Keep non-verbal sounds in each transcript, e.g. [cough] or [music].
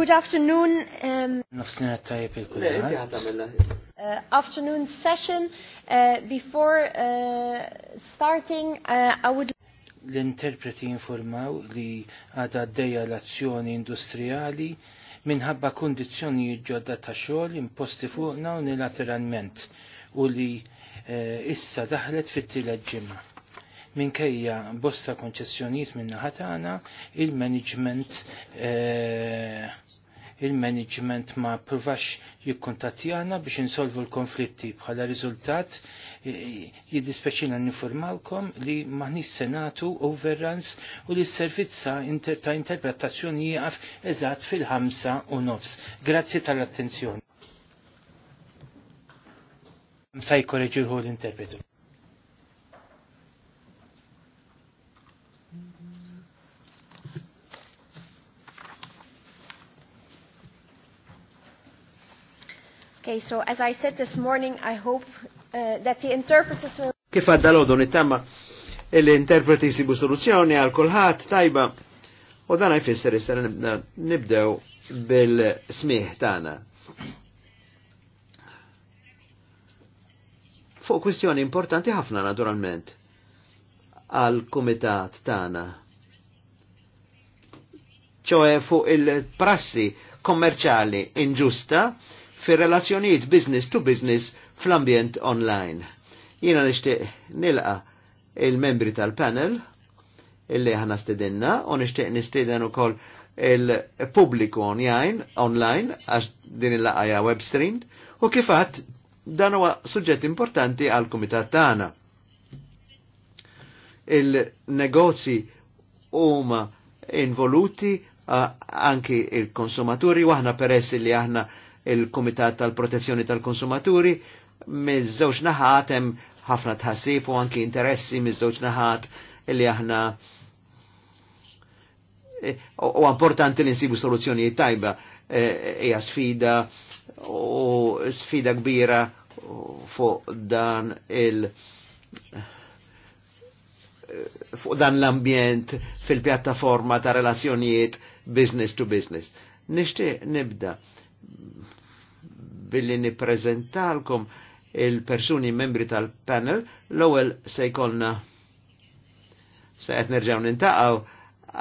Good afternoon. Um, Nofsina tajib il-kulħat. Uh, afternoon session. Uh, before uh, starting, uh, I would l-interpreti informaw li għada d-deja l-azzjoni industrijali minħabba kondizjoni ġodda ta' xogħol imposti fuqna unilateralment u li uh, issa daħlet fit-tielet ġimgħa. Minkejja bosta konċessjonijiet minna ħatana il-management uh, il-management ma provax jikkontattjana biex insolvu l-konflitti. Bħala riżultat jiddispeċina n-informawkom li maħni senatu overruns u li s-servizza inter ta' interpretazzjoni jgħaf eżat fil-ħamsa u nofs. Grazzi tal-attenzjoni. Msaj korreġi l-interpretu. Okay, so as I said this morning, I hope uh, that the interpreters will... Kif għadda l-odon għaddalodu nittama l-interpreti jisibu soluzjoni għal kolħat tajba u dan għajfisser jistar nibdew bil-smiħ tana. Fuq kwistjoni importanti ħafna naturalment għal kumitat tana. ċoe fuq il-prassi kommerċali inġusta fir relazzjonijiet business to business fl-ambjent online. Jiena nishtiq nilqa il-membri tal-panel illi ħana stedinna u nixtieq nisteden ukoll il publiku online online għax din il-laqgħa web stream u kifat dan huwa suġġett importanti għal kumitat tagħna. Il-negozji huma involuti anki il-konsumaturi u aħna peress li aħna il-Kumitat tal-Protezzjoni tal-Konsumaturi, miż-żewġ naħat hemm ħafna tħassib u anki interessi miż-żewġ naħat li aħna eh, u importanti li nsibu soluzzjonijiet tajba eh, hija sfida u sfida kbira fuq dan il- fuq dan l-ambjent fil-pjattaforma ta' relazzjonijiet business to business. Nishti nibda billi niprezentalkom il-persuni membri tal-panel, l ewel se jkollna se qed nerġgħu nintaqgħu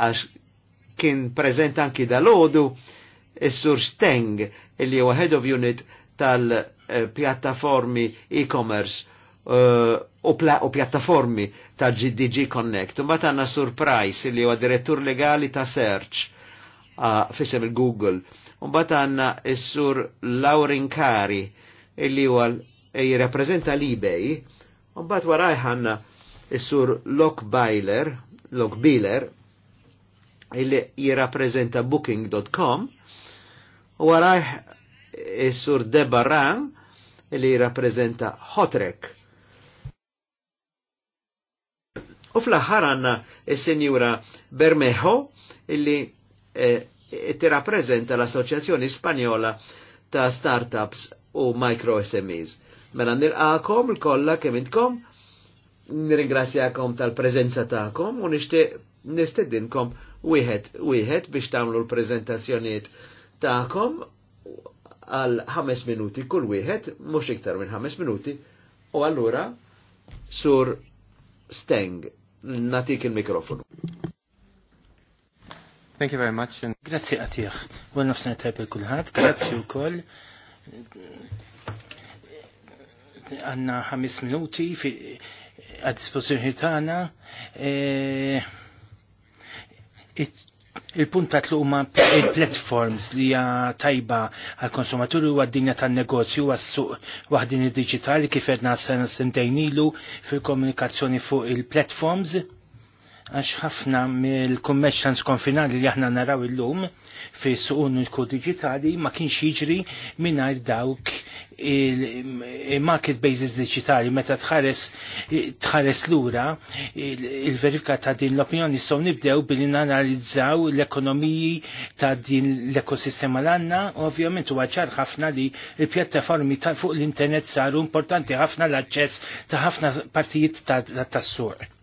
għax kien preżent anki dal-għodu is-sur Steng illi huwa head of unit tal-pjattaformi e-commerce eh, u, pjattaformi ta' GDG Connect. U mbagħad għandna Sur Price illi huwa direttur legali ta' Search uh, ah, fisem il-Google Mbagħad għandna s-sur Laurin Kari illi huwa e jirrappreżenta l-eBay. Mbagħad waraj għandna s-sur Lok Bailer, Lok Biler, illi jirrappreżenta booking.com. U waraj sur Debarran illi jirrappreżenta Hotrek. U fl ħar għanna il senjura Bermejo illi eh, tirrappreżenta l-Assoċjazzjoni Spanjola ta' Startups u Micro SMEs. Mela nilqakom l kemm intkom, nirringrazzjakom tal-preżenza tagħkom u nixtieq nistedinkom wieħed wieħed biex tagħmlu l-preżentazzjonijiet tagħkom għal ħames minuti kull wieħed, mhux iktar minn ħames minuti, u allura sur Steng, natik il-mikrofonu. Thank you very much. And... Grazzi għatiħ. Għal nafsna tajb il-kulħat. Grazzi u koll. Għanna ħamis minuti fi għad-dispozizjoni tagħna. E, Il-punt ta' tluma il-platforms li hija tajba għal konsumaturi u għad-dinja tan-negozju għas-suq waħdin id-diġitali kif edna sena sentejn ilu fil-komunikazzjoni fuq il-platforms. il platforms għax ħafna mill-kummerċ transkonfinali li aħna naraw illum fi il-kod digitali ma kienx jiġri mingħajr dawk il-market basis digitali meta tħares tħares lura il-verifika ta' din l-opinjoni nistgħu nibdew billi nanalizzaw l-ekonomiji ta' din l-ekosistema l u ovvjament huwa ċar ħafna li l-pjattaformi fuq l-internet saru importanti ħafna l-aċċess ta' ħafna partijiet tas-suq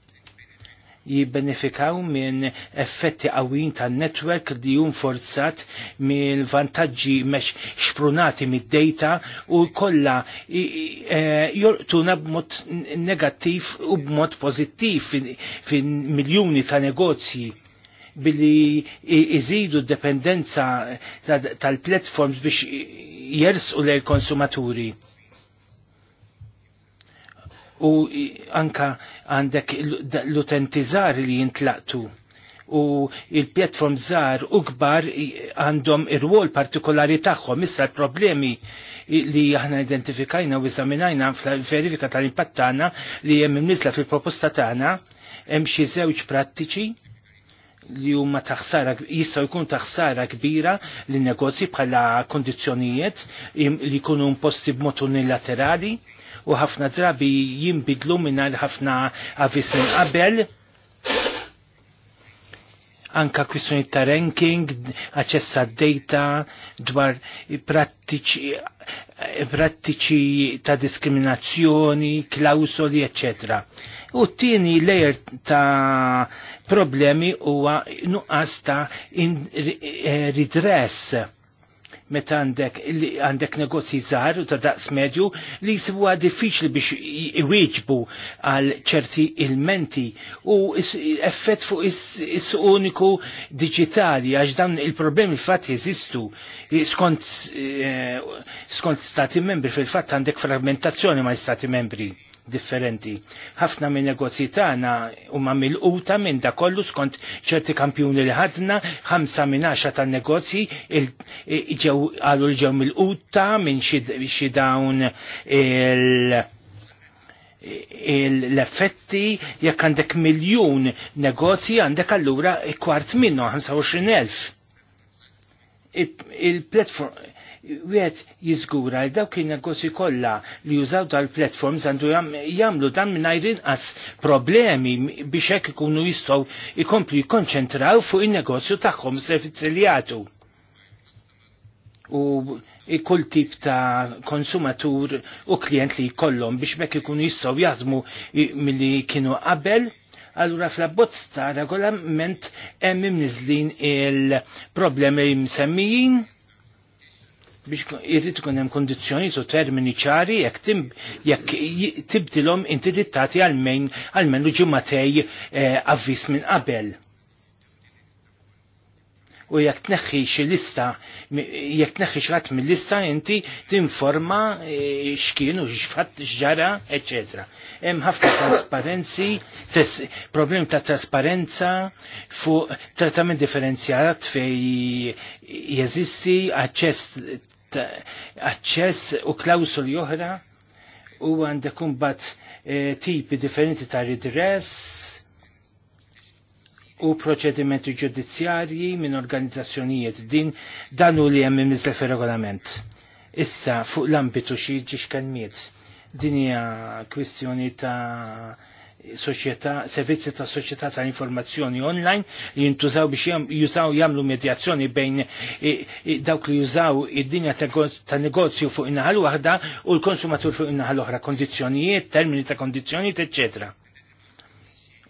jibbenefikaw minn effetti qawwin tan-netwerk li jumforzat forzat minn vantaġġi mex xprunati mid-data u kollha e, jorqtuna b'mod negattiv u b'mod pożittiv fin miljuni ta' negozji billi iżidu d-dependenza tal-platforms biex jersu l konsumaturi u anka għandek l-utenti li jintlaqtu u il-pjatform żgħar u kbar għandhom ir-rwol partikolari tagħhom issa l-problemi li aħna identifikajna u eżaminajna fl-verifika tal-impatt tagħna li hemm imnisla fil-proposta tagħna hemm xi żewġ prattiċi li huma taħsara jistgħu jkun taħsara kbira li negozji bħala kondizzjonijiet li jkunu imposti b'mod unilaterali u ħafna drabi jimbidlu l ħafna għavis minn qabel anka kwistjoni ta' ranking, aċessa data dwar prattiċi ta' diskriminazzjoni, klausoli, eccetera. U t-tieni lejer ta' problemi huwa nuqqas ta' ridress eh, meta għandek għandek negozji żgħar u ta' daqs medju li jisibu diffiċli biex iwieġbu għal ċerti ilmenti u effett fuq is-suq uniku diġitali għax dan il-problemi fatt jeżistu skont eh, skont stati membri fil-fatt għandek fragmentazzjoni ma' stati membri differenti. ħafna minn negozji tagħna huma milquta minn da kollu skont ċerti kampjuni li ħadna, ħamsa minn għaxa tan negozji ġew qalu ġew milquta minn xi dawn l-effetti jekk għandek miljun negozji għandek allura kwart minnu 25,000. Il-platform wieħed jiżgura li dawk il-negozju kollha li jużaw dal-platforms għandu jagħmlu dan mingħajr inqas problemi biex hekk ikunu jistgħu jkomplu jikkonċentraw fuq in-negozju tagħhom servizzi li U kull tip ta' konsumatur u klient li jkollhom biex bekk ikunu jistgħu jaħdmu milli kienu qabel Allura fl-abbozz ta' regolament hemm imniżlin il-problemi msemmijin biex irrit ikun hemm kondizzjoni u termini ċari jekk jekk tibdilhom inti trid tagħti għalmejn u ġimgħatej eh, avviż minn qabel. U jekk tneħħi xi lista, jekk tneħħi xi mill-lista inti tinforma eh, x'kienu x'fatt x'ġara, eċċetera. Hemm ħafna trasparenzi, problemi ta' trasparenza fuq trattament differenzjat fej jeżisti aċċess aċċess u klawsuli oħra u għandek bat e, tipi differenti ta' ridress u proċedimenti ġudizzjarji minn organizzazzjonijiet din dan u li hemm imniżel fir-regolament. Issa fuq l-ambitu xi jiġi xkelmiet. Din hija kwistjoni ta' soċjetà, servizzi ta' soċjetà ta' informazzjoni online li jintużaw biex jużaw jagħmlu medjazzjoni bejn dawk li jużaw id-dinja ta' negozju fuq in waħda u l-konsumatur fuq in-naħa l-oħra, kondizzjonijiet, termini ta' kondizzjonijiet, eċċetera.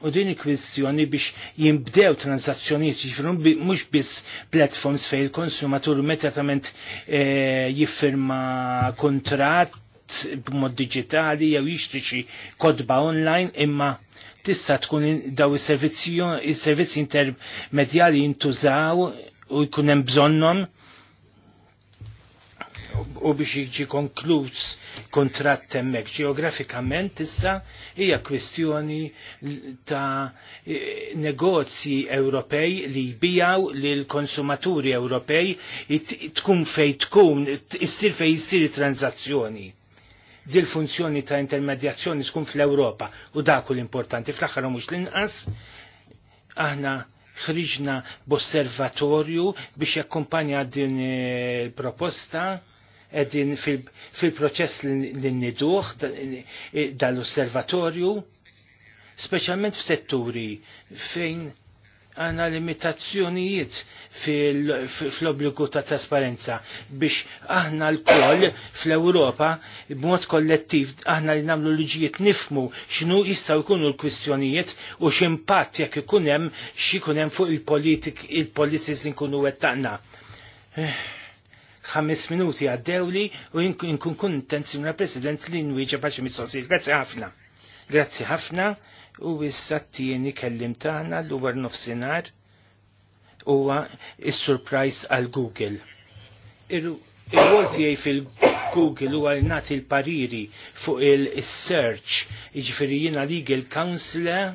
U din il-kwistjoni biex jimbdew tranzazzjonijiet jifru jiġifieri mhux biss platforms fejn il-konsumatur immediatament eh, jiffirma kontrat prodott b'mod digitali jew jixtri xi kodba online imma tista' tkun daw is-servizzi intermedjali jintużaw u jkun hemm bżonnhom u biex jiġi konkluż kontratt hemmhekk ġeografikament issa hija kwistjoni ta' negozji Ewropej li jbijaw l konsumaturi Ewropej tkun fej tkun issir fej issir tranzazzjoni dil funzjoni ta' intermedjazzjoni tkun fl-Ewropa u dak l-importanti fl-aħħar mhux l-inqas aħna ħriġna b'osservatorju biex jakkumpanja din il-proposta eh, edin eh, fil-proċess li nidduħ eh, dal-osservatorju, specialment f'setturi fejn għanna limitazzjonijiet fl-obbligu ta' trasparenza biex aħna l-koll fl-Europa b'mod kollettiv aħna li namlu liġijiet nifmu x'nu jistgħu jkunu l-kwistjonijiet u x'impatt jekk ikun hemm x'ikun hemm fuq il-politik il-policies li nkunu wettaqna. Eh, ħames minuti għaddewli u nkun kun intenzjoni President li nwieġa mis mistoqsijiet. Grazzi ħafna. Grazzi ħafna u issa t-tieni kellim tagħna l war nofsinhar huwa is-surprise għal Google. il għol tijaj fil-Google huwa l nagħti il pariri fuq il-search, jiġifieri jiena legal counselor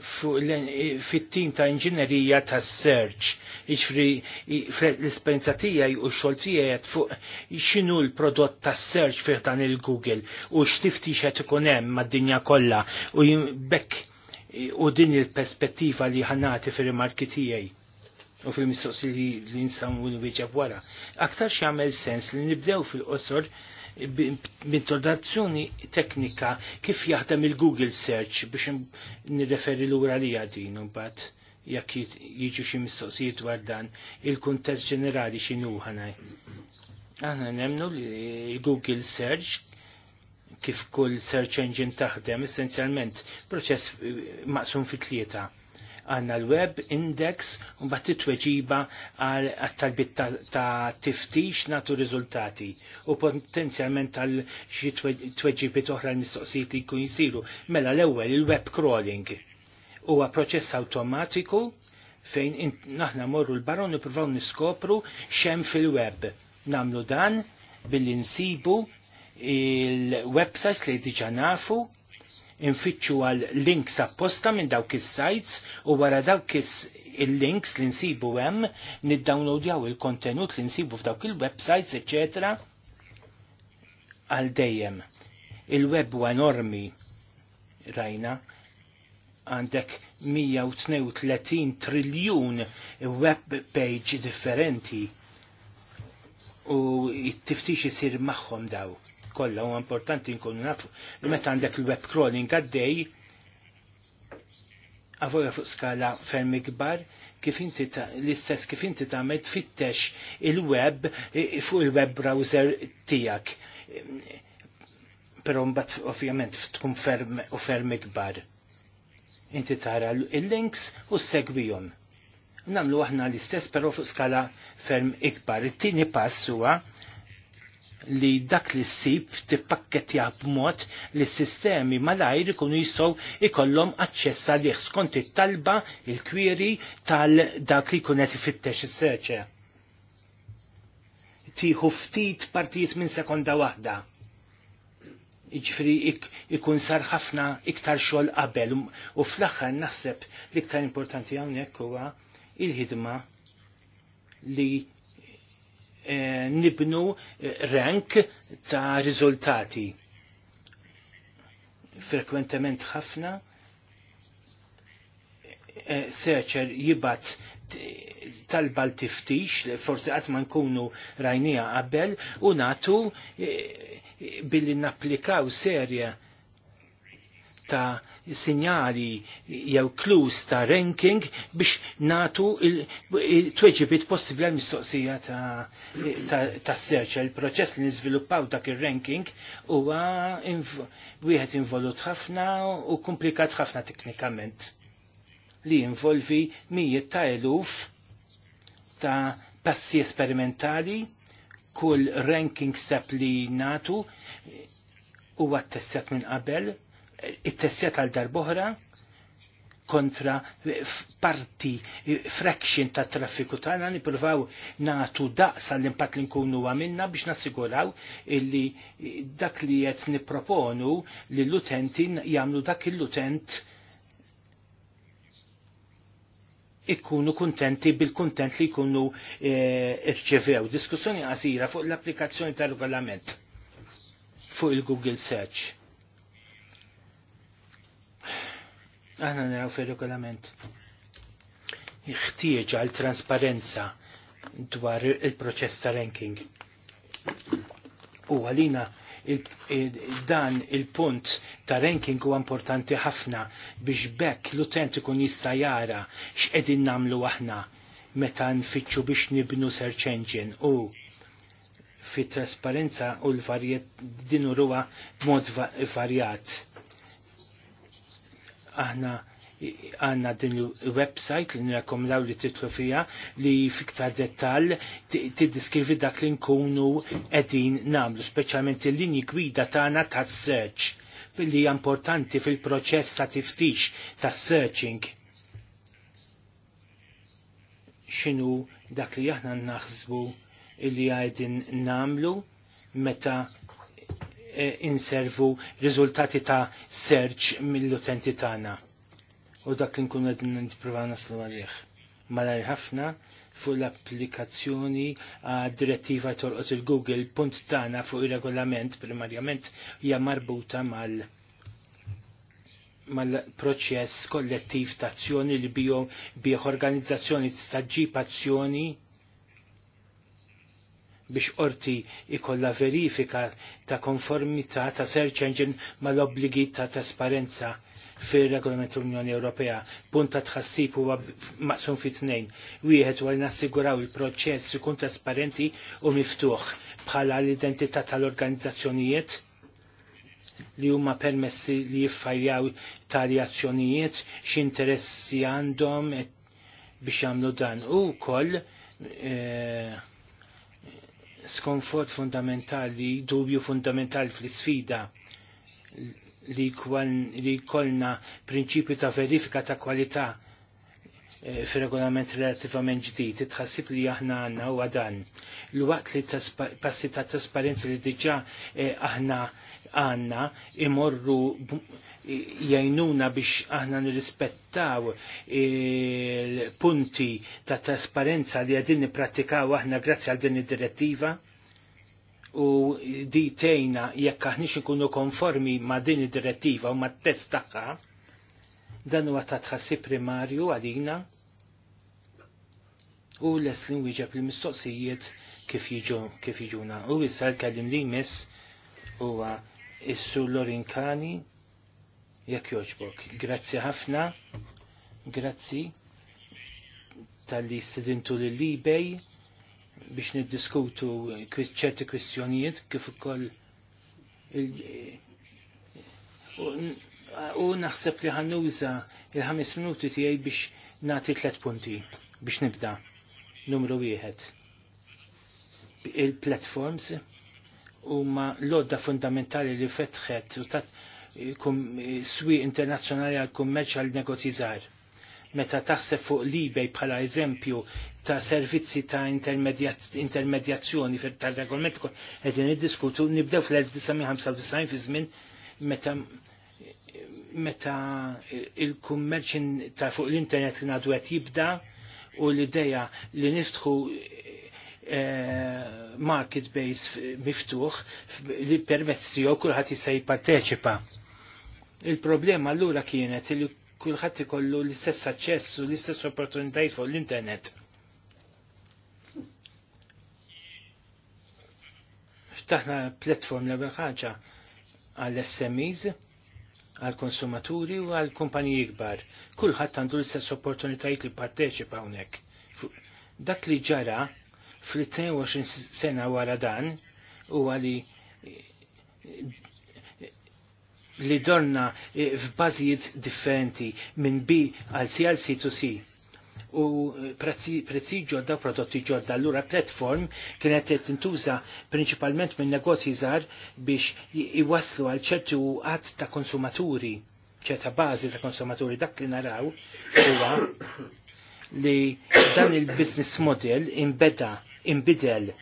fit-tim ta' inġinerija ta' search, iġfri l-esperienza tijaj u xol tijaj fuq xinu l-prodott ta' search fih dan il-Google u xtifti xet kunem ma' dinja kolla u jimbek u din il-perspettiva li ħanati fil marki tijaj u fil-mistoqsi li l-insan u l-wieġab wara. Aktar xamel sens li nibdew fil-qosor b'introdazzjoni teknika kif jaħdem il-Google Search biex nirreferi lura li għadin bat jekk jiġu xi mistoqsijiet dwar dan il-kuntest ġenerali x'inhu ħanaj. Aħna nemnu li Google Search kif kull search engine taħdem essenzjalment proċess eh, maqsum fit tlieta għanna l-web index un bat titweġiba għal talbit ta' tiftix natu riżultati u potenzjalment tal xi tweġibit oħra l-mistoqsijiet li jkun jisiru. Mela l-ewwel il-web crawling huwa proċess awtomatiku fejn naħna morru l-baron provaw niskopru xem fil-web. Namlu dan billi nsibu il-websites li diġa nafu infittxu għal links apposta minn dawk is-sites u wara dawk il-links li nsibu hemm niddownloadjaw il-kontenut li nsibu f'dawk il-websites, eċetera, għal dejjem. Il-web huwa enormi rajna għandek 132 triljun web page differenti u t-tiftix isir magħhom daw Kolla u importanti nkunu nafu li meta għandek il-web crawling għaddej għavora fuq skala ferm kbar, kif inti l-istess kif inti tagħmel tfittex il-web fuq il-web browser tiegħek. Però mbagħad ovvjament tkun ferm u ferm ikbar. Inti tara il-links u segwihom. Namlu aħna l-istess però fuq skala ferm ikbar. It-tieni pass huwa li dak li ssib tippakketja b'mod li s-sistemi malajr ikunu jistgħu ikollhom aċċessa għalih skont it-talba il kwiri tal dak li jkun qed ifittex is-seċe. Tiħu ftit partijiet minn sekonda waħda. Iġifri ikun sar ħafna iktar xogħol qabel u fl-aħħar naħseb l-iktar importanti hawnhekk huwa il-ħidma li Eh, nibnu eh, rank ta' riżultati. Frekwentement ħafna eh, searcher jibat talba l-tiftix, forse għat ma nkunu rajnija qabel, u natu billi napplikaw serja ta' sinjali jew klus ta' ranking biex natu il-tweġibit possibli għal mistoqsija ta', ta, ta search. Il-proċess li nizviluppaw dak il-ranking huwa wieħed involut ħafna u komplikat ħafna teknikament li involvi mijiet ta' eluf ta' passi esperimentali kull ranking step li natu u għattestat minn qabel it-tessja tal-darbohra kontra parti fraction ta' traffiku tagħna nippruvaw nagħtu daqs għall impatt li nkunu għamilna biex nassiguraw illi dak li qed nipproponu li l-utenti jagħmlu dak il-utent ikkunu kontenti bil-kontent li jkunu eh, irċevew. Diskussjoni għasira fuq l-applikazzjoni tal-regolament fuq il-Google Search aħna naraw fil-regolament Iħtieġ għal trasparenza dwar il-proċess ta' ranking. U għalina dan il-punt ta' ranking huwa importanti ħafna biex bekk l-utent ikun jista' jara x'qegħdin nagħmlu aħna meta nfittxu biex nibnu search engine u fit trasparenza u l-varjet din huwa mod varjat aħna għanna din il-website li law li titlu fija li fiktar dettal tiddiskrivi dak li nkunu edin namlu, specialment il-linji gwida tagħna ta' search li importanti fil-proċess ta' tiftix ta' searching. Xinu dak li aħna naħsbu li għajdin namlu meta Eh, inservu riżultati ta' search mill-utenti tagħna. U dak li nkunu qegħdin nippruvaw naslu għalih. Malajr ħafna fuq l-applikazzjoni għad direttiva torqot il-Google punt tagħna fuq ir-regolament primarjament hija marbuta mal mal-proċess kollettiv ta' azzjoni li bihom bih organizzazzjoni tista' ġib azzjoni biex qorti ikolla verifika ta' konformità ta' search engine mal-obbligi ta' trasparenza fil-regolament Unjoni Ewropea. Punt ta' tħassib huwa maqsum fit tnejn. Wieħed huwa nassiguraw il-proċess ikun trasparenti u miftuħ bħala l-identità tal-organizzazzjonijiet li huma permessi li jiffajjaw tali azzjonijiet, x'interessi għandhom biex jagħmlu dan. U koll e eh, skonfort fundamentali, dubju fundamentali fl-sfida li jkollna prinċipju ta' verifika ta' kwalità eh, fil-regolament relativament ġdid, tħassib li aħna għanna u għadan. L-waqt li passi ta' trasparenza li diġa eh, aħna għanna imorru jajnuna biex aħna nirrispettaw il-punti ta' trasparenza li għadin nipratikaw aħna grazzi għal din id-direttiva u di tejna jekk aħniex ikunu konformi ma' din id-direttiva u ma' test tagħha dan huwa ta' tħassib primarju għalina u l-eslin wieġeb l-mistoqsijiet kif jiġu kif jiġuna. U issa l-kellim li jmiss huwa issu sur Lorin Kani jekk joġbok. Grazzi ħafna, grazzi tal-li stedintu li libej biex niddiskutu ċerti kwistjonijiet kif ukoll u naħseb li ħannuża il-ħames minuti tiegħi biex nagħti tliet punti biex nibda. Numru wieħed. Il-platforms huma l-odda fundamentali li fetħet u tat E, swi internazzjonali għal kummerċ għal negozizar. Meta taħseb fuq l-eBay bħala eżempju ta' servizzi ta' intermedjazzjoni tal-regolament qed niddiskutu nibdew fl-1995 fi żmien meta meta il-kummerċ ta' fuq l-internet ngħadu qed jibda u l-ideja li nistħu e, market base miftuħ li permezz tiegħu kulħadd jista' jipparteċipa. Il-problema allura kienet li kulħadd ikollu l-istess aċċess u l-istess opportunitajiet fuq l-internet. Ftaħna platform l ħaġa għall-SMEs, għall-konsumaturi u għall-kumpaniji kbar. Kulħadd għandu l-istess opportunitajiet li parteċipa hawnhekk. Dak li ġara fl-22 sena wara dan u għali li dorna eh, f'bażijiet differenti minn B għal C għal C to C u eh, prezzi ġodda, prodotti ġodda. Allura platform kienet tintuża principalment minn negozji żgħar biex iwaslu għal ċertu għadd ta' konsumaturi, ċerta bażi ta' konsumaturi, dak li naraw huwa li dan il-business model imbeda, imbidel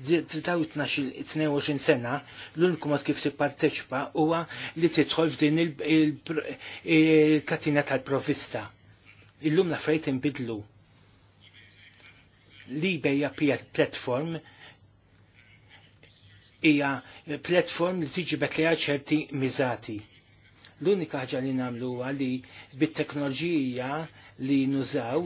22 sena l-uniku mod kif tipparteċpa huwa li tidħol f'din il-katina tal-provista. Illum la affarijiet inbidlu. L-eBay pijat platform hija platform li tiġibet li ċerti miżati. L-unika ħaġa li nagħmlu huwa li bit-teknoloġija li nużaw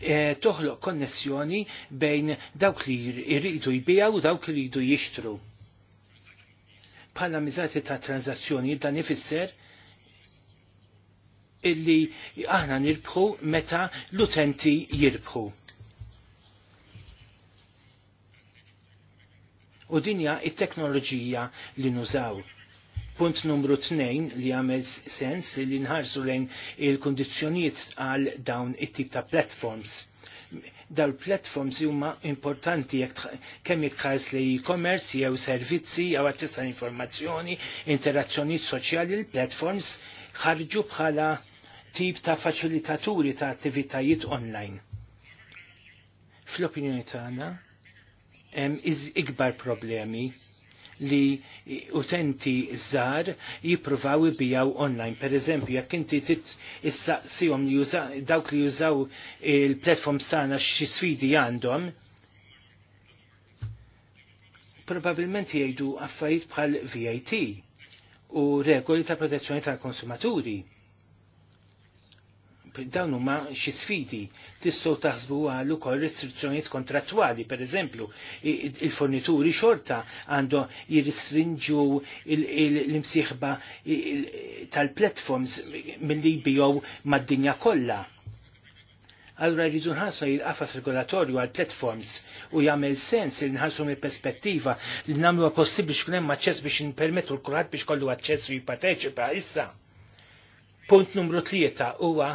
Eh, toħloq konnessjoni bejn dawk li jridu jbijaw u dawk li jridu jixtru. Bħala mizati ta' tranzazzjoni dan ifisser illi aħna nirbħu meta l-utenti jirbħu. U dinja it-teknoloġija li nużaw punt numru 2 li għamel sens li nħarsu lejn il-kondizjoniet għal dawn it-tip ta' platforms. Dal platforms huma importanti jekk kemm jekk tħares li e-commerce jew servizzi jew aċċess għal informazzjoni, interazzjonijiet soċjali l-platforms ħarġu bħala tip ta' faċilitaturi ta' attivitajiet online. Fl-opinjoni tagħna hemm ikbar problemi li utenti żgħar jippruvaw bijaw online. Per eżempju, jekk inti tissaqsihom li dawk li jużaw il-platform tagħna xi sfidi għandhom, probabilment jgħidu affarijiet bħal VAT u regoli ta' protezzjoni tal-konsumaturi dawn huma xi sfidi tistgħu taħsbu għal ukoll restrizzjonijiet kontrattwali, pereżempju, il-fornituri xorta għandu jirristrinġu l-imsieħba tal-platforms milli jbijow mad-dinja kollha. Allura jridu nħassu il-qafas regolatorju għal platforms u jagħmel sens li nħassu mill-perspettiva li nagħmlu possibbli xkun hemm aċċess biex nippermettu l kulħadd biex kollu aċċess u jipparteċipa issa. Punt numru tlieta huwa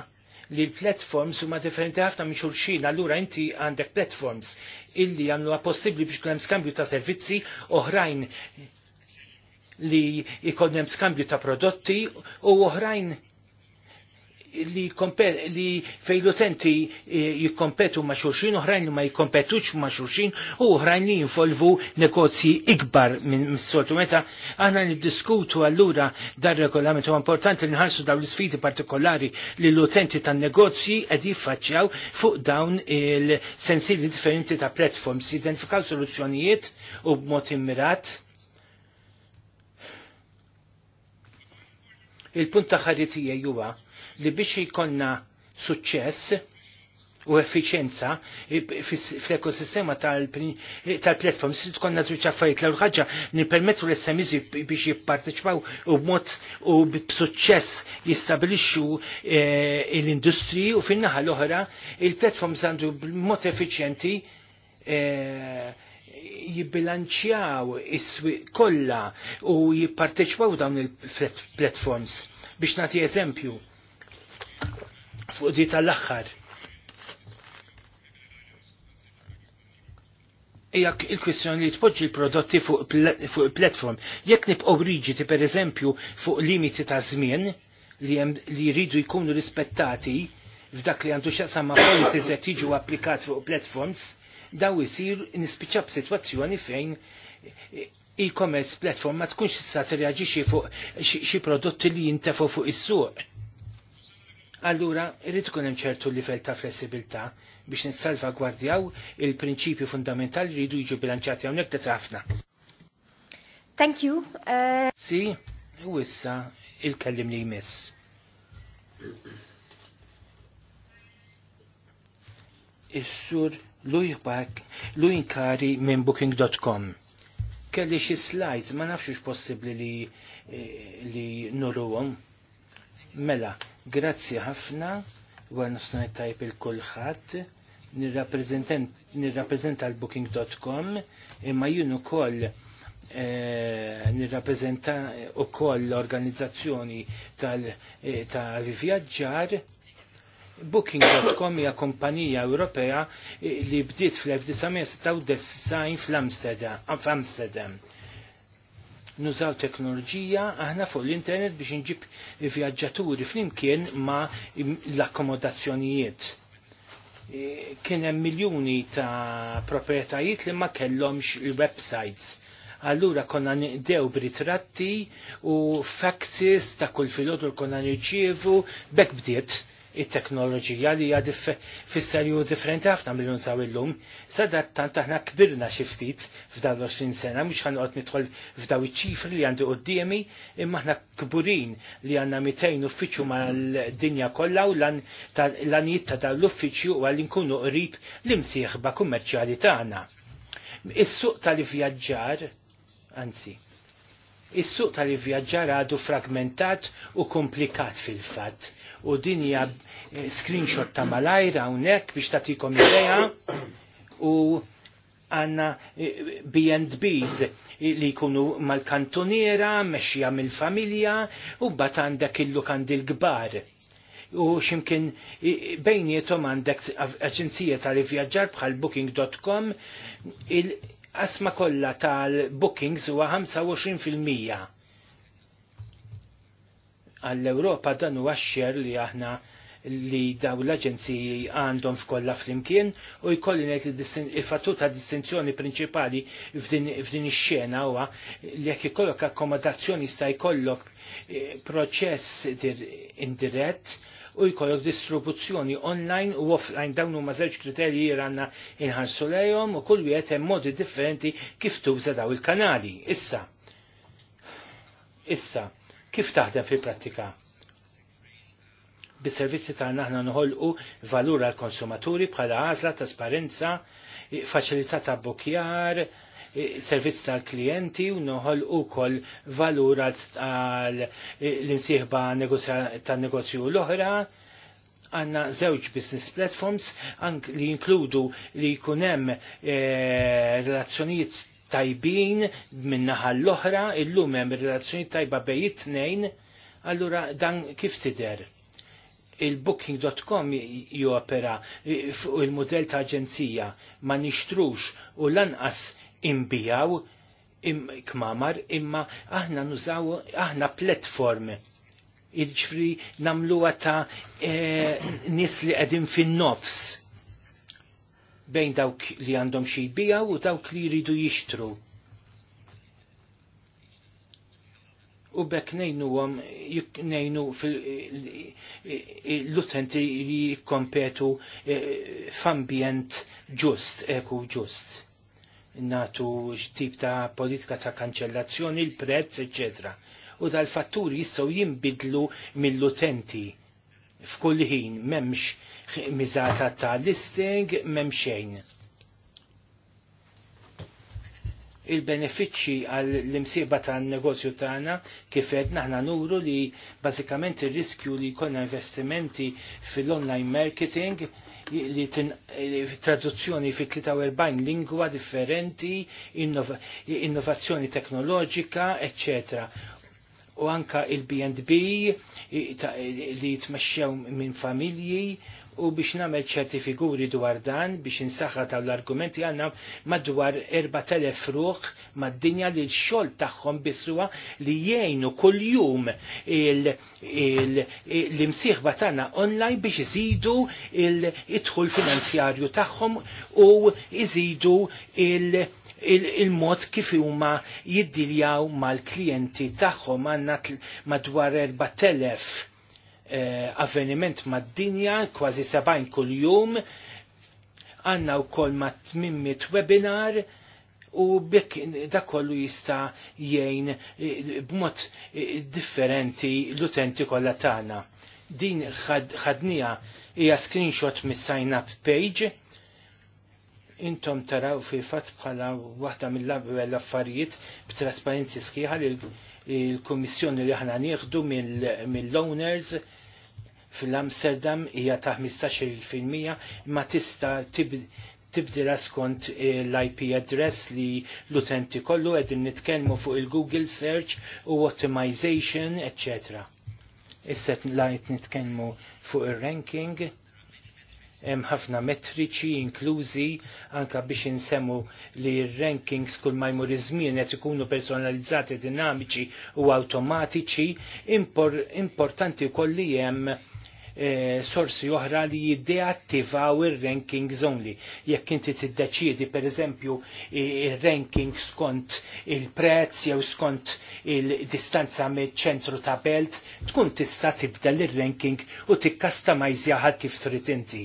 li l-platforms huma differenti ħafna minn xulxin, allura inti għandek platforms illi għamlu possibbli biex kunem skambju ta' servizzi oħrajn li jkollhom skambju ta' prodotti u oħrajn li, li fej l-utenti eh, jikkompetu ma' xulxin, uħrajn li ma' jikkompetux ma' xulxin, u uħrajn li jinvolvu negozji ikbar minn s-soltu. Meta aħna niddiskutu allura dar regolament importanti li nħarsu daw l-sfidi partikolari li l-utenti tan negozji ed jiffaċċjaw fuq dawn il sensibili differenti ta' platforms, identifikaw soluzzjonijiet u b'mod immirat. il-punt taħħari tijaj juwa li biex jikonna suċċess u efficienza fl-ekosistema tal-platform si tkun nażwiċ affarijiet l ħaġa nippermettu l smis biex jipparteċipaw u b'mod u b'suċċess jistabilixxu eh, l-industri u fin-naħa l-oħra il-platform għandu b'mod effiċjenti eh, jibbilanċjaw is-swieq kollha u jipparteċipaw dawn il-platforms biex nagħti eżempju fuq di tal-axħar. jekk il-kwistjoni li tpoġġi l-prodotti fuq il-platform. Jekk nibqgħu riġiti per eżempju fuq limiti ta' żmien li jridu jkunu rispettati f'dak li għandu xaqsam ma' policy se jiġu applikat fuq platforms, daw isir nispiċċa b'sitwazzjoni fejn e-commerce platform ma tkunx tista' tirreaġixxi fuq xi prodotti li jintefgħu fuq is-suq allura irrid ikun hemm ċertu livell ta' flessibilità biex nissalvagwardjaw il-prinċipju fundamentali li jridu jiġu bilanċati hawnhekk li ħafna. Thank you. Uh, si, u issa il-kellim li jmiss. Is-sur Lujbak Lujinkari minn booking.com. Kelli xi slides ma nafx possibbli li eh, li nurruhom Mela, grazzi ħafna, għan nofsnaj tajb il-kulħat, nirrapprezenta l-booking.com, imma jien ukoll E, eh, nirrapprezenta u koll l-organizzazzjoni tal-vjaġġar eh, Booking.com hija kompanija Ewropea eh, li bdiet fl-1996 f'Amsterdam nużaw teknoloġija aħna fuq l-internet biex nġib vjaġġaturi flimkien ma' l-akkomodazzjonijiet e, kien hemm miljuni ta' proprjetajiet li ma kellhomx il-websites. Allura konna nidew b'ritratti u faxes ta' kull filotur konna nirċievu bekk bdiet it-teknoloġija li hija fisserju differenti ħafna mill saw illum. Sada tant aħna kbirna xi ftit f'dan l-20 sena, mhux għot nidħol f'daw iċ-ċifri li għandu quddiemi, imma aħna kburin li għandna 200 uffiċċju mal-dinja kollha u l-għanijiet ta' dawn l-uffiċċju u għal nkunu qrib l-imsieħba kummerċjali tagħna. Is-suq tal-ivvjaġġar, anzi, is-suq tal-ivvjaġġar għadu fragmentat u komplikat fil-fatt u dinja eh, screenshot ta' malajra unek biex tikom ideja u għanna eh, B&Bs li jkunu mal-kantoniera, meċxija mill-familja u bat għandek il-lukand il-gbar. U ximkien eh, bejnietom għandek aġenzija tal-vjaġġar bħal booking.com il-asma kollha tal-bookings huwa 25% għall-Ewropa dan huwa xxer li aħna li daw l-aġenziji għandhom f'kollha flimkien u jkolli ngħid il-fattu ta' distinzjoni prinċipali f'din ix-xena huwa li jekk ikollok akkomodazzjoni sta' jkollok eh, proċess indirett u jkollok distribuzzjoni online u offline dawn huma żewġ kriterji għandna inħarsu lejhom u kull wieħed hemm modi differenti kif tuża daw il-kanali. Issa. Issa Kif taħdem fil-prattika? bis-servizzi tagħna aħna nħolqu valur għal konsumaturi bħala għażla, trasparenza, faċilità ta' bokjar, servizz tal-klijenti u noħolqu wkoll valur għal l-insieħba ta' negozju l-oħra għanna żewġ business platforms li jinkludu li jkun hemm eh, relazzjonijiet tajbin minnaħa l-oħra, illum hemm relazzjoni tajba bej it-tnejn, allura dan kif tider? Il-booking.com jopera fuq il-modell ta' aġenzija ma nixtrux u lanqas imbijaw im kmamar imma aħna nużaw aħna platform iġfri namluwa ta' e, nis li qegħdin fin-nofs bejn dawk li għandhom xi jbijaw u dawk li jridu jixtru. U bekk nejnu għom, nejnu l-utenti li kompetu eh, f'ambjent ġust, eku ġust. Natu tip ta' politika ta' kanċellazzjoni, il-prezz, eccetera. U dal-fatturi jistgħu jinbidlu mill-utenti f'kull ħin m'hemmx miżata ta' listing m'hemm xejn. Il-benefiċċji għall l-imsiba tan negozju tagħna kif qed naħna nuru li bażikament ir-riskju li jkollna investimenti fil-online marketing li traduzzjoni fi 43 lingwa differenti, innovazzjoni teknoloġika, eccetera u anka il-B&B li jitmexxew minn familji u biex nagħmel ċerti figuri dwar dan biex insaħħa taw l-argumenti għandna madwar 4.000 fruq mad-dinja li l xogħol tagħhom biswa li jgħinu kuljum l-imsieħba tagħna online biex iżidu l-idħul finanzjarju tagħhom u iżidu il-, il, il, il, il, il, il, il, il il-mod il kif huma jiddiljaw mal-klijenti tagħhom għandna madwar 4000 eh, avveniment mad-dinja kważi 70 kuljum għandna wkoll ma' 800 webinar u bekk da kollu jista' jgħin eh, b'mod eh, differenti l-utenti kollha tagħna. Din ħadnija hija screenshot mis-sign up page intom taraw fi fatt bħala waħda mill l affarijiet b'trasparenzi sħiħa il-kummissjoni li aħna nieħdu mill-owners fil-Amsterdam hija ta' 15% ma tista' tibdila skont eh, l-IP address li l-utenti kollu qegħdin nitkellmu fuq il-Google search u optimization, etc. Issa lajt nitkellmu fuq ir ranking hemm ħafna metriċi inklużi anka biex insemmu li rankings kull ma jmur iż-żmien qed ikunu personalizzati, dinamiċi u awtomatiċi, impor, importanti wkoll li hemm E, sorsi oħra li jiddeattivaw ir ranking only. Jekk inti tiddeċiedi per eżempju il-ranking skont il-prezz jew skont il-distanza me ċentru ta' belt, tkun tista' tibdel ir ranking u tikkastamajzjaħa kif trid inti.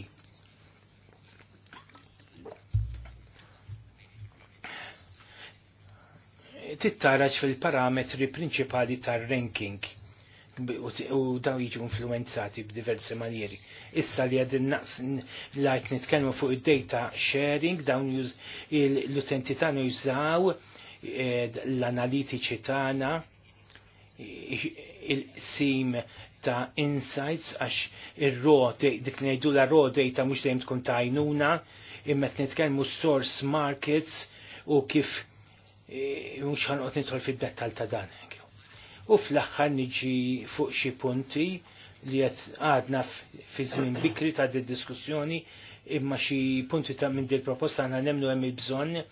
tittaraġ fil-parametri prinċipali tar-ranking u daw jiġu influenzati b'diversi manieri. Issa li għadin naqs lajt nitkellmu fuq id-data sharing, dawn l-utenti tagħna jużaw e, l-analitiċi tagħna il-sim ta' insights għax ir-raw dik ngħidu la raw data mhux dejjem tkun tajnuna imma qed nitkellmu source markets u kif E, mux ħanqot nidħol fid-dettal ta' dan. U fl axħan niġi fuq xi punti li qed għadna fi żmien bikri ta' di diskussjoni imma xi punti ta' minn dil proposta għandna nemnu hemm il-bżonn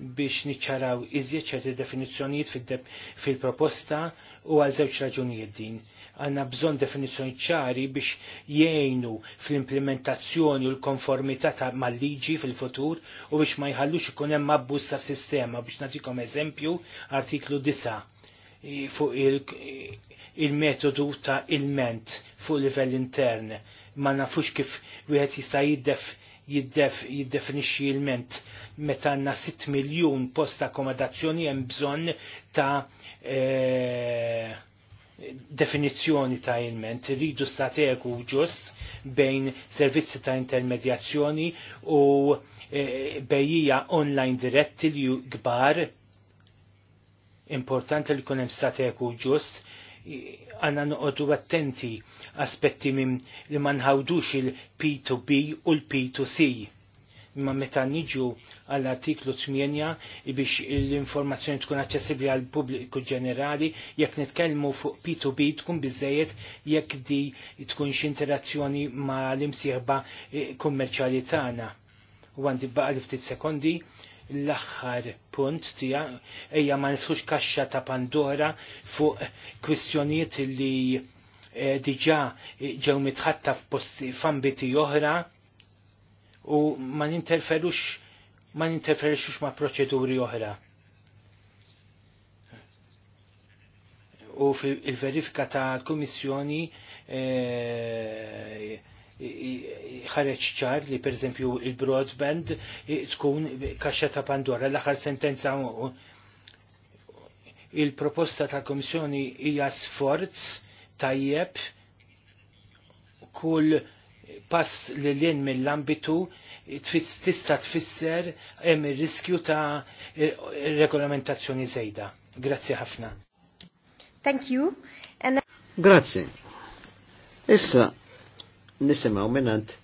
biex niċċaraw iżjed ċerti definizzjonijiet fil-proposta u għal żewġ raġunijiet din. Għanna bżon definizzjoni ċari biex jgħinu fl-implementazzjoni u l-konformità ta' mal-liġi fil-futur u biex ma jħallux ikun hemm abbuż ta' sistema biex nagħtikom eżempju artiklu 9 fuq il-metodu il ta' il-ment fuq livell intern ma nafux kif wieħed jista' jiddef jiddefinixxi il-ment meta għanna 6 miljun post akkomodazzjoni hemm bżonn ta' e, definizzjoni ta' ilment. Rridu strategu ġust bejn servizzi ta' intermedjazzjoni u e, eh, bejija online diretti li kbar importanti li kunem strategu ġust għanna noqodu attenti aspetti minn li ma nħawdux il-P2B u l-P2C. Imma meta niġu għall-artiklu 8 biex l-informazzjoni tkun aċċessibbli għal pubbliku ġenerali, jekk nitkellmu fuq P2B tkun biżejjed jekk di tkun interazzjoni ma l-imsieħba eh, kummerċjali tagħna. U għandi baqa li ftit sekondi l-axħar punt tija, eja ma nifux kaxxa ta' Pandora fuq kwistjonijiet li eh, diġa ġew mitħatta f'posti f'ambiti oħra u ma ninterferux ma ninterferux ma' proċeduri oħra. U fil-verifika ta' komissjoni eh, ħareġ ċar li pereżempju il-broadband tkun kaxxa ta' Pandora l-aħħar sentenza il-proposta tal-Komissjoni hija sforz tajjeb kull pass li l-in mill-ambitu tista tfisser hemm ir-riskju ta' regolamentazzjoni żejda. Grazzi ħafna. Thank you. And... Grazzi. Issa nisimaw minnant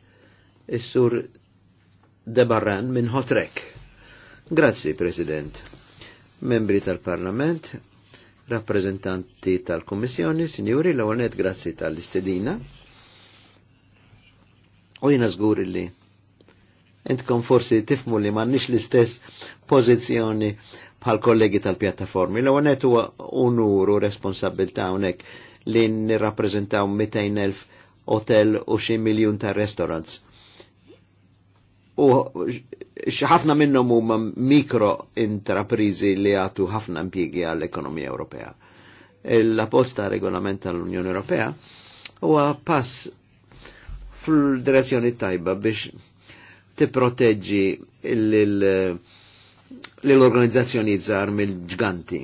is-sur Debarran minn Hotrek. Grazzi, President. Membri tal-Parlament, rappresentanti tal-Kommissjoni, signori, l għonet grazzi tal-istedina. U jina zgur li entkom forsi tifmu li mannix l-istess pozizjoni bħal kollegi tal-pjattaformi. l għonet huwa unuru responsabilta unek li nirrappresentaw 200.000 hotel u xi miljun ta' restaurants. U ħafna minnhom huma mikro intraprizi li għatu ħafna impjiegi għall-ekonomija Ewropea. Il-apposta regolament tal-Unjoni Ewropea huwa pass fl-direzzjoni tajba biex tipproteġġi l-organizzazzjoni żgħar mill-ġganti.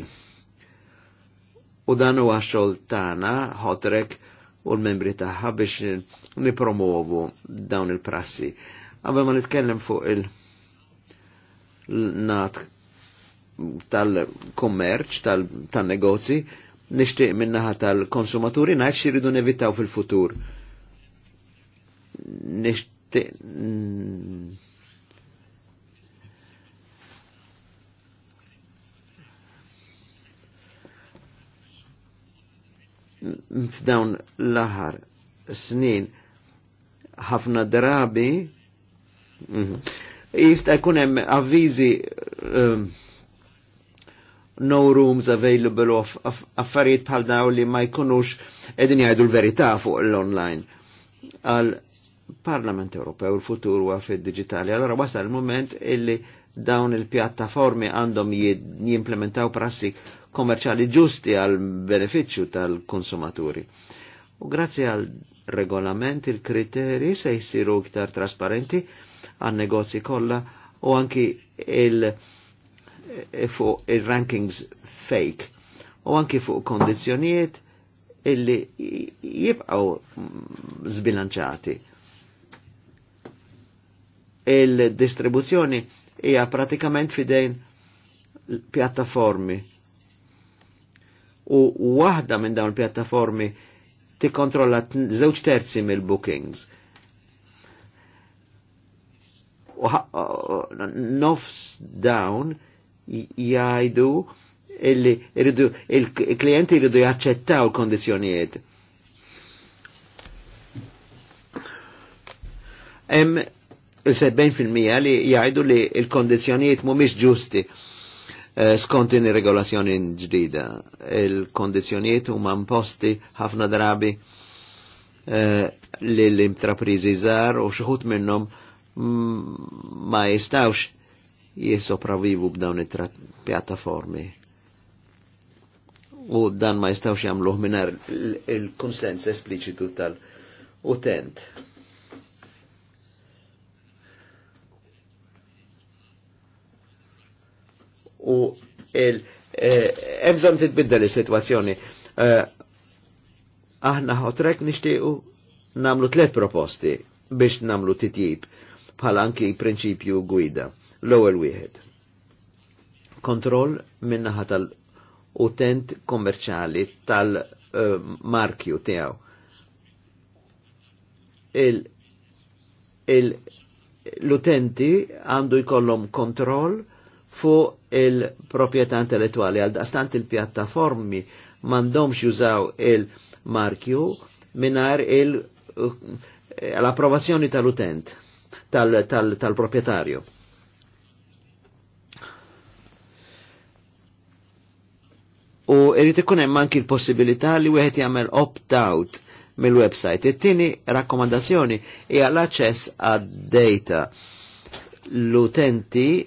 U dan huwa xogħol tagħna ħotrek u l-membri taħħa biex nipromovu dawn il-prassi. Għabel ma nitkellem fuq il-nat tal-kommerċ, tal negozi -tal nixtieq minnaħa tal-konsumaturi ngħid xiridu nevitaw fil-futur. Nishtiq f'dawn l-aħar snin ħafna drabi mhm. jista' jkun hemm avviżi um, no rooms available of affarijiet bħal daw li ma jkunux qegħdin jgħidu l-verità fuq l-online. Għal Parlament Ewropew il-futur huwa fid-diġitali. Allora wasal il-moment illi dawn il-pjattaformi għandhom jimplementaw prassi komerċali ġusti għal beneficju tal-konsumaturi. U grazzi għal regolament il-kriteri se jissiru iktar trasparenti għan negozji kollha u anki il- eh, fuq il-rankings fake u anki fuq kondizjonijiet illi jibqaw zbilanċati. Il-distribuzzjoni hija pratikament fidejn pjattaformi. U waħda minn dawn il-pjattaformi tikkontrolla żewġ terzi mill-bookings. Nofs dawn jajdu illi il-klienti jridu jaċċettaw l-kondizjonijiet il-70% li jgħidu li il-kondizjonijiet mhumiex ġusti eh, skont in regolazzjoni ġdida. il u huma posti ħafna drabi eh, li l-intraprizi zar u xħut minnhom mm, ma jistawx jisopravivu b'dawn it-pjattaformi. U dan ma jistawx jamluħ minar il-konsens espliċitu tal-utent. u il-emżon eh, titbiddel situazzjoni sitwazzjoni eh, Aħna ħotrek u namlu tlet proposti biex namlu titjib bħal anki prinċipju gwida. l ewel wieħed. Kontroll minnaħa tal-utent kommerċali tal-markju tiegħu. l-utenti għandu jkollhom kontroll fuq il-propieta intellettuali għal dastant il-pjattaformi mandomx jużaw il-markju minar l eh, approvazzjoni tal-utent, tal-propietario. -tal -tal U irrit ikun hemm anki l-possibilità li wieħed jagħmel opt-out mill-website. It-tieni rakkomandazzjoni hija l-aċċess għad-data l-utenti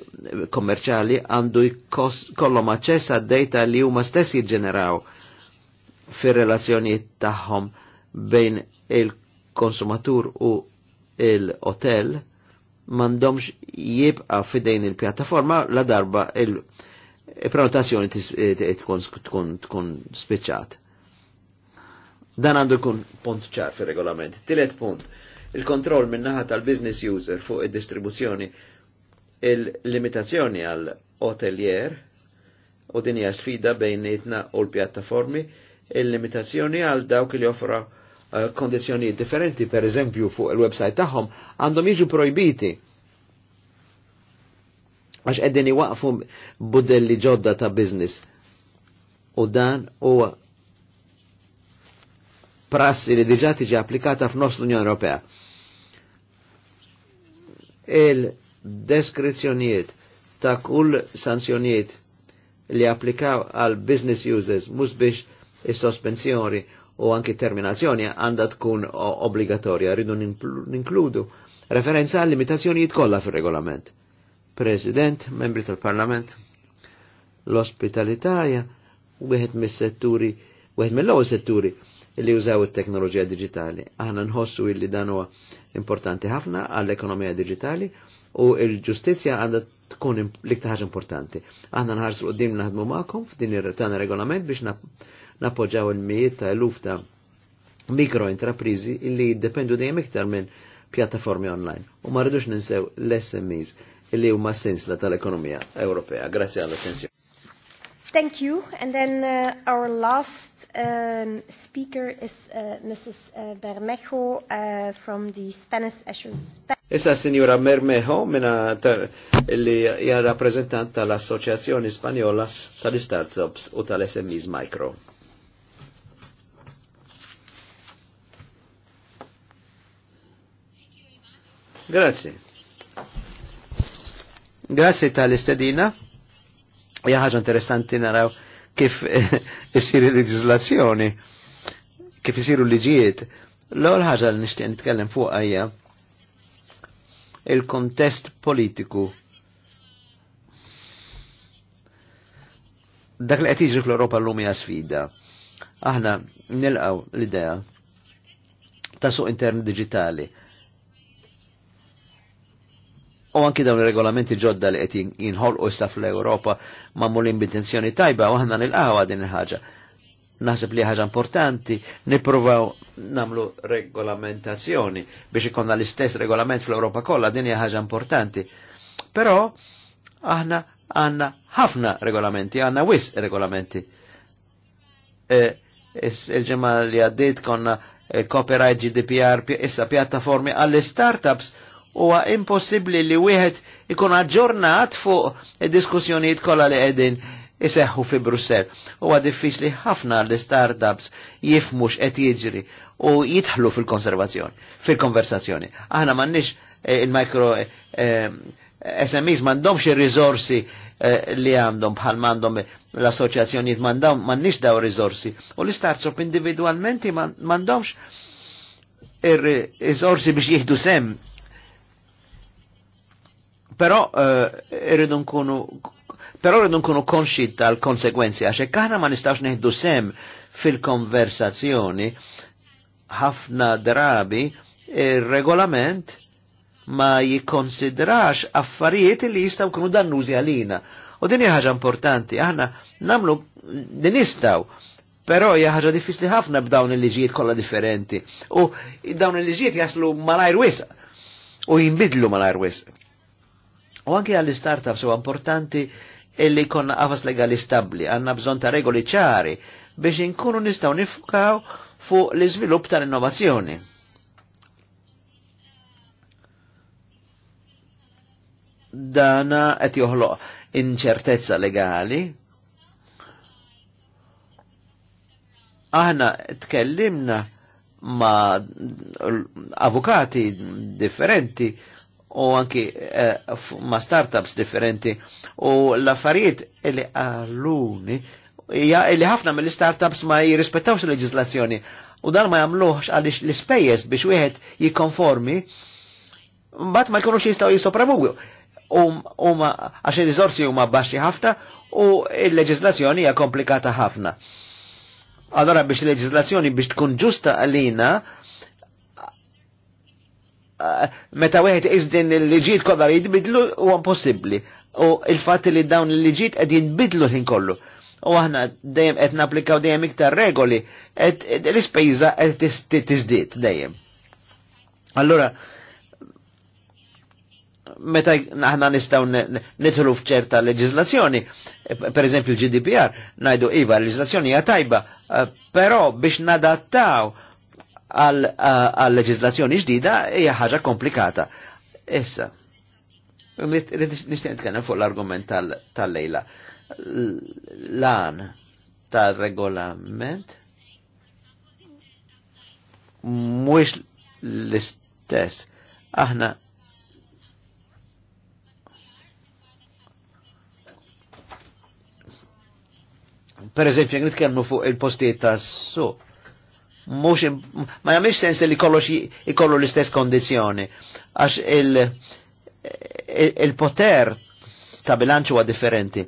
kommerċali għandu kollom aċċess għad data li huma stess jiġġeneraw fir-relazzjonijiet tagħhom bejn il-konsumatur u il-hotel mandomx jibqa fidejn il-pjattaforma la darba il-prenotazzjoni eh, tkun spiċċat. Dan għandu jkun punt ċar fir-regolament. Tielet punt il-kontroll min-naħa tal-business user fuq id-distribuzzjoni il-limitazzjoni għal hotelier u din hija sfida bejnietna u l-pjattaformi il-limitazzjoni għal dawk li offra eh, kondizjoni differenti, per eżempju fuq il-website tagħhom, għandhom jiġu projbiti. Għax qegħdin waqfu budelli ġodda ta' business. U dan huwa prassi li diġà tiġi applikata f'nofs l-Unjoni Ewropea il deskrizzjoniet ta' kull sanzjoniet li applikaw għal business users mus biex il sospensjoni u anki terminazzjoni għandha tkun obbligatorja rridu ninkludu referenza għal limitazzjonijiet kollha fil regolament President, membri tal-Parlament, l u wieħed mis-setturi, wieħed mill-ewwel setturi, li użaw it-teknoloġija digitali. Aħna nħossu illi dan huwa importanti ħafna għall-ekonomija digitali u l-ġustizja għandha tkun l-iktar ħaġa importanti. Aħna nħarsu qudiem naħdmu magħkom f'din ir-tan regolament biex nappoġġaw il-mijiet ta' eluf ta' mikrointraprizi illi jiddependu dejjem iktar minn pjattaformi online. U ma rridux ninsew l-SMEs illi huma sensla tal-ekonomija Ewropea. Grazzi għall attenzjoni Thank you. And then uh, our last um, speaker is uh, Mrs. Uh, Bermejo uh, from the Spanish Ashes. Esa Signora Bermejo, minna li ja rappresentanta l'Associazione Spagnola tali startups o tal-SMEs Micro. Grazie. Grazie tal-istedina jaħġa interessanti naraw kif jissir [laughs] il legislazzjoni kif isiru liġijiet. L-għol ħaġa li nishtiq nitkellem fuq għajja il-kontest politiku. Dak li qed fl europa llum hija sfida. Aħna nilqgħu l-idea ta' suq intern digitali u anki dawn il-regolamenti ġodda li jinħol u jistaf fl europa ma' mullin b'intenzjoni tajba u aħna għawa din il ħagġa Nasib li ħagġa importanti nippruvaw namlu regolamentazzjoni biex ikonna l-istess regolament fl europa kollha din hija importanti. Però aħna għanna ħafna regolamenti, għanna wis regolamenti. E, Il-ġemma li għaddit konna eh, copyright GDPR, issa pjattaformi għall-startups huwa impossibbli li wieħed ikun aġġornat fuq id-diskussjonijiet kollha li qegħdin iseħħu fi Brussell. Huwa diffiċli ħafna l-startups jifmux qed jiġri u jitħlu fil-konservazzjoni, fil-konversazzjoni. Aħna m'għandniex eh, il-micro eh, eh, SMEs m'għandhomx ir-riżorsi li għandhom bħal m'għandhom l-assoċjazzjonijiet m'għandhom m'għandniex daw riżorsi. U l-startup individwalmenti m'għandhomx ir-riżorsi biex jieħdu sem Eh, però irridu nkunu Però rridu nkunu konxi tal-konsekwenzi, għax aħna ma nistax neħdu sem fil-konversazzjoni, ħafna drabi il-regolament ma jikonsidrax affarijiet li jistaw kunu dannużi għalina. U din ħaġa importanti, aħna namlu din istaw, però hija ħaġa diffiċli ħafna b'dawn il-liġijiet kollha differenti. U dawn il-liġijiet jaslu malajr wisq u jinbidlu malajr wisq. U anke għall-startups u importanti illi konna għafas legali stabli, għanna bżon ta' regoli ċari biex inkunu nistaw nifukaw fuq l-izvilupp tal-innovazzjoni. Dana qed joħloq inċertezza legali. Aħna tkellimna ma avukati differenti u anki eh, ma' startups differenti u l-affarijiet li għalluni Ja li ħafna mill-startups ma jirrispettawx il-leġislazzjoni u dan ma jagħmluhx għalix l-ispejjeż biex wieħed jikonformi Mbat ma jkunux jistgħu jisopravugu. Huma għaxe ir-riżorsi huma baxi ħafna u il leġislazzjoni hija komplikata ħafna. Allora biex il-leġislazzjoni biex tkun ġusta għalina Eh, meta wieħed iżdin il liġid kollha jitbidlu huwa impossibbli. U il-fatt li dawn il liġid qed jinbidlu ħin kollu. U aħna dejjem qed napplikaw dejjem iktar regoli, qed l-ispejża qed tiżdied dejjem. Allura, meta aħna nistgħu nidħlu f'ċerta leġislazzjoni, eh, per eżempju il-GDPR, ngħidu iva l-leġislazzjoni hija tajba, eh, però biex nadattaw għal leġizlazzjoni ġdida hija ħaġa komplikata. Issa, nishtiq nitkellem fuq l-argument tal-lejla. Lan tal-regolament mhuwiex l-istess. Aħna Per eżempju, nitkellmu fuq il-postijiet tas-suq mux, ma jamiex sens li kollox ikollu l-istess kondizjoni, għax il-poter il, il ta' bilanċu għad differenti.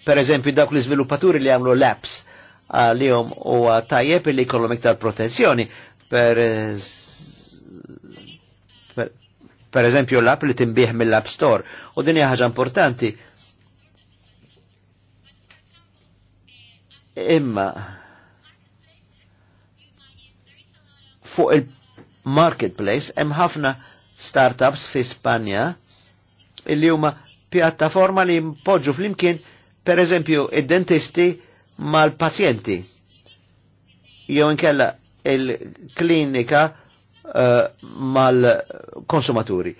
Per eżempju, dawk li sviluppaturi li għamlu laps għalihom ah, u tajjeb li kollu miktar protezzjoni, per, per, per eżempju l-app li timbieħ mill-app store, u din hija ħaġa importanti. Imma, fuq il-marketplace hemm ħafna startups fi Spanja illi huma pjattaforma li mpoġġu flimkien per eżempju id-dentisti mal-pazjenti. Jew inkella il-klinika uh, mal-konsumaturi.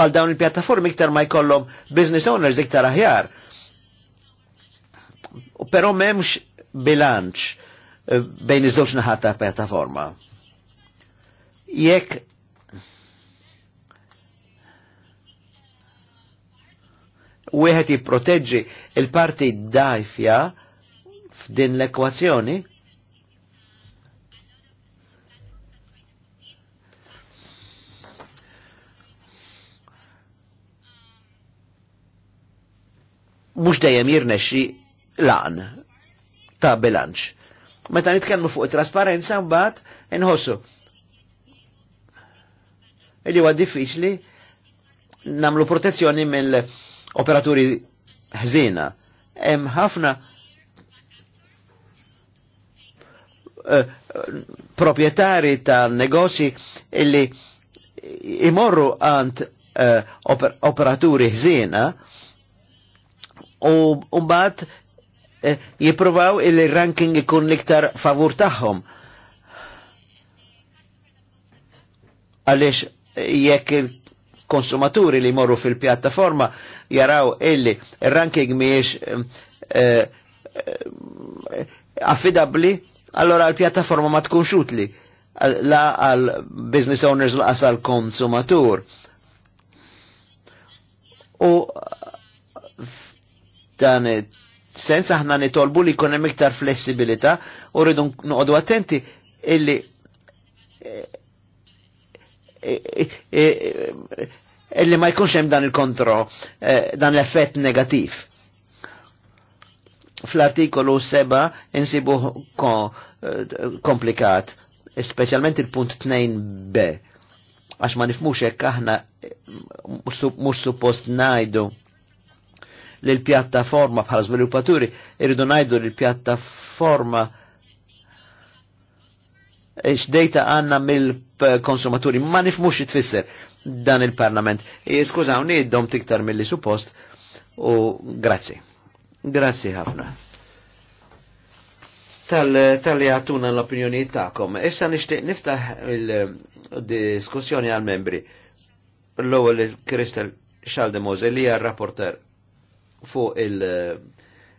Għal dawn il-pjattaformi iktar ma jkollhom business owners iktar aħjar. Però memx bilanċ Eh, bejn iż-żewġ naħat ta' pjattaforma. Jekk wieħed jipproteġġi il-parti dajfja f'din l-ekwazzjoni, mux dejjem jirnexxi lan ta' bilanċ. Meta nitkellmu fuq trasparenza mbagħad inħossu. Illi huwa diffiċli namlu protezzjoni mill-operaturi ħżina. Hemm ħafna uh, proprietari ta' negozji illi imorru għand eh, operaturi ħżina u mbagħad Eh, jipruvaw il-ranking ikun iktar favur tagħhom. Għaliex jekk il-konsumaturi li morru fil-pjattaforma jaraw illi il-ranking miex eh, eh, affidabli, allora l-pjattaforma ma tkunx utli la għal business owners la għasal konsumatur. U dan sens aħna nitolbu li jkun hemm iktar flessibilità u rridu noqogħdu attenti illi eh, eh, eh, illi ma jkunx hemm dan il-kontro, dan l-effett negattiv. Fl-artikolu 7 insibu komplikat, specialment il-punt 2b, għax ma nifmux hekk aħna mhux suppost ngħidu l-pjattaforma bħala sviluppaturi, irridu ngħidu l-pjattaforma x għandna mill-konsumaturi, ma nifmux it-fisser dan il-parlament. E, skużawni, dom tiktar mill-li suppost u grazzi. Grazzi ħafna. Tal-li għatuna l-opinjoni ta'kom. Issa nishtiq niftaħ il-diskussjoni għal-membri. L-ewwel Kristel Xaldemose li hija rapporter fuq il- eh,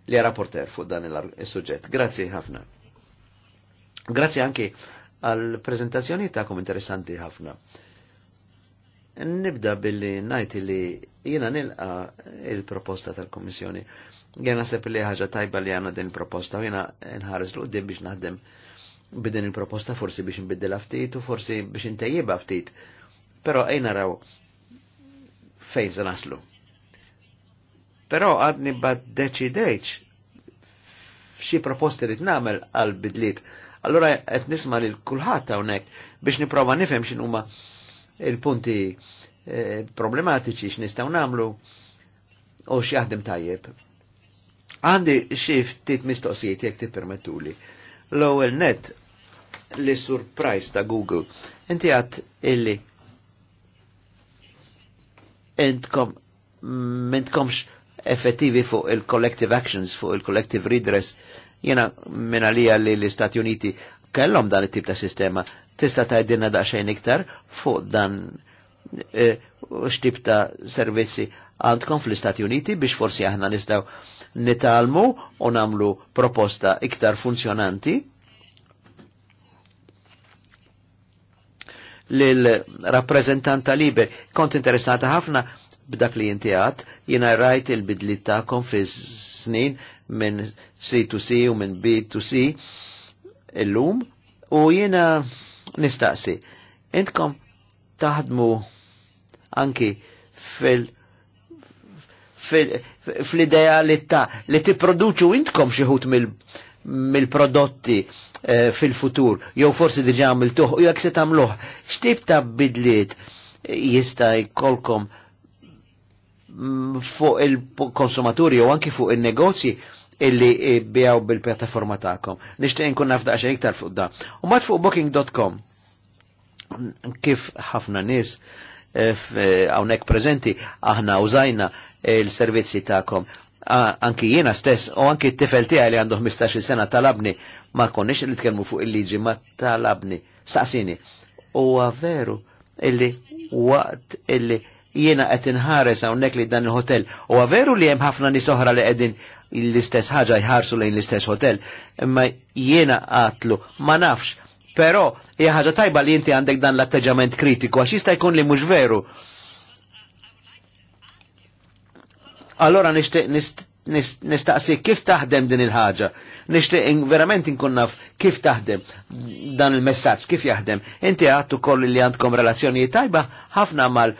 li rapporter fuq dan il-sujġett. Grazzi ħafna. Grazzi anki għal prezentazzjoni ta'kom interessanti ħafna. Nibda billi najt li jina nilqa il-proposta tal-Komissjoni. Jena sepp li ħaġa tajba li għanna din il-proposta u jena nħares l biex naħdem bidin il-proposta forsi biex nbiddel ftit u forsi biex ntejjiba ftit. Pero ejna raw fejn se naslu. Però għadni bad deċidejċ xie proposti rrit namel għal bidliet. Allora qed nisma' lil kulħadd hawnhekk biex nipprova nifhem x'in huma il-punti eh, problematiċi x'nistgħu nagħmlu u x'jaħdem tajjeb. Għandi xi ftit mistoqsijiet jekk tippermettuli. L-ewwel net li surprise ta' Google. Inti għat illi entkom mentkomx effettivi fuq il-collective actions, fuq il-collective redress. Jena minna li li l-Istati Uniti kellhom dan it-tip ta' sistema. Tista da' xejn iktar fuq dan eh, x-tip ta' servizzi għandkom fl-Istati Uniti biex forsi aħna nistaw nitalmu u namlu proposta iktar funzjonanti lil rappreżentanta liber. Kont interessata ħafna b'dak li jinti għat, jina rajt il-bidli ta'kom fi snin minn C2C u minn B2C illum u jina nistaqsi. Intkom taħdmu anki fil- fl ideja li ta' li tipproduċu intkom xieħut mill-prodotti eh, fil-futur, jew forsi diġa għamiltuħ, u jek se tamluħ, xtib ta' bidliet jista' jkolkom Mm, fuq il-konsumaturi u anki fuq il-negozji illi bijaw bil-pjattaforma ta'kom. Nishtiq nkun nafda daqsxejn iktar fuq da. U mat fuq booking.com kif ħafna nis eh, eh, hawnhekk prezenti aħna użajna il-servizzi ta'kom. Anki jiena stess u anki t-tifel tiegħi li għandu 15 sena talabni ma konniex li tkellmu fuq il-liġi ma talabni saqsini. U veru illi waqt illi jiena qed inħares hawnhekk li dan il-hotel. U veru li hemm ħafna nies oħra li qegħdin l-istess ħaġa jħarsu lejn l-istess hotel, imma jiena għatlu, ma nafx. Però hija ħaġa tajba li inti għandek dan l-atteġġament kritiku għax jista' jkun li mhux veru. Allora nixtieq nistaqsi kif taħdem din il-ħaġa. Nishtiq verament inkun naf kif taħdem dan il-messaġġ, kif jaħdem. Inti għattu koll li għandkom relazzjonijiet tajba ħafna mal-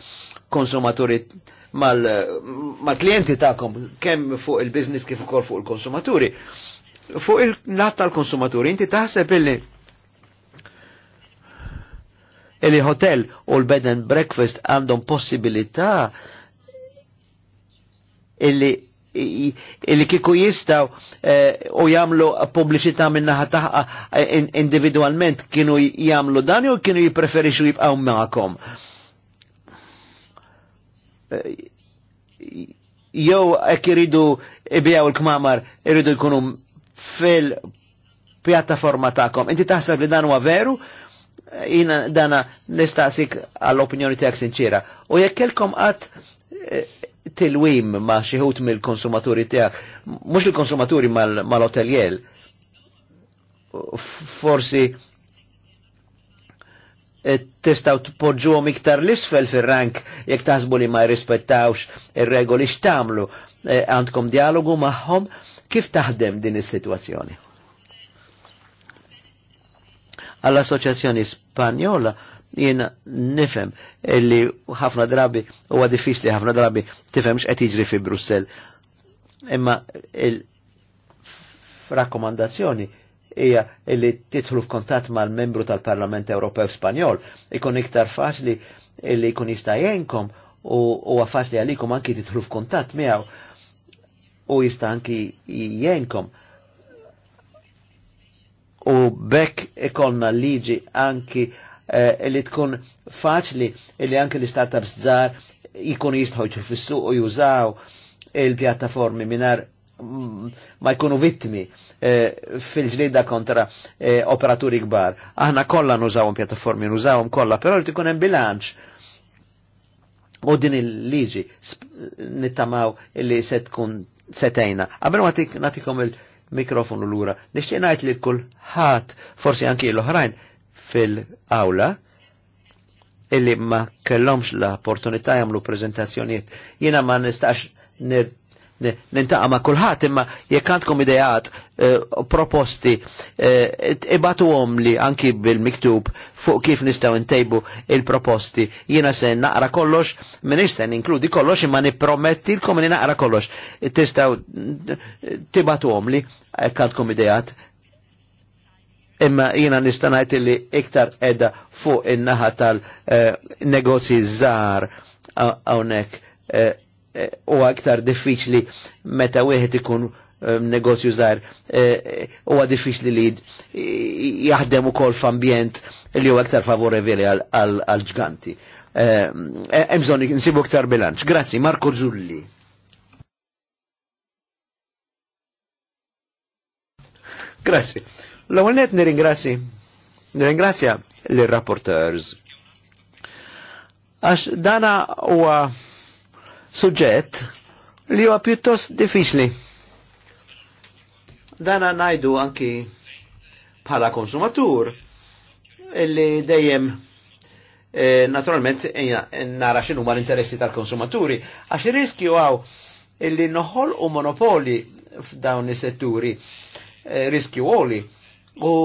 konsumaturi mal-klienti mal ta'kom kemm fuq il-biznis kif ukoll fuq il-konsumaturi. Fuq il-lat tal-konsumaturi, inti taħseb illi il-hotel u l-bed and breakfast għandhom possibilità illi illi kiku jistaw eh, u jamlu publiċità minna taħqa eh, individualment kienu jamlu dan u kienu jipreferixu jibqaw maqom jew ek iridu ibijaw il-kmamar iridu jkunu fil-pjattaforma ta'kom. Inti taħseb li dan huwa veru? Jina dana nistaqsik għall-opinjoni tiegħek sinċira. U jekk ilkom qatt eh, tilwim ma xieħut mill-konsumaturi tiegħek, mhux il-konsumaturi mal-hoteljel, forsi tistaw tpoġġuhom iktar l-isfel fil rank jekk taħsbu li ma jrispettawx ir-regoli x'tagħmlu eh, għandkom dialogu magħhom kif taħdem din is-sitwazzjoni. Għall-Assoċjazzjoni Spanjola jien nifhem li ħafna drabi huwa diffiċli ħafna drabi tifhemx x'qed jiġri fi Brussell. Imma il-rakkomandazzjoni hija li titħlu f'kontatt mal-membru tal-Parlament Ewropew Spanjol. Ikun iktar faċli li jkun jista' jenkom u faċli għalikom anki titħlu f'kuntatt miegħu u jista' anki jenkom. U bekk ikolna liġi anki eh, li tkun faċli li anki li startups żgħar jkunu jistħoġu fis-suq u jużaw il-pjattaformi minar ma jkunu vittmi eh, fil-ġlida kontra eh, operaturi kbar. Aħna kollha nużawhom pjattaformi, nużawhom kollha, però li tkun hemm bilanċ. U din il-liġi nittamaw li se tkun setejna. Qabel ma natikom il-mikrofonu lura, nixtieq ngħid li kulħadd forsi anki l-oħrajn fil-awla illi ma kellhomx l-opportunità jagħmlu preżentazzjonijiet. Jiena ma nistax nintaqa ma' kulħadd imma jekk għandkom idejat eh, proposti eh, ibatu għom li anki bil-miktub fuq kif nistaw intejbu il-proposti Jina se naqra kollox minix se ninkludi kollox imma l-kom li naqra kollox tistaw eh, tibatu għom li għandkom idejat imma jina nistanajt li iktar edda fuq in-naħa tal-negozji żgħar hawnhekk Eh, u aktar diffiċli meta wieħed ikun eh, negozju żgħar eh, huwa diffiċli li jaħdem ukoll f'ambjent li huwa aktar favorevoli għal ġganti. Hemm bżonn insibu aktar bilanċ. Grazzi, Marco Zulli. Grazzi. L-ewwel net nirringrazzi. Nirringrazzja lir-rapporteurs. Għax dana huwa suġġett li huwa pjuttost diffiċli. Dana najdu anki bħala konsumatur illi dejjem e, naturalment nara xinu ma l-interessi tal-konsumaturi għax riskju għaw illi noħol u monopoli f'dawn is-setturi e, riskju għoli u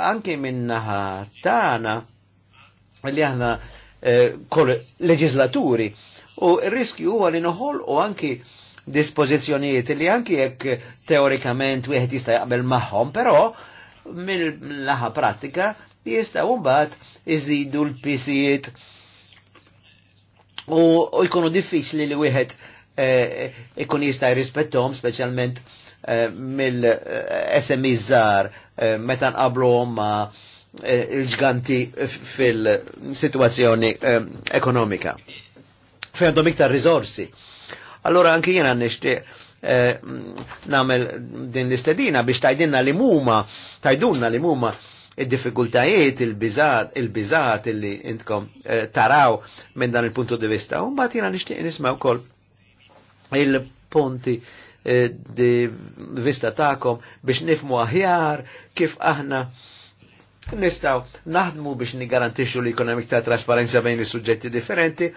anki minnaħa tana li aħna e, kol leġislaturi U il-riskju huwa li noħol u anki dispożizzjonijiet li anki jekk teorikament wieħed jista' jaqbel magħhom, però mill-laħa pratika jistgħu mbagħad iżidu l-pisijiet u jkunu diffiċli li wieħed eh, ikun jista' jrispettom speċjalment eh, mill-SMI e żar eh, meta nqablhom ma' il-ġganti fil-situazzjoni ekonomika fejn għandhom iktar rizorsi. Allora anki jiena nixtieq eh, namel din l-istedina biex tajdinna li muma, tajdunna li muma il-diffikultajiet, il-bizat, il-bizat illi intkom eh, taraw minn dan il-puntu di vista. Un bat jina nishtiq nisma' kol il-punti eh, di vista tagħkom biex nifmu aħjar kif aħna nistaw naħdmu biex nigarantixu li jkun hemm iktar trasparenza bejn is-suġġetti differenti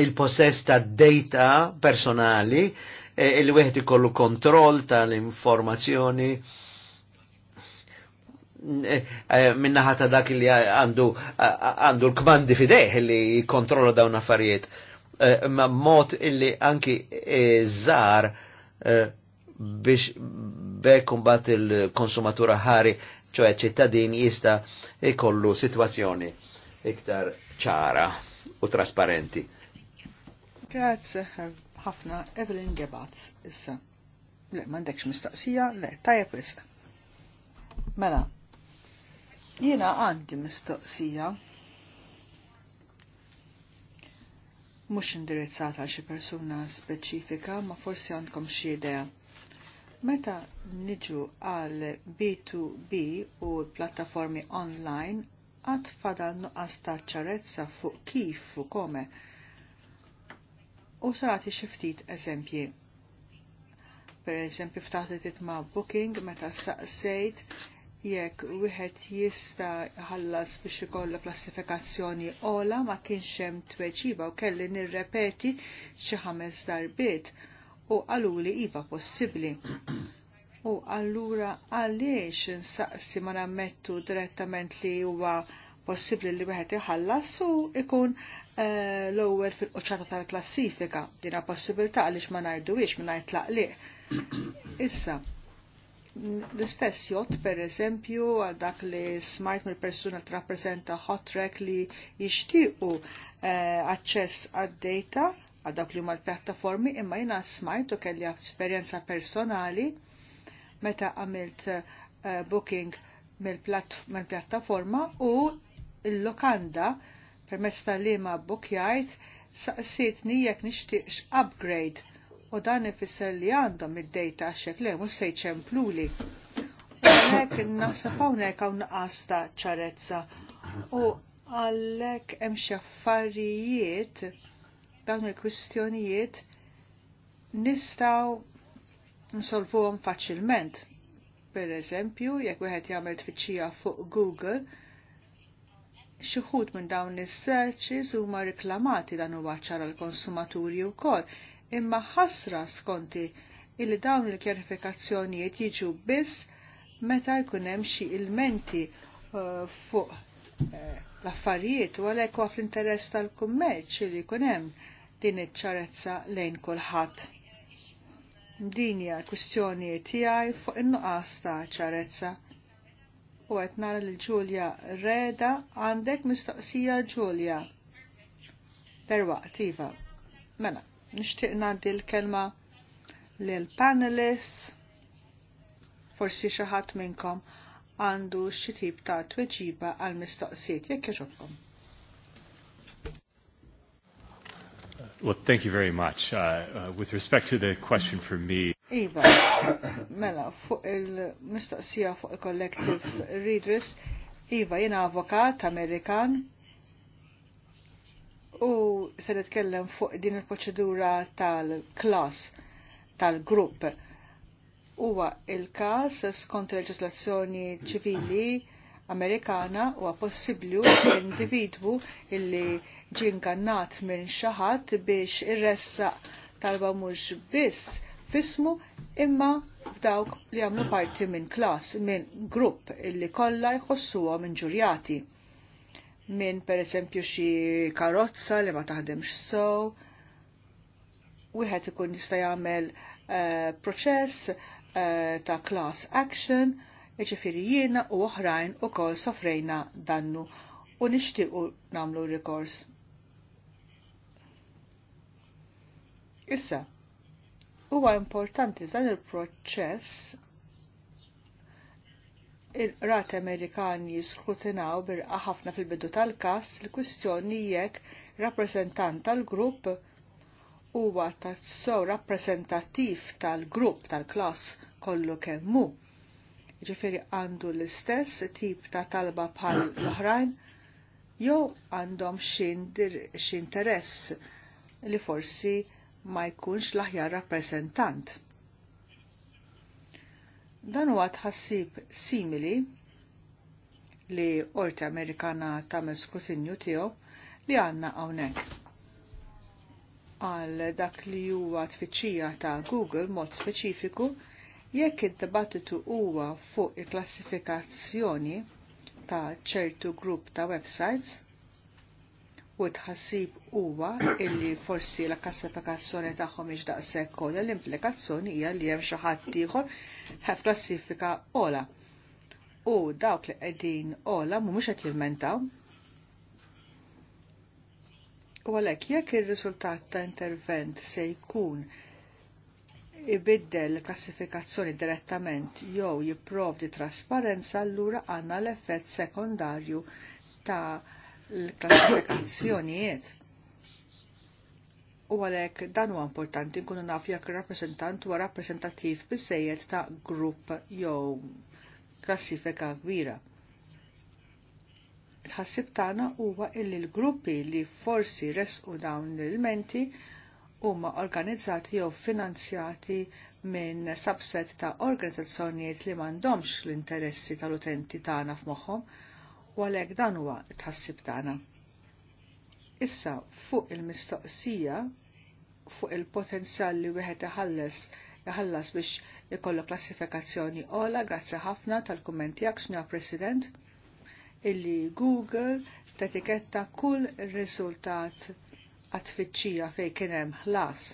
il-possess ta' data personali, eh, il-wieħed ikollu kontroll tal-informazzjoni e, e, minnaħat ta' dak li għandu għandu l-kmandi fideħ li jikontrolla dawn affarijiet. E, ma mod illi anki zar biex bekkum bat il-konsumatura ħari, ċoħe ċittadin jista ikollu situazzjoni iktar ċara u trasparenti. Grazie eh, ħafna Evelyn Gebatz, issa. Le, mandekx mistoqsija, le, tajab issa. Mela, jiena għandi mistoqsija mux indirizzata għal xi persuna speċifika, ma forsi għandkom xi idea. Meta niġu għal B2B u l-plattaformi online, għad fadal nuqqas ta' ċarezza fuq kif u kome u sarati xiftit eżempji. Per eżempju ftaħtet itma' booking meta saqsejt jekk wieħed jista' ħallas biex ikollu klassifikazzjoni ola ma kienx hemm tweġiba u kelli nirrepeti xi ħames darbiet u għaluli iva possibbli. U allura għaliex insaqsi ma nammettu direttament li huwa possibbli li wieħed iħallas u ikun eh, l-ewwel fil quċċata tal-klassifika. Dina possibilità għaliex ma minn ngħid tlaqliq. Issa, l-istess jott per eżempju għal dak li smajt mill persuna li rappresenta hot track li jixtiequ eh, aċċess għad-data għal dak li huma l-pjattaformi imma jiena smajt u kelli esperjenza personali meta għamilt eh, booking mill-pjattaforma u il-lokanda permezz tal-lima bukjajt saqsitni jekk nixtieqx upgrade u dan ifisser li għandhom id-dejta għaxek u mhux se U hekk naħseb hawnhekk hawn naqas ta' ċarezza. U għalhekk hemm xi affarijiet dawn il-kwistjonijiet nistgħu nsolvuhom faċilment. Per eżempju, jekk wieħed jagħmel tfittxija fuq Google, xuħut minn dawn is-searches huma riklamati dan huwa ċara l-konsumaturi wkoll, imma ħasra skonti illi dawn il-kjarifikazzjonijiet jiġu biss meta jkun hemm xi ilmenti uh, fuq eh, l-affarijiet u għalhekk huwa fl-interess tal-kummerċ li jkun hemm din iċ-ċarezza lejn kulħadd. Din hija kwistjoni tiegħi fuq in-nuqqas ta' ċarezza u għet nara li ġulja Reda għandek mistoqsija Ġulja. Derwaqt, Iva. Mela, nishtiq nandi l-kelma l-panelists, forsi xaħat minnkom għandu xitib ta' tweġiba għal mistoqsijiet, jekk iġobkom. Well, thank you very much. Uh, uh, with respect to the question for me. Iva, [coughs] mela, fuq il-mistoqsija fuq il-collective redress, Iva, jena avokat Amerikan u se nitkellem fuq din il-proċedura tal-klas, tal-grupp. Huwa il-kas skont il-leġislazzjoni ċivili Amerikana huwa possibbli l-individwu illi ġinkannat minn xaħat biex irressa talba mhux biss fismu imma f'dawk li għamlu parti minn klas, minn grupp illi kollha jħossuhom ġurjati. Minn pereżempju xi karozza li ma taħdemx sow, wieħed ikun jista' jagħmel uh, proċess uh, ta' class action, jiġifieri jiena u oħrajn ukoll sofrejna dannu u nixtiequ nagħmlu rikors. Issa, huwa importanti dan il-proċess il rat Amerikani skrutinaw birqa ħafna fil-bidu tal-kas l-kwistjoni jekk rappresentant tal-grupp huwa tazzo rappresentativ tal-grupp tal-klass kollu kemmu. Ġifiri għandu l-istess tip ta' talba bħal [coughs] l-oħrajn jew għandhom xi interess li forsi ma jkunx l-aħjar rappresentant. Dan huwa tħassib simili li Orti Amerikana tagħmel skrutinju tiegħu li għandna hawnhekk. Għal dak li huwa tfittxija ta' Google mod speċifiku jekk id-dibattitu huwa fuq il-klassifikazzjoni ta' ċertu grupp ta' websites, u tħassib huwa illi forsi la klassifikazzjoni tagħhom mhix daqshekk kollha l-implikazzjoni hija li hemm xi ħadd ieħor ħaf klassifika ola. U dawk li qegħdin ola mhumiex qed jilmentaw U għalhekk jekk ir-riżultat ta' intervent se jkun ibiddel klassifikazzjoni direttament jew jipprovdi trasparenza allura għandna l-effett sekondarju ta' l-klassifikazzjonijiet. U għalhekk dan huwa importanti nkunu naf jekk rappreżentant huwa rappreżentattiv biżejjed ta' grupp jew klassifika kbira. Il-ħassib tagħna huwa illi l-gruppi li forsi resqu dawn l-elementi huma organizzati jew finanzjati minn subset ta' organizzazzjonijiet li m'għandhomx l-interessi tal-utenti tagħna f'moħħhom u għalhekk dan huwa tħassib tagħna. Issa fuq il-mistoqsija fuq il-potenzjal li wieħed iħalles iħallas biex ikollu klassifikazzjoni ola grazzi ħafna tal-kumment tiegħek Sinjor President illi Google tetiketta kull riżultat għat-tfittxija fejn kien hemm ħlas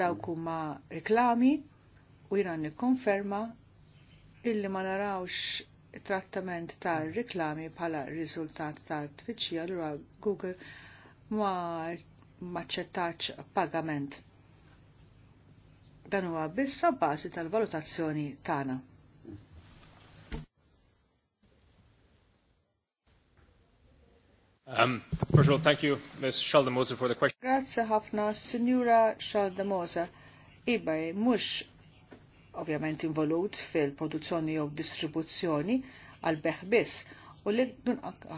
dawk huma reklami, u jiena nikkonferma illi ma narawx trattament tar riklami bħala riżultat ta' tfittxija l Google ma maċċettax pagament. Dan huwa bissa bażi tal-valutazzjoni tagħna. Um, first of all, thank you, Ms. Sheldon Moser, for the question. Grazie ħafna, Signora Sheldon Moser. Ibaj, mux ovvjament involut fil-produzzjoni jew distribuzzjoni għal beħ biss. U li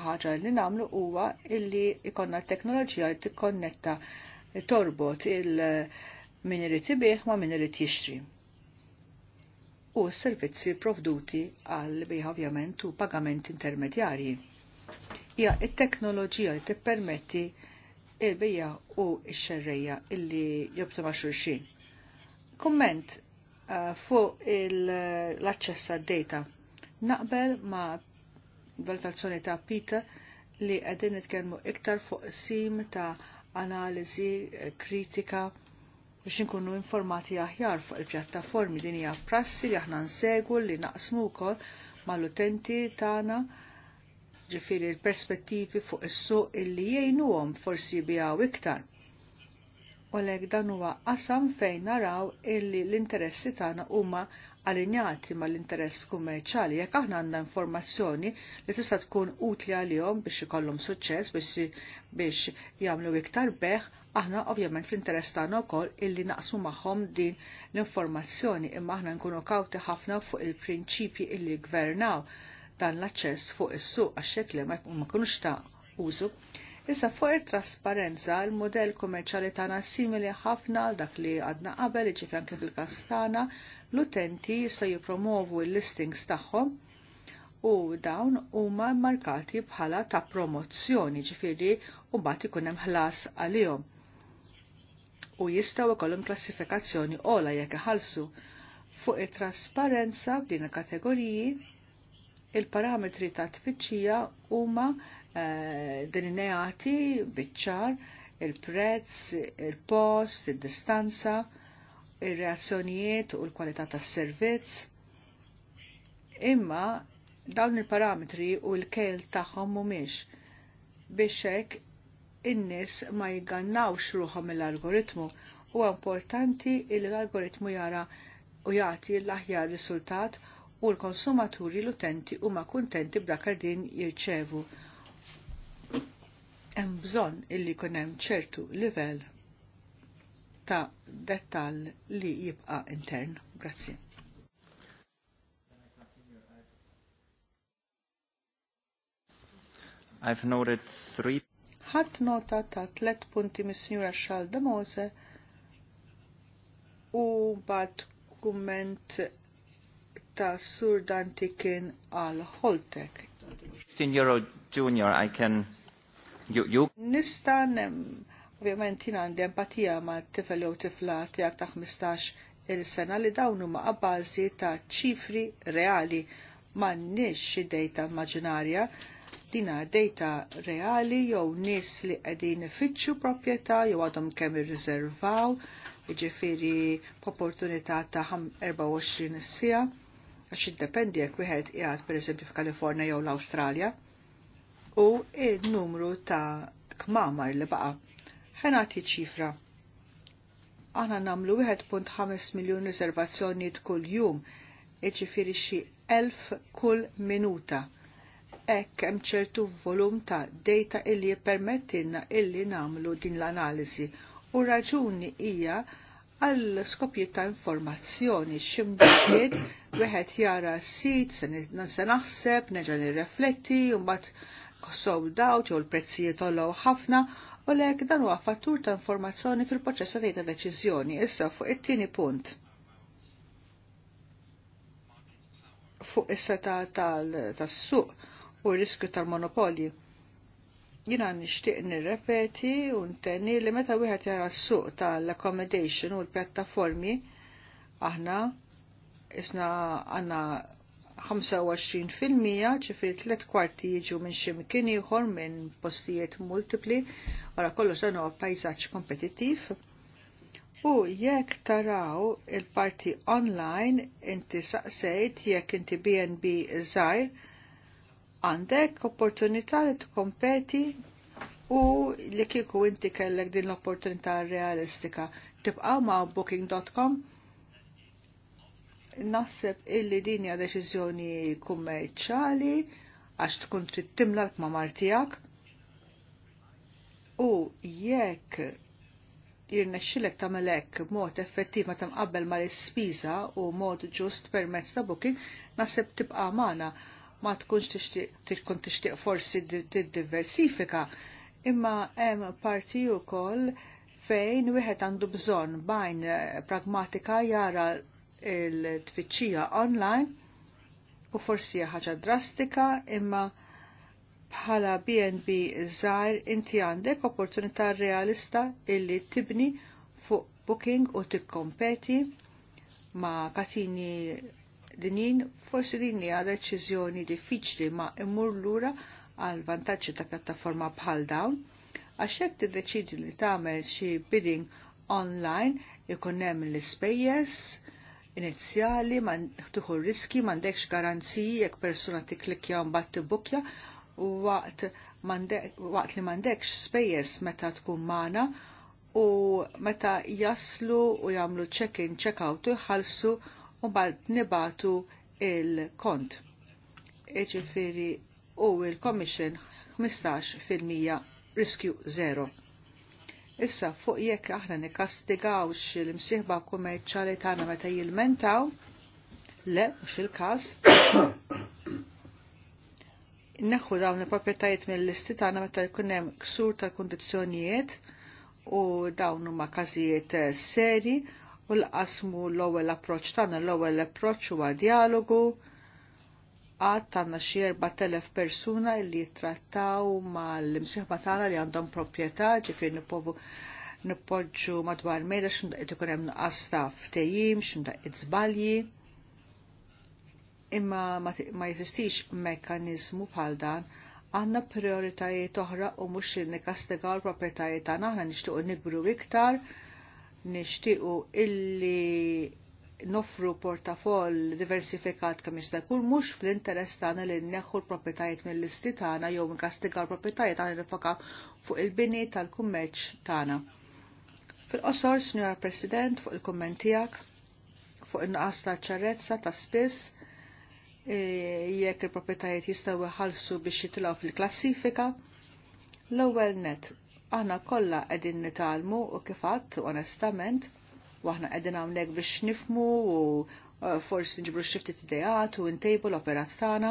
ħaġa li namlu huwa illi ikonna teknoloġija li tikkonnetta torbot il min irid ibih ma min irid jixtri. U s-servizzi provduti għal bih ovvjament u pagament intermedjarji. Ija it-teknoloġija li tippermetti il-bija u x-xerreja illi jobtu ma' xulxin. Komment Eh, fuq l-aċċess data Naqbel ma' valutazzjoni ta' Peter li qegħdin nitkellmu iktar fuq sim ta' analiżi eh, kritika biex nkunu informati aħjar fuq il-pjattaformi din hija prassi li aħna nsegu li naqsmu wkoll mal-utenti tagħna ġifieri l-perspettivi fuq is-suq illi jgħinuhom forsi bijaw iktar u lek dan huwa qasam fejn naraw illi l-interessi tagħna huma allinjati mal-interess kummerċali jekk aħna għandna informazzjoni li tista' tkun utli għalihom biex ikollhom suċċess biex biex jagħmlu iktar beħ, aħna ovvjament fl-interess tagħna wkoll illi naqsmu magħhom din l-informazzjoni imma aħna nkunu kawti ħafna fuq il-prinċipji illi gvernaw dan l-aċċess fuq is-suq għax xekk li ma jkunux ta' użu. Issa fuq it-trasparenza l-modell kummerċjali tagħna simili ħafna għal dak li għadna qabel iġifier anke fil-kastana l-utenti jista' jippromovu l-listings tagħhom u dawn huma markati bħala ta' promozzjoni ġifieri u mbagħad ikun hemm ħlas għalihom. U jistgħu ikollhom klassifikazzjoni ola jekk iħallsu fuq it-trasparenza f'din il-kategoriji il-parametri ta' tfittxija huma Eh, delineati biċċar il-prezz, il-post, il-distanza, il-reazzjonijiet u l-kwalità tas-servizz. Imma dawn il-parametri u l-kel tagħhom mhumiex biex hekk in-nies ma jigannawx ruħhom mill-algoritmu huwa importanti li l-algoritmu jara u jagħti l-aħjar riżultat u l-konsumaturi l-utenti huma kuntenti b'dak din jirċevu hemm bżonn illi jkun hemm ċertu livell ta' dettall li jibqa' intern. Grazzi. I've noted three ħadd nota ta' tlet punti mis-Sinjura Xalda Mose u bad kumment ta' Sur Danti għal Holtek. 15 euro junior I can Nista' ovvjament jien għandi empatija ma' tifel jew tifla tiegħek ta' 15 il-sena li dawn huma abbażi ta' ċifri reali m'għandniex xi dejta maġinarja dina dejta reali jew nies li qegħdin ifittxu proprjetà jew għadhom kemm irriservaw, jiġifieri opportunità ta' 24 sija għax iddependi jekk wieħed qiegħed pereżempju f'Kalifornja jew l-Awstralja u il-numru ta' kmamar li baqa. Ħenati ċifra. Aħna namlu 1.5 miljon riservazzjoni kull jum, iġifiri xi 1000 kull minuta. Ekk hemm ċertu volum ta' data illi jippermettilna illi namlu din l-analiżi u raġuni hija għal skopji ta' informazzjoni ximbiet wieħed jara sit se naħseb, neġa nirrefletti u mbagħad sold out jew l-prezzijiet tollow ħafna u lek dan huwa fattur ta' informazzjoni fil-proċess ta' ta' deċiżjoni. Issa fuq it-tieni punt. Fuq is-seta tas-suq u r-riskju tal monopolji Jina nixtieq nirrepeti u ntenni li meta wieħed jara s-suq tal-accommodation u l-pjattaformi aħna isna għanna 25% ċifri tlet kwarti jiġu minn ximkien ieħor minn postijiet multipli wara kollox dan huwa pajsaġġ kompetittiv. U jekk taraw il-parti online inti saqsejt jekk inti BNB żgħir għandek opportunità li tkompeti u li kieku inti kellek din l-opportunità realistika. Tibqa' ma' booking.com naħseb illi din hija deċiżjoni kummerċali għax tkun trid timla ma' martijak. U jekk jirnexxilek tagħmel hekk mod effettiv ma tamqabbel mal ispiża u mod ġust permezz ta' booking, naħseb tibqa' magħna ma tkunx tkun tixtieq forsi tiddiversifika. Imma hemm parti wkoll fejn wieħed għandu bżonn bajn pragmatika jara il-tfittxija online u forsi ħaġa drastika imma bħala BNB żgħar inti għandek opportunità realista illi tibni fuq booking u tikkompeti ma' katini dinin forsi din hija deċiżjoni diffiċli ma' immur lura għal vantaġġi ta' pjattaforma bħal dawn għax hekk tiddeċidi li tagħmel xi bidding online ikun hemm l-ispejjeż inizjali, ma tuħu riski, mandekx garanziji jekk persuna tiklikja mbagħad bukja, u waqt waqt li mandekx spejjeż meta tkun magħna u meta jaslu u jagħmlu check-in, check-out u jħalsu, u mbagħad nibatu il-kont. Iġifieri u il-commission 15% riskju zero. Issa fuq jekk aħna nikastigawx l-imsieħba kummerċali tagħna meta jilmentaw, le mhux il-każ. [coughs] Neħu dawn il-proprjetajiet mill-listi tagħna meta jkun hemm ksur tal-kundizzjonijiet u dawn huma każijiet eh, seri u l-qasmu l-ewwel approċċ tagħna l-ewwel approċċ huwa dialogu għad tanna xie 4.000 persuna li jittrattaw ma l-imsiħba tagħna li għandhom proprjetà ġifir nipovu nippoġġu madwar mejda x'imdaqqiet ikun hemm nuqqas ftejim ftehim, x'imdaqqiet zbalji Imma ma jeżistix mekkaniżmu bħal dan għanna prioritajiet oħra u mhux li nikastegaw l-proprjetajiet tagħna aħna nixtiequ nikbru iktar, nixtiequ illi nofru portafoll diversifikat kemm jista' jkun mhux fl-interess tagħna li nneħħu l-proprjetajiet mill-listi tagħna jew nkastigaw l-proprjetajiet tagħna nifaka fuq il-bini tal-kummerċ tagħna. Fil-qosor, Sinjora President, fuq il-kumment tiegħek fuq in-nuqqas ta' ċarrezza ta' spiss e, jekk il-proprjetajiet jistgħu jħallsu biex jitilgħu fil-klassifika. L-ewwel net, aħna kollha qegħdin nitalmu u kif għadd onestament waħna qegħdin għamlek biex nifmu u uh, forsi nġibru xiftit idejat u ntejbu l-operat tagħna.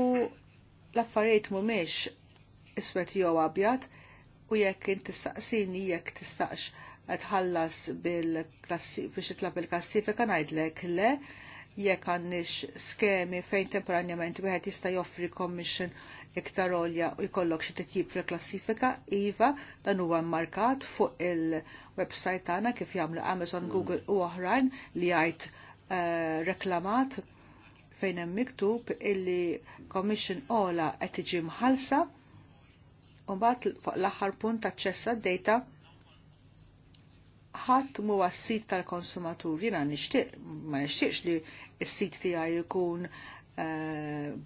U l-affarijiet mhumiex iswet jew abjad u jekk intistaqsini jekk tistax għedħallas bil-klassifika biex titlab il-klassifika ngħidlek le jekk għandix skemi fejn temporanjament wieħed jista' joffri commission iktar olja u jkollok xi titjib fil-klassifika, iva dan huwa mmarkat fuq il-website tagħna kif jagħmlu Amazon, Google u oħrajn li jgħid eh, reklamat fejn hemm miktub illi commission ola qed tiġi mħallsa u mbagħad fuq l-aħħar punt aċċessa d-data ħadd mu sit tal-konsumatur. Jiena nixtieq ma nixtieqx li s-sit tiegħi jkun uh,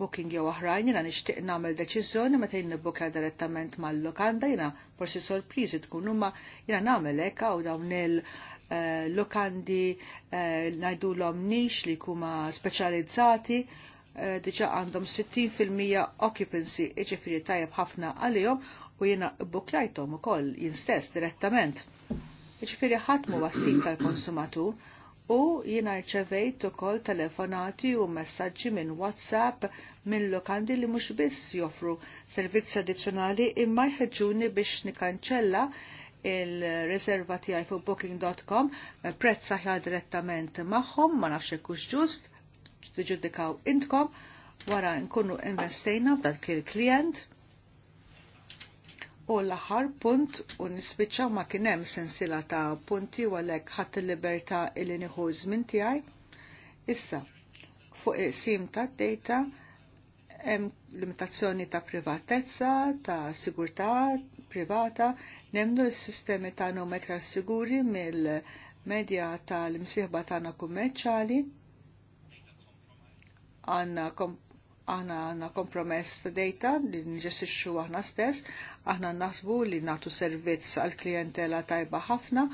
booking jew oħrajn, jiena nixtieq nagħmel deċiżjoni meta jien nibbuka direttament mal-lokanda, jiena forsi sorpriżi tkun huma jiena nagħmel hekk hawn dawn il- uh, lokandi uh, eh, najdulhom nix li kuma speċjalizzati diġa għandhom 60% occupancy iġifieri tajab ħafna għalihom u jiena bukjajtom u koll jinstess direttament. Ġifiri ħatmu għassib tal-konsumatur u jina rċevejt ukoll telefonati u messaġġi minn WhatsApp minn lokandi li mhux biss joffru servizzi addizzjonali imma jħeġġuni biex nikanċella il-reserva tiegħi fuq booking.com prezz aħjar direttament magħhom, ma nafx hekk hux ġust, tiġġudikaw intkom wara nkunu investejna f'dak il-klient U l-aħħar punt u nispiċċaw ma kien hemm sensila ta' punti u għalhekk ħadd il-libertà li nieħu żmien tiegħi. Issa, fuq il-sim tad data hemm limitazzjoni ta' privatezza, ta' sigurtà privata, nemnu l-sistemi ta' numetra siguri mill-medja tal-imsieħba tagħna kummerċjali għandna aħna għanna kompromess ta' data li nġessixxu aħna stess, aħna naħsbu li natu servizz għal klientela tajba ħafna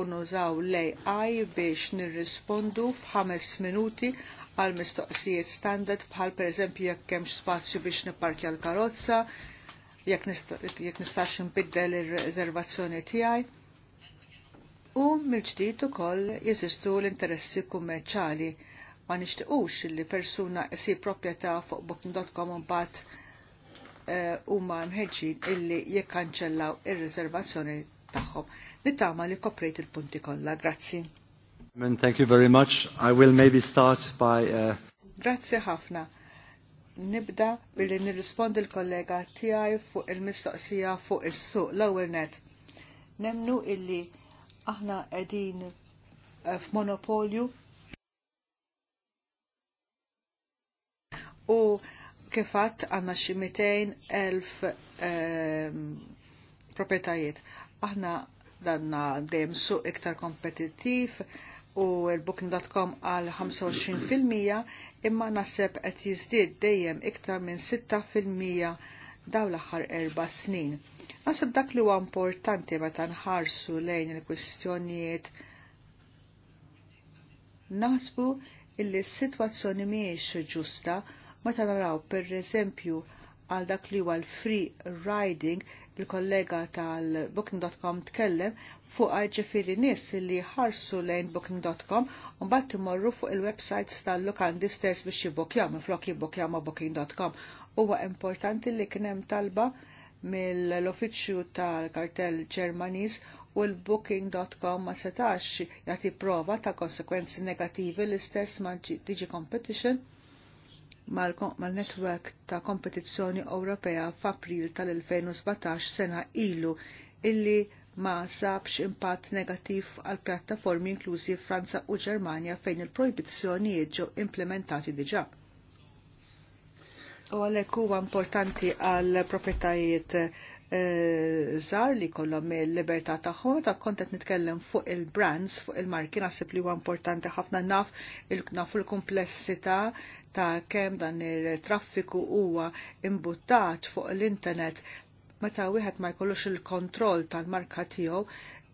u nużaw l-AI biex nirrispondu f'ħames minuti għal mistoqsijiet standard bħal per eżempju jekk hemmx spazju biex nipparkja l-karozza, jekk nistax nbiddel ir-reservazzjoni tiegħi. U mill-ġdid ukoll jeżistu l-interessi kummerċali ma nishtiqux li persuna si propieta fuq booking.com un bat eh, huma ma mħedġin illi jikkanċellaw ir-riservazzjoni tagħhom. Nittama li koprejt il-punti kollha. Grazzi. Thank you very much. I will maybe start by uh... Grazzi ħafna. Nibda billi nirrispondi l-kollega tiegħi fuq il-mistoqsija fuq is-suq l-ewwel net. Nemnu illi aħna qegħdin eh, f'monopolju u kifat għanna xi elf ehm, proprietajiet. Aħna danna dejjem suq iktar kompetittiv u l-booking.com għal 25% imma naħseb qed jiżdied dejjem iktar minn 6% daw l-aħħar erba' snin. Naseb dak li huwa importanti meta nħarsu lejn il-kwistjonijiet naħsbu illi s-sitwazzjoni mhijiex ġusta Meta naraw pereżempju għal dak li huwa l-free riding, il-kollega tal-booking.com tkellem fuq ġifiri nies li ħarsu lejn booking.com u mbagħad timorru fuq il-websites tal-lukandi stess biex jibbokjaw minflok jibbokjaw ma' booking.com. Huwa importanti li kien hemm talba mill-uffiċċju tal-kartell Ġermaniż u l-booking.com ma setax jati prova ta' konsekwenzi negativi l-istess ma' Digi Competition mal-netwerk ta' kompetizzjoni Ewropea f'April tal-2017 sena ilu illi ma sabx impatt negattiv għal pjattaformi inklużi Franza u Ġermanja fejn il-projbizzjonijiet ġew implementati diġà. U għalhekk huwa importanti għal proprjetajiet E, żar li kollom il-libertà tagħhom ta' kont qed nitkellem fuq il-brands, fuq il-marki naħseb li huwa importanti ħafna naf nafu l-komplessità ta' kemm dan il-traffiku huwa imbuttat fuq l-internet meta wieħed ma jkollux il-kontroll tal-marka tiegħu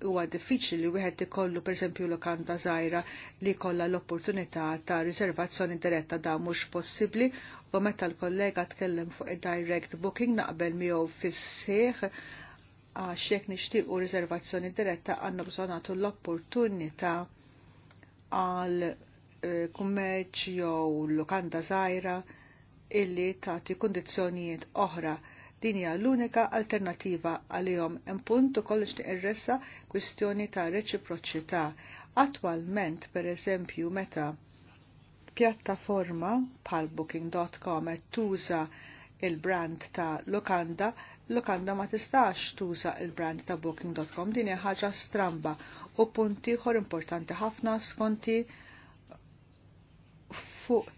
huwa diffiċli li wieħed ikollu pereżempju lokanda żgħira li kollha l-opportunità ta' riservazzjoni diretta da mhux possibbli u meta l-kollega tkellem fuq id-direct booking naqbel miegħu fis-sieħ għax jekk nixtiequ riservazzjoni diretta għandna bżonn nagħtu l-opportunità għal eh, kummerċ jew lokanda żgħira illi tagħti kundizzjonijiet oħra Din hija l-unika alternativa għalihom hemm punt ukoll nixtieq irressa kwistjoni ta' reċiproċità. Attwalment, pereżempju, meta pjattaforma bħal booking.com qed tuża il-brand ta' Lokanda, Lokanda ma tistax tuża il-brand ta' booking.com din hija ħaġa stramba u punti ħor importanti ħafna skonti fuq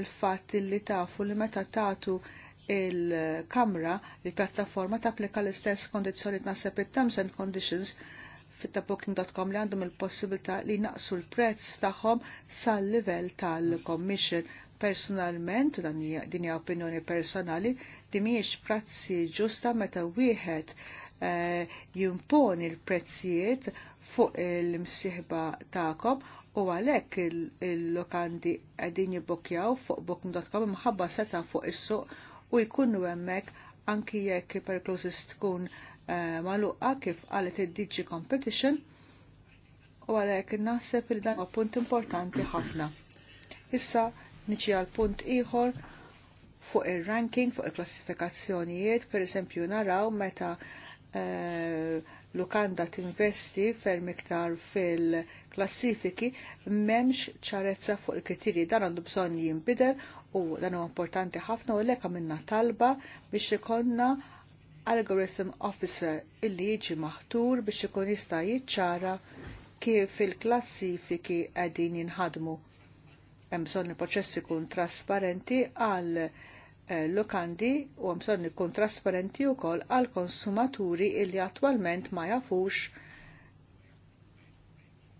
il-fatt li tafu li meta tagħtu il-kamra, il-pjattaforma tapplika l-istess kondizzjonijiet naħseb it-terms and conditions fit booking.com li għandhom il-possibilità li naqsu l-prezz tagħhom sal-livell tal-commission. Personalment, dan din hija opinjoni personali, di mhijiex prazzi ġusta meta wieħed eh, jimponi l-prezzijiet fuq il-msieħba tagħkom u għalhekk il-lokandi qegħdin jibbukjaw fuq booking.com imħabba seta fuq is-suq u jkunu hemmhekk anki jekk perklusis tkun eh, maluqa kif qalet id-DG Competition u għalhekk naħseb il dan punt importanti ħafna. Issa niġi għal punt ieħor fuq ir-ranking, fuq il-klassifikazzjonijiet, per eżempju naraw meta eh, Lukanda tinvesti ferm iktar fil klassifiki m'hemmx ċarezza fuq il-kriterji dan għandu bżonn jinbidel u dan huwa importanti ħafna u lek għamilna talba biex ikonna algorithm officer illi jiġi maħtur biex ikun jista' jiċċara kif il-klassifiki qegħdin jinħadmu. Hemm bżonn il-proċess ikun trasparenti għal eh, lokandi u bżonn ikun trasparenti u kol għal konsumaturi illi attwalment ma jafux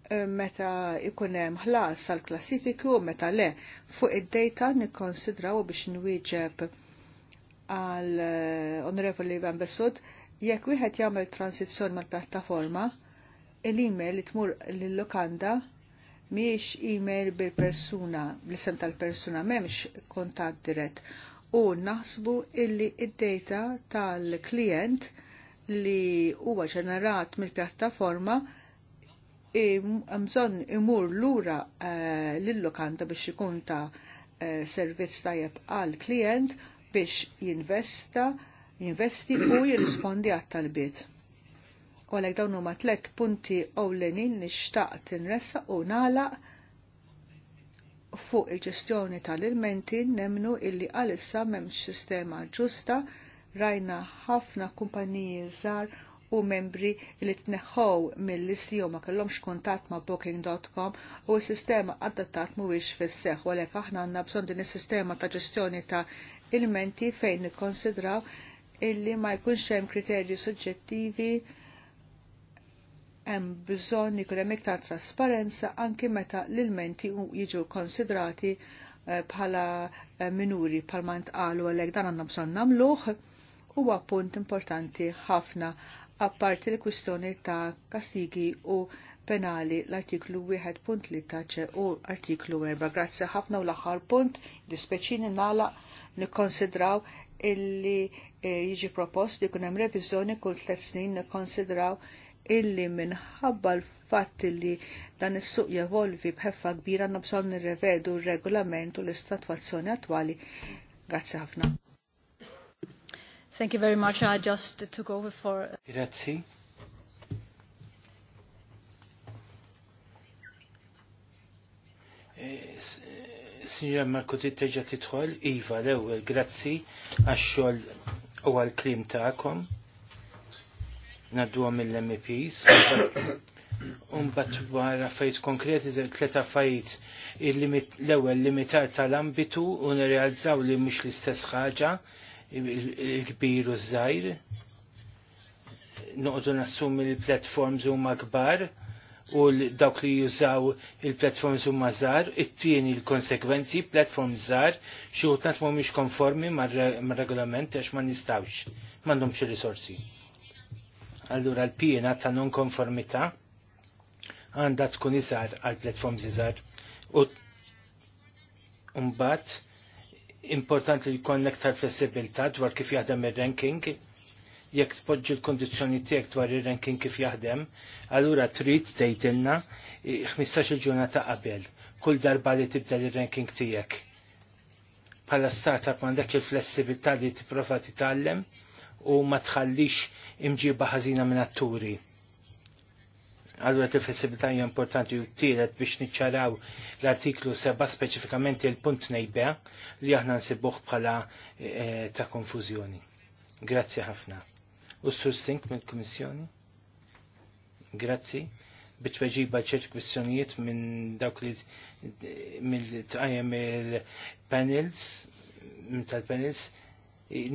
Eh, meta ikun hemm ħlas għal klassifiku u meta le fuq id data nikkonsidraw biex nwieġeb għal eh, Onorevoli Van Besud jekk wieħed jagħmel transizzjoni mal-pjattaforma, l-email li tmur lill-lokanda miex email bil-persuna, l-isem tal-persuna m'hemmx kontat dirett u naħsbu illi id-data tal-klient li huwa ġenerat mill-pjattaforma bżonn imur lura eh, l lokanta biex ikun ta' eh, servizz tajjeb għal klient biex jinvesta, jinvesti u [coughs] jirrispondi għat talbiet. U għalek dawn huma tlet punti ewlenin xtaq tinressa u nala fuq il-ġestjoni tal-ilmenti nemnu illi għalissa memx sistema ġusta rajna ħafna kumpaniji żgħar u membri li tneħħow mill-listi u ma kellhomx kuntatt ma' booking.com u s-sistema adattat mhuwiex fis-seħħ u għalhekk aħna għandna bżonn din is-sistema ta' ġestjoni ta' ilmenti fejn nikkonsidraw illi ma jkunx hemm kriterji suġġettivi hemm bżonn ikun hemm iktar trasparenza anki meta l-ilmenti jiġu konsidrati eh, bħala eh, minuri bħalma ntqalu għalhekk dan għanna bżonn nagħmluh huwa punt importanti ħafna apparti l-kwistjoni ta' kastigi u penali l-artiklu 1.3 taċe u artiklu 4. Grazzi ħafna u l-aħħar punt, dispeċini nala nikkonsidraw illi eh, jiġi propost li kunem revizjoni kull tliet snin nikkonsidraw illi minħabba l-fatt li dan is-suq jevolvi bħeffa kbira nobżon nirrevedu r-regolament u l-istatwazzjoni attwali. Grazzi ħafna. Thank you very much. I just took over for... Uh, Grazie. Eh, eh, signora Marko titteġa titħol, Iva l-ewel, grazzi għaxxol u għal-klim ta'kom, naddu għam mill-MPs, unbat wara fajt konkreti, tleta fajt l-ewel limitar tal-ambitu, u realizzaw li mux l-istess ħaġa, il-kbir u żgħir. Noqdu nassumi l-platforms huma kbar u dawk li jużaw il-platforms u mażar, it-tieni l-konsekwenzi, platform żar, mu mhumiex konformi mar-regolament għax ma nistawx, m'għandhomx ir-risorsi. Allura l pjena ta' non konformita għandha tkun iżgħar għal platforms iżar u mbagħad importanti li jkun aktar flessibilità dwar kif jaħdem ir-ranking. Jekk tpoġġi l-kondizzjoni tiegħek dwar ir-ranking kif jaħdem, allura trid tgħidilna 15-il ġurnata qabel kull darba li tibdel ir-ranking tiegħek. Bħala startup m'għandek il-flessibilità li tipprova titgħallem u ma tħallix imġiba ħażina minn atturi. Allura tifessibilità hija importanti u tielet biex niċċaraw l-artiklu seba' speċifikament il-punt nejbea li aħna nsibuh bħala eh, ta' konfużjoni. Grazzi ħafna. U s-sustink mill-Kummissjoni? Grazzi bitweġiba ċerti kwistjonijiet minn dawk li mill-tqajem il-panels, tal-panels,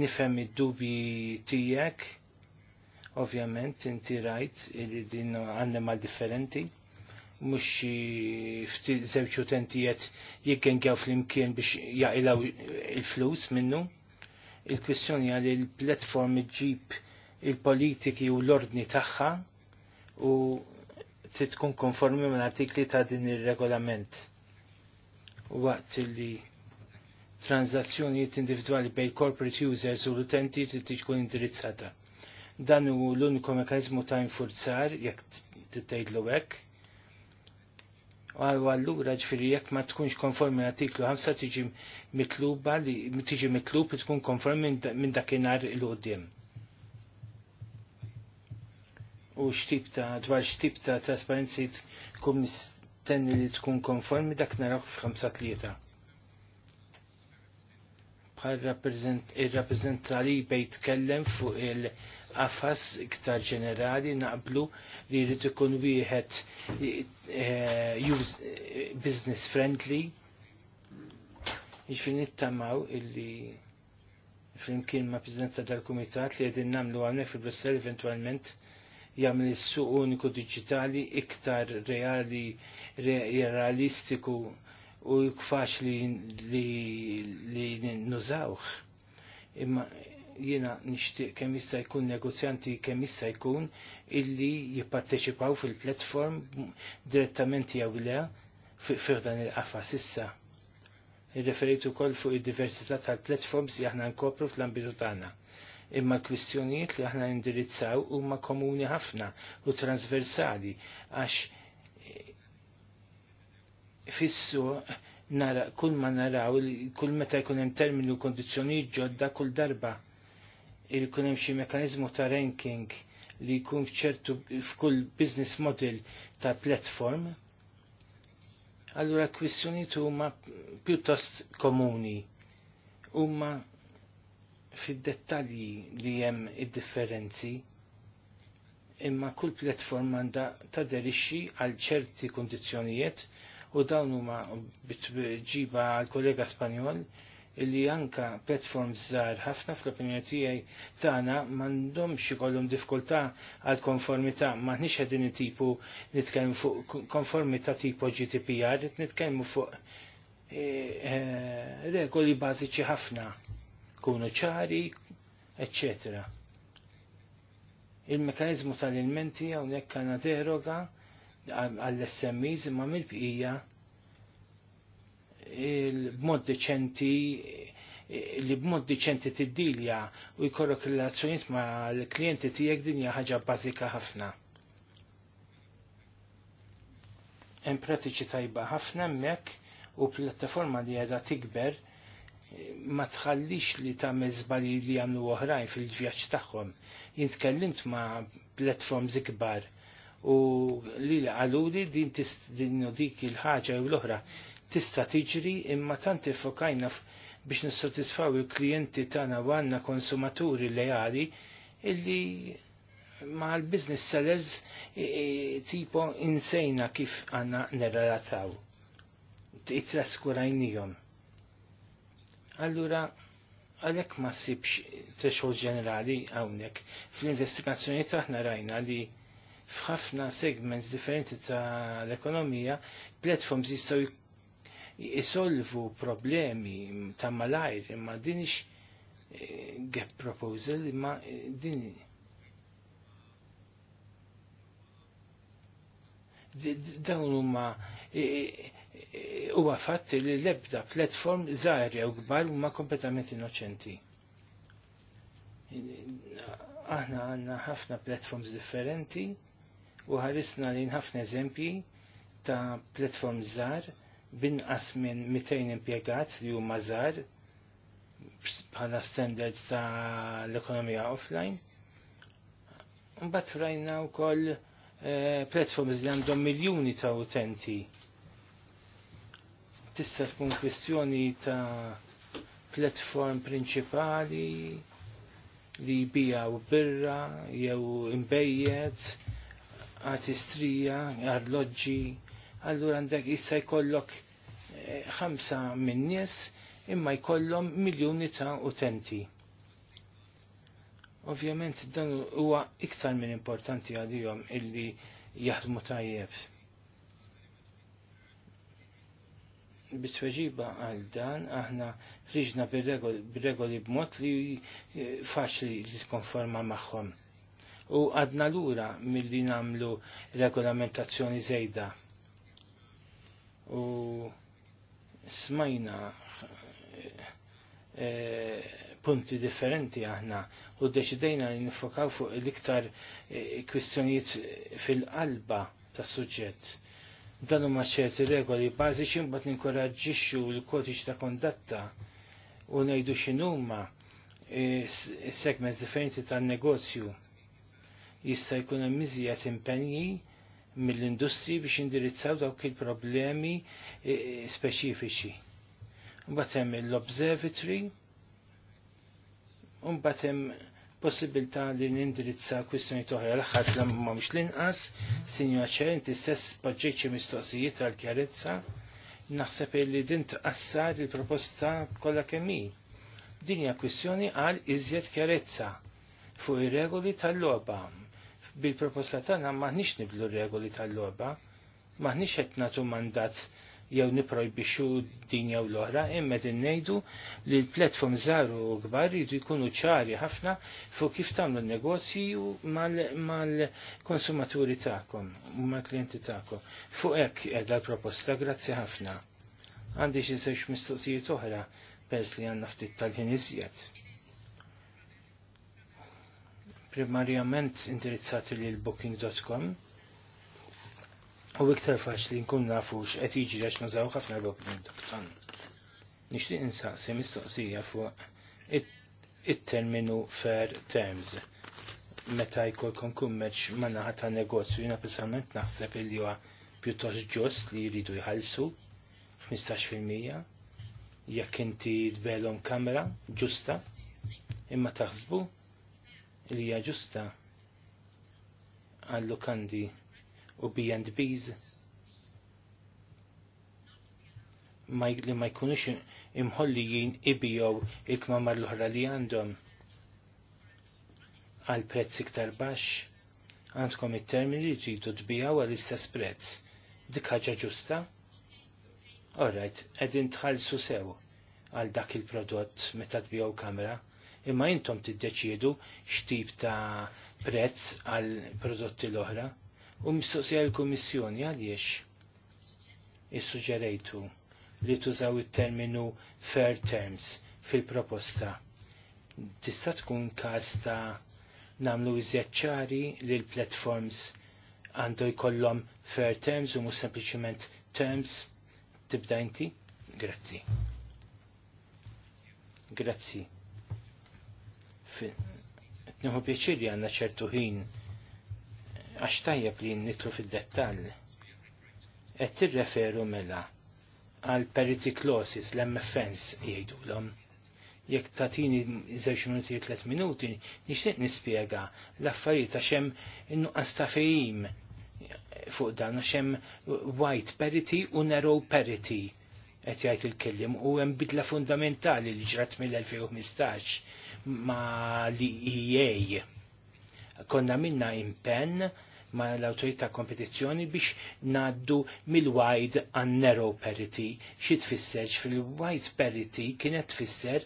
nifhem id-dubi tijak Ovvjament inti rajt li din animal differenti mux fti zewċ utentijiet jiggengjaw fl-imkien biex jaqilaw il-flus minnu. Il-kwistjoni għal il-platform ġib il-politiki u l-ordni tagħha u titkun konformi mal artikli ta' din il-regolament. Waqt li tranzazzjonijiet individuali bej corporate users u l-utenti trid tkun indirizzata Dan u l-uniku mekanizmu ta' infurzar, jekk titejdlu hekk. Għaw għallura ġifiri jekk ma tkunx konformi l-artiklu 5 tiġi mitluba li tiġi mitlub tkun konformi minn dakinhar il għoddim u xtib ta' dwar xtib ta' trasparenzi tkun nistenni li tkun konformi dak naraw f'ħamsa tlieta. Bħal il-rappresentant bejt kellem fuq il- għafas iktar ġenerali naqblu li jrid ikun wieħed eh, eh, business friendly ġifin jiġifieri nittamaw illi flimkien ma' Presidenta dal-Kumitat li għedin namlu għamnek fil Brussel eventualment jagħmel is-suq uniku diġitali iktar reali realistiku u faċli li, li, nużawh. Imma jiena nixtieq kemm jista' jkun negozjanti kemm jista' jkun illi jipparteċipaw fil-platform direttament jew le fi dan il sissa. Il-referitu kol fuq id-diversità tal-platforms li aħna nkopru fl-ambitu tagħna. Imma l-kwistjonijiet li aħna indirizzaw huma komuni ħafna u transversali għax fissu nara, kull ma naraw, kull meta jkun hemm terminu kondizzjonijiet ġodda kull darba il hemm xi mekanizmu ta' ranking li jkun f'ċertu f'kull business model ta' platform, allura kwistjonijiet huma pjuttost komuni huma fid-dettalji li hemm id-differenzi imma kull platform għandha taderixxi għal ċerti kundizzjonijiet u dawn huma bitġiba għal kollega Spanjol illi anka platforms żgħar ħafna fl-opinjoni tiegħi tagħna m'għandhomx ikollhom diffikultà għal konformità m'aħniex qegħdin tipu nitkellmu fuq konformità tipu GDPR, qed nitkellmu fuq e, e, regoli bażiċi ħafna kunu ċari, eccetera. Il-mekanizmu tal-ilmenti hawnhekk kana deroga għall-SMEs imma mill-bqija il-mod deċenti li b'mod diċenti tiddilja u jkollok relazzjoniet ma l-klijenti tiegħek din hija ħaġa bażika ħafna. Hemm pratiċi tajba ħafna hemmhekk u plattaforma li qiegħda tikber ma tħallix li tagħmel żbali li jagħmlu oħrajn fil ġvjaċ tagħhom. Jintkellimt ma' platforms ikbar u li għaluli din din dik il-ħaġa u l-oħra tista' tiġri imma tant ifokajna biex nissodisfaw il-klijenti tagħna u għandna konsumaturi lejali illi ma l-business sellers tipo insejna kif għanna nerrataw. Itraskurajnijom. Allura, għalek ma sibx treċol ġenerali għawnek. Fl-investigazzjoni taħna rajna li f'ħafna segments differenti ta' l-ekonomija, platforms jistaw jisolvu problemi ta' malajr imma dinix eh, gap proposal imma eh, din dawn huma eh, huwa fatt li l-ebda platform żgħar jew kbar huma kompletament innoċenti. Aħna għandna ħafna platforms differenti u ħarisna lejn ħafna eżempji ta' platform żgħar binqas minn 200 impjegat li huma żgħar bħala standards ta' l-ekonomija offline. Mbagħad rajna wkoll eh, platforms li għandhom miljuni ta' utenti. Tista' tkun kwistjoni ta' platform prinċipali li u birra jew imbejjed artistrija, arloġġi, allura għandek issa jkollok eh, ħamsa minn nies imma jkollhom miljuni ta' utenti. Ovvjament dan huwa iktar minn importanti għalihom illi jaħdmu tajjeb. Bitweġiba għal dan aħna riġna bir-regoli b'mod li eh, faċli li tkonforma magħhom. U għadna lura milli namlu regolamentazzjoni zejda u smajna e, punti differenti aħna u deċidejna li nifokaw fuq l-iktar eh, kwistjonijiet fil-qalba tas suġġett. Dan huma ċerti regoli bażiċi mbagħad ninkoraġġixxu l-kodiċ ta' kondatta u ngħidu x'inhuma eh, s-segments differenti tan-negozju jista' jkun hemm impenji mill-industri biex indirizzaw dawk il-problemi e, e, speċifiċi. Mbagħad hemm l-observatory, mbagħad hemm possibilità li nindirizza kwistjoni toħra l aħħar l ma mhux l-inqas, sinjor ċer inti stess poġġejċi mistoqsijiet għall kjarezza, naħseb li din tqassar il-proposta kollha kemm hi. Din hija kwistjoni għal iżjed kjarezza fuq ir-regoli tal-logħba bil-proposta tagħna maħniex niblu regoli tal-logħba, maħniex qed nagħtu mandat jew niprojbixxu din jew l-oħra, imma din ngħidu li l-platform żgħar u kbar jridu jkunu ċari ħafna fuq kif tagħmlu n-negozji mal-konsumaturi tagħkom u mal-klijenti tagħkom. Fuq hekk qiegħda l-proposta, grazzi ħafna. Għandi xi żewġ mistoqsijiet oħra pers li għandna ftit tal-ħin iżjed primarjament indirizzati l booking.com u iktar faċli nkun nafu x'qed jiġi għax nużaw ħafna booking.com. Nixtieq insaqsi mistoqsija fuq it-terminu fair terms meta jkollkom kummerċ ma naħa ta' negozju jiena personalment naħseb li huwa pjuttost ġost li jridu jħallsu 15% jekk inti tbelhom kamera ġusta imma taħsbu li hija ġusta għal lukandi u B&Bs li ma jkunux imħollijin ibijow il-kmamar l-oħra li għandhom għal prezz iktar baxx għandkom it-termini li tridu tbijaw għal istess prezz. Dik ħaġa ġusta? Alright, edin tħallsu sew għal dak il-prodott meta tbijaw kamera imma intom tiddeċiedu x'tip ta' prezz għal prodotti l-oħra u mistoqsija l-Kummissjoni għaliex issuġġerejtu li tużaw it-terminu fair terms fil-proposta. Tista' tkun każ ta' namlu iżjaċċari li l-platforms għandu jkollhom fair terms u mhux sempliċement terms tibda inti? Grazzi. Grazzi. Nħu pjaċiri għanna ċertu ħin għax tajjeb li nitlu fil-dettall. Et tirreferu mela għal peritiklosis l-MFNs jgħidu l-om. Jek tatini zewċ minuti 3 minuti, nixtieq nispjega l-affarijiet għax hemm innuqqas ta' fejjim fuq dan għax hemm white parity u narrow parity qed jgħid il-kellim u hemm bidla fundamentali li ġrat mill-2015 ma l-EA. Konna minna impenn ma l autorita kompetizzjoni biex naddu mill-wide għan narrow parity. Xi tfisser fil-wide parity kienet tfisser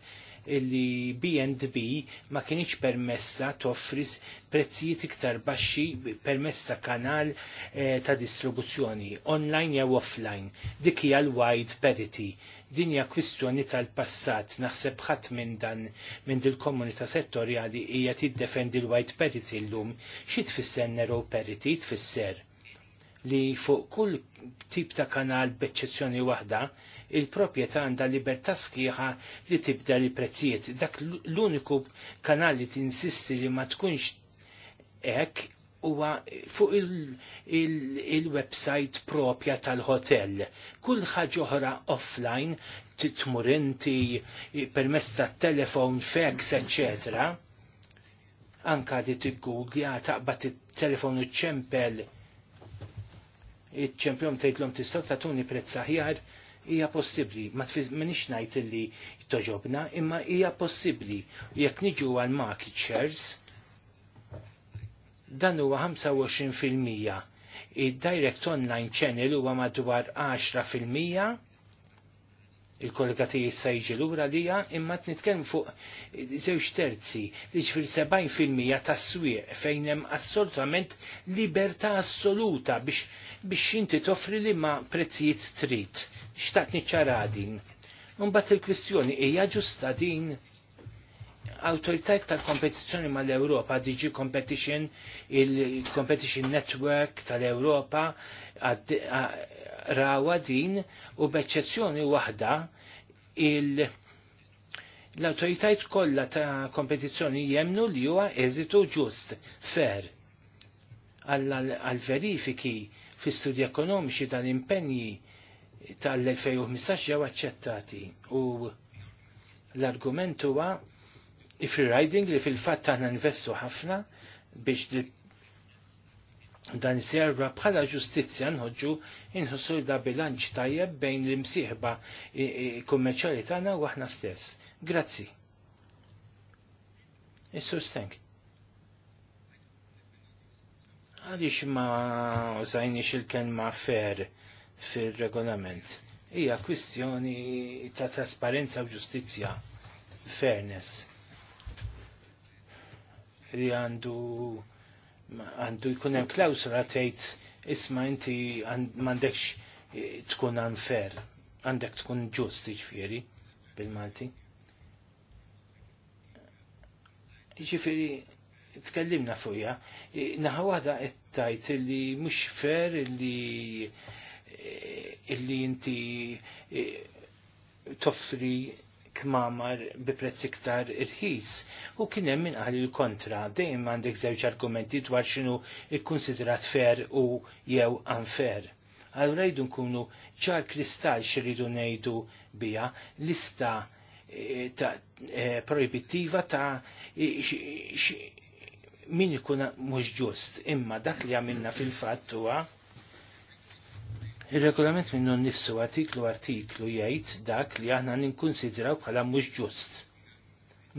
illi B&B ma kienieċ permessa toffris prezzijiet iktar baxxi permessa ta' kanal eh, ta' distribuzzjoni online jew offline. Dik hija l-wide parity Dinja kwistjoni tal-passat naħseb ħadd minn dan minn il komunità settorjali hija tiddefendi l-white parity llum. Xi tfisser narrow parity tfisser li fuq kull tip ta' kanal b'eċċezzjoni waħda il proprjetà għandha libertà sħiħa li tibda li prezzijiet. Dak l-uniku kanal li tinsisti li ma tkunx hekk huwa fuq il-website propja tal-hotel. Kull ħaġa oħra offline titmur inti permezz tat-telefon, fax, etc. Anka li tiggugja ah, taqbad it-telefon iċ-ċempel iċ t tgħidlhom ta' tuni prezz aħjar hija possibbli. Ma m'inhiex ngħid li toġobna, imma hija possibbli. Jekk niġu għal market shares, Dan huwa 25%. Id-direct online channel huwa madwar 10% il-kollega tiegħi issa jiġi lura lija imma t-nitkellem fuq żewġ terzi li jiġifieri fil 70% ta' swieq fejn hemm assolutament libertà assoluta biex biex inti toffri li ma prezzijiet trid. Xtaqt niċċara din. Mbagħad il-kwistjoni hija ġusta din autoritajt tal-kompetizzjoni mal-Europa, DG Competition, il-Competition Network tal-Europa, rawa din u b'eċċezzjoni waħda l-autoritajt kollha ta' kompetizzjoni jemnu li huwa eżitu ġust, fair, għal verifiki fi studi ekonomiċi tal-impenji tal-2015 ġew aċċettati u l-argument huwa free riding li fil-fatt aħna investu ħafna biex dan serva bħala ġustizzja nħodġu inħossu da bilanċ tajjeb bejn l-imsieħba kummerċjali tagħna u aħna stess. Grazzi. Issu sur Stenk. Għaliex ma użajniex il-kelma fair fil-regolament. Hija kwistjoni ta' trasparenza u ġustizzja, fairness li għandu għandu jkun hemm klawsula tgħid isma' inti m'għandekx eh, tkun unfair, għandek tkun ġust jiġifieri bil-Malti. Jiġifieri tkellimna fuqja, naħa waħda qed tajt li mhux fair illi illi eh, inti eh, toffri kmamar bi prezz iktar irħis u kien hemm min qal il-kontra dejjem għandek żewġ argumenti dwar x'inhu kkunsidrat fair u jew unfair. Allura jdu nkunu ċar kristall x'iridu ngħidu biha lista e, ta' e, proibittiva ta' min ikun mhux ġust imma dak li għamilna fil-fatt huwa Il-regolament minnu nifsu artiklu artiklu jgħid dak li aħna ninkunsidraw bħala mhux ġust.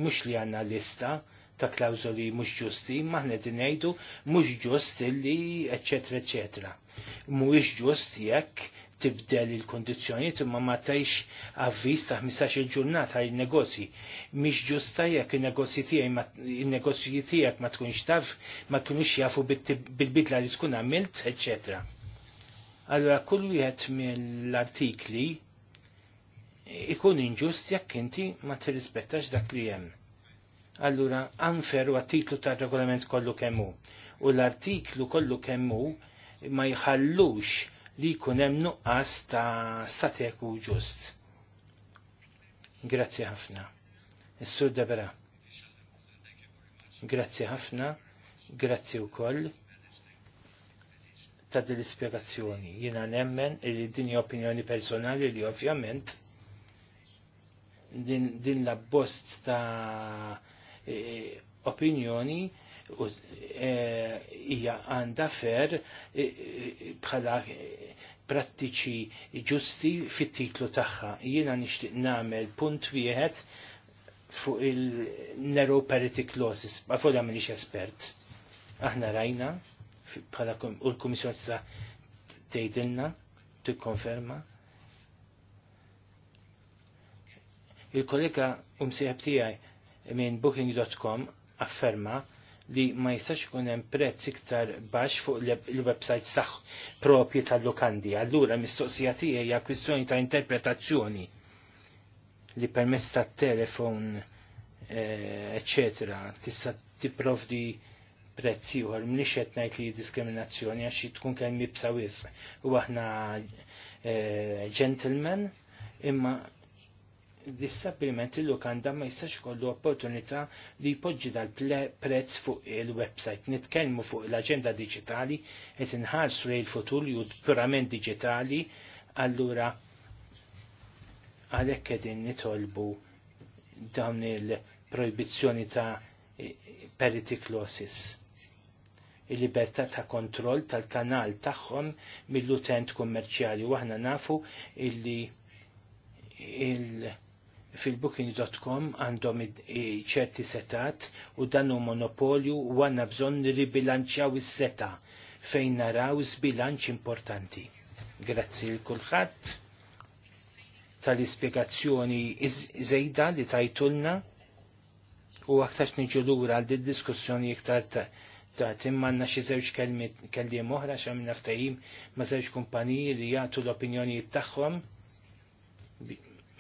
Mhux li għandna lista ta' klawżoli mhux ġusti, ma aħna ngħidu mhux ġust illi eċetera eċetera. Mhuwiex ġust jekk tibdel il-kondizjoniet imma ma tgħix avviż ta' 15-il ġurnata għal negozji. Mhix ġusta jekk in-negozji tiegħi in-negozji tiegħek ma tkunx taf, ma tkunux jafu bil-bidla li tkun għamilt, eċetera. Allora kull wieħed mill-artikli ikun inġust jekk inti ma tirrispettax dak li hemm. Allura anferu artiklu titlu tar-regolament kollu kemm hu. u l-artiklu kollu kemm hu ma jħallux li jkun hemm nuqqas ta' stateku ġust. Grazzi ħafna. Is-sur Debra. Grazzi ħafna, grazzi wkoll ta' din l-ispjegazzjoni. Jiena nemmen il din opinjoni personali li ovvjament din, din l bost ta' eh, opinjoni e, hija eh, għandha fer eh, bħala prattiċi ġusti fit-titlu tagħha. Jiena nixtieq nagħmel punt wieħed fuq il-neuroperitic clauses, ma fuq da minix espert. Aħna rajna bħala u l-Kummissjoni tista' tgħidilna, tikkonferma. Il-kollega umsieħab tiegħi minn booking.com afferma li ma jistax ikun hemm prezz iktar baxx fuq il websajt tagħ propji tal-lukandi. Allura mistoqsija tiegħi hija kwistjoni ta' interpretazzjoni li permezz tat-telefon eċetera eh, tista' tipprovdi prezzi uħor mlix qed ngħid li diskriminazzjoni għax tkun kemm mibsa wis u aħna eh, gentlemen imma l-istabilment il-lukanda ma jistax kollu opportunità li jpoġġi dal-prezz fuq il-website. Nitkellmu fuq l-agenda digitali qed nħarsu lejn il-futur li purament digitali allura għalhekk qegħdin nitolbu dawn il-projbizzjoni ta' periticlosis il-libertà ta' kontroll tal-kanal tagħhom mill-utent kummerċjali u aħna nafu illi il fil-booking.com għandhom ċerti setat u dan hu monopolju u għandna bżonn ribilanċjaw is-seta fejn naraw bilanċ importanti. Grazzi l kulħadd tal-ispjegazzjoni żejda li tajtulna u għaktax niġu lura għal diskussjoni iktar ta' adottat imma għandna xi żewġ kelliem oħra minna ftajim ma' żewġ kumpaniji li jagħtu l-opinjonijiet tagħhom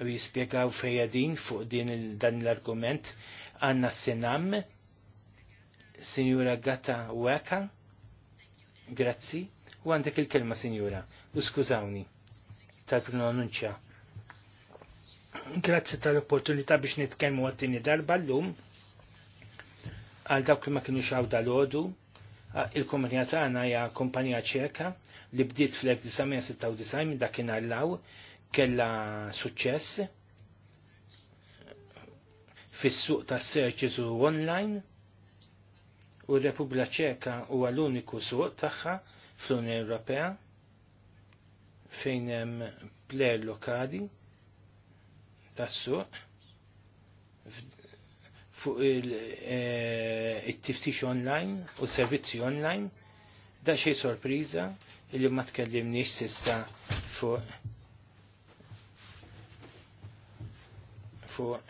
u jispjegaw fejadin din fuq din dan l-argument għandna s-sinam Sinjura Gata Weka Grazzi u għandek il-kelma Sinjura u skużawni tal-pronunċja. Grazzi tal-opportunità biex nitkellmu għattini darba l-lum għal dawk li ma kienu xaw dal-ħodu, il-kumpanija tagħna hija kumpanija ċeka li bdiet fl-1996 minn dakin għallaw kella suċċess fis-suq tas-searches u online u r-Repubblika Ċeka huwa l-uniku suq tagħha fl-Unjoni Ewropea fejn hemm plejer lokali tas-suq fuq il-tiftix eh, online u servizzi online, da xej sorpriża illi ma tkellimniex sissa fuq fuq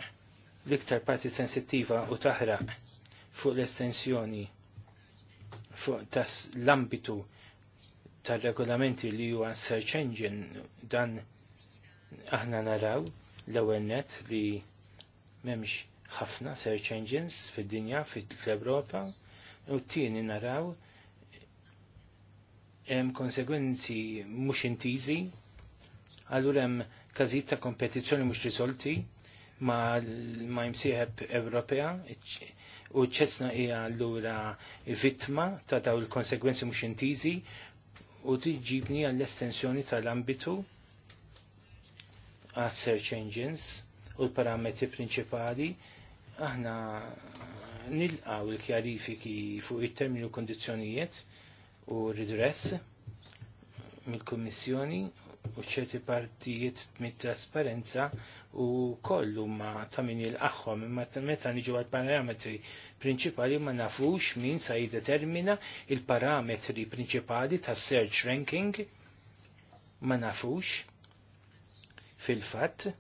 l-iktar parti sensittiva u taħraq fuq l-estensjoni fuq tas l-ambitu tal-regolamenti li huwa search engine dan aħna naraw l-ewwel net li memx ħafna search engines fid-dinja fil-Europa u t-tieni naraw hemm konsegwenzi mhux intizi, allura hemm każijiet ta' kompetizzjoni mhux risolti ma' ma' Ewropea u ċesna hija allura vittma ta' daw il-konsegwenzi mhux intizi, u tiġibni għall-estensjoni tal-ambitu għas search engines u l-parametri prinċipali Aħna nilqaw il-kjarifiki fuq it-terminu kondizjonijiet u ridress mill-Kummissjoni u ċerti partijiet mit-trasparenza u kollu ma ta' min il-axħom, imma meta niġu għal-parametri prinċipali ma nafux min sa' jidetermina il-parametri prinċipali ta' search ranking ma nafux fil-fat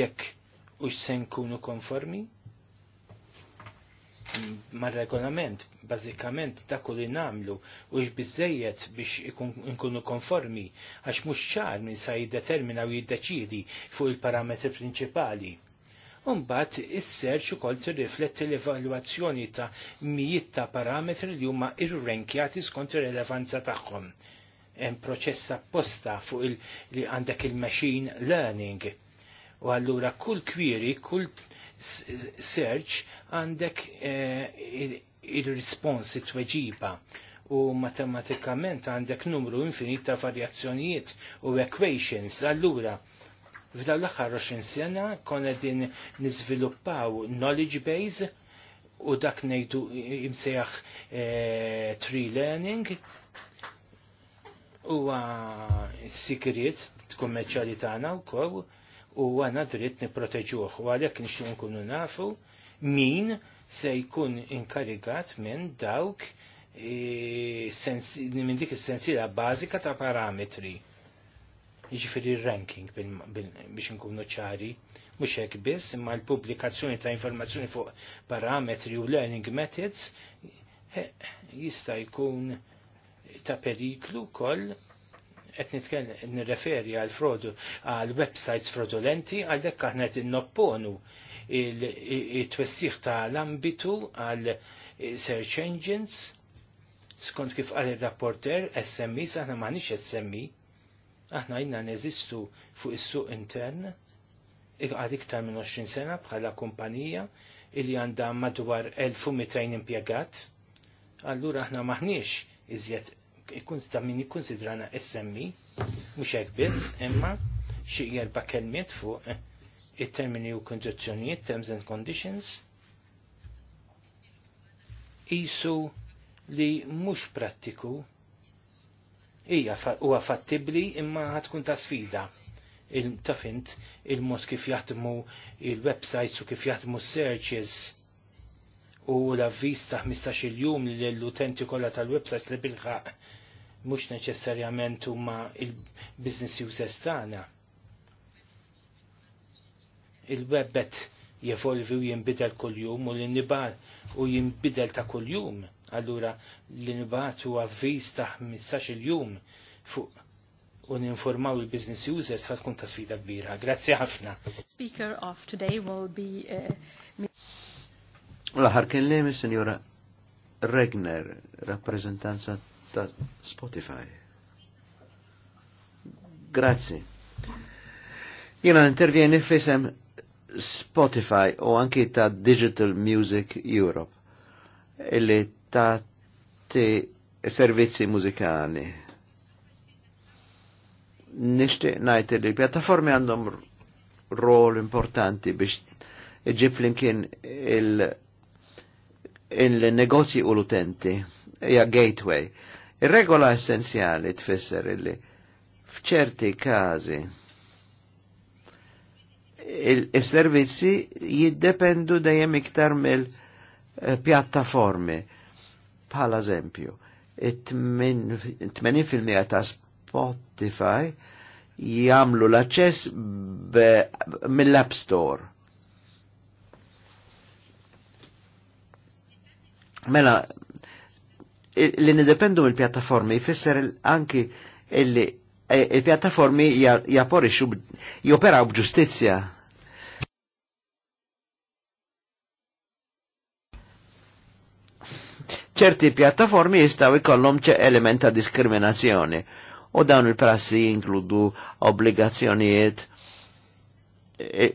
jekk u se nkunu konformi mar-regolament, bażikament dak li namlu u x'biżejjed biex nkunu konformi għax mhux ċar min sa jiddetermina u jiddeċidi fuq il-parametri prinċipali. Umbat, is-serċ ukoll tirrifletti l-evalwazzjoni ta' mijiet ta' parametri li huma irrenkjati skont ir relevanza tagħhom. Hemm proċess apposta fuq il li għandek il-machine learning U allura kull query, kull search għandek eh, il-respons, it-tweġiba. U matematikament għandek numru infinit ta' varjazzjonijiet u equations. Allura, f'daw l-axar 20 sena konna din nizviluppaw knowledge base u dak nejdu imsejħ eh, tree learning u sikriet kommerċali tagħna wkoll u għana dritt niprotegġuħ. u għalek nixtu nkunu nafu min se jkun inkarigat minn dawk e, minn dik is-sensila bażika ta' parametri. Jiġifieri ranking biex nkunu ċari, mhux hekk biss, imma l-pubblikazzjoni ta' informazzjoni fuq parametri u learning methods jista' jkun ta' periklu koll qed nirreferi għal frodu għal websites frodolenti għal dekka aħna innopponu il-twessiħ tal-ambitu għal search engines skont kif qal ir-rapporter SMI e, aħna m'għandniex SMI e. aħna jina neżistu fuq is-suq intern għad iktar minn 20 sena bħala kumpanija illi għandha madwar 1200 impjegat, allura aħna maħniex iżjed ta' min jikkonsidrana SMI, e, mhux hekk biss, imma xi jerba' kelmiet fuq it-termini u kondizzjonijiet, terms and conditions, isu li mhux prattiku hija huwa fattibbli imma tkun ta' sfida il tafint il-mod kif jaħdmu il-websites u kif jaħdmu searches u l-avviż ta' 15-il jum li l-utenti kollha tal-website li bilħaq mhux neċessarjament huma il-business users tagħna. Il-webbet jevolvi u jinbidel kuljum u l-nibal u jinbidel ta' kuljum. Allura l-nibatu avviż ta' 15-il jum fuq u ninformaw il-business users tkun ta' sfida kbira. Grazzi ħafna. Speaker of today will be uh, l ħar kien li mis senjora Regner, rappresentanza ta' Spotify. Grazzi. Jena intervjeni fisem Spotify u anki ta' Digital Music Europe illi ta' ti servizzi mużikali. Nishti najt li pjattaformi għandhom rol importanti biex iġib flimkien il- il-negozji u l-utenti, ja gateway. il regola essenzjali tfisser illi f'ċerti kazi il-servizzi jiddependu dejjem iktar mill-pjattaformi. Eh, Bħal eżempju, 80% ta' Spotify jamlu l-aċċess mill-App Store Mela, li nidependu mill-pjattaformi jfisser anki illi e, il-pjattaformi japporixxu joperaw b'ġustizja. ċerti pjattaformi jistaw ikollom ċe element ta' diskriminazzjoni u dawn il-prassi jinkludu obbligazzjonijiet e,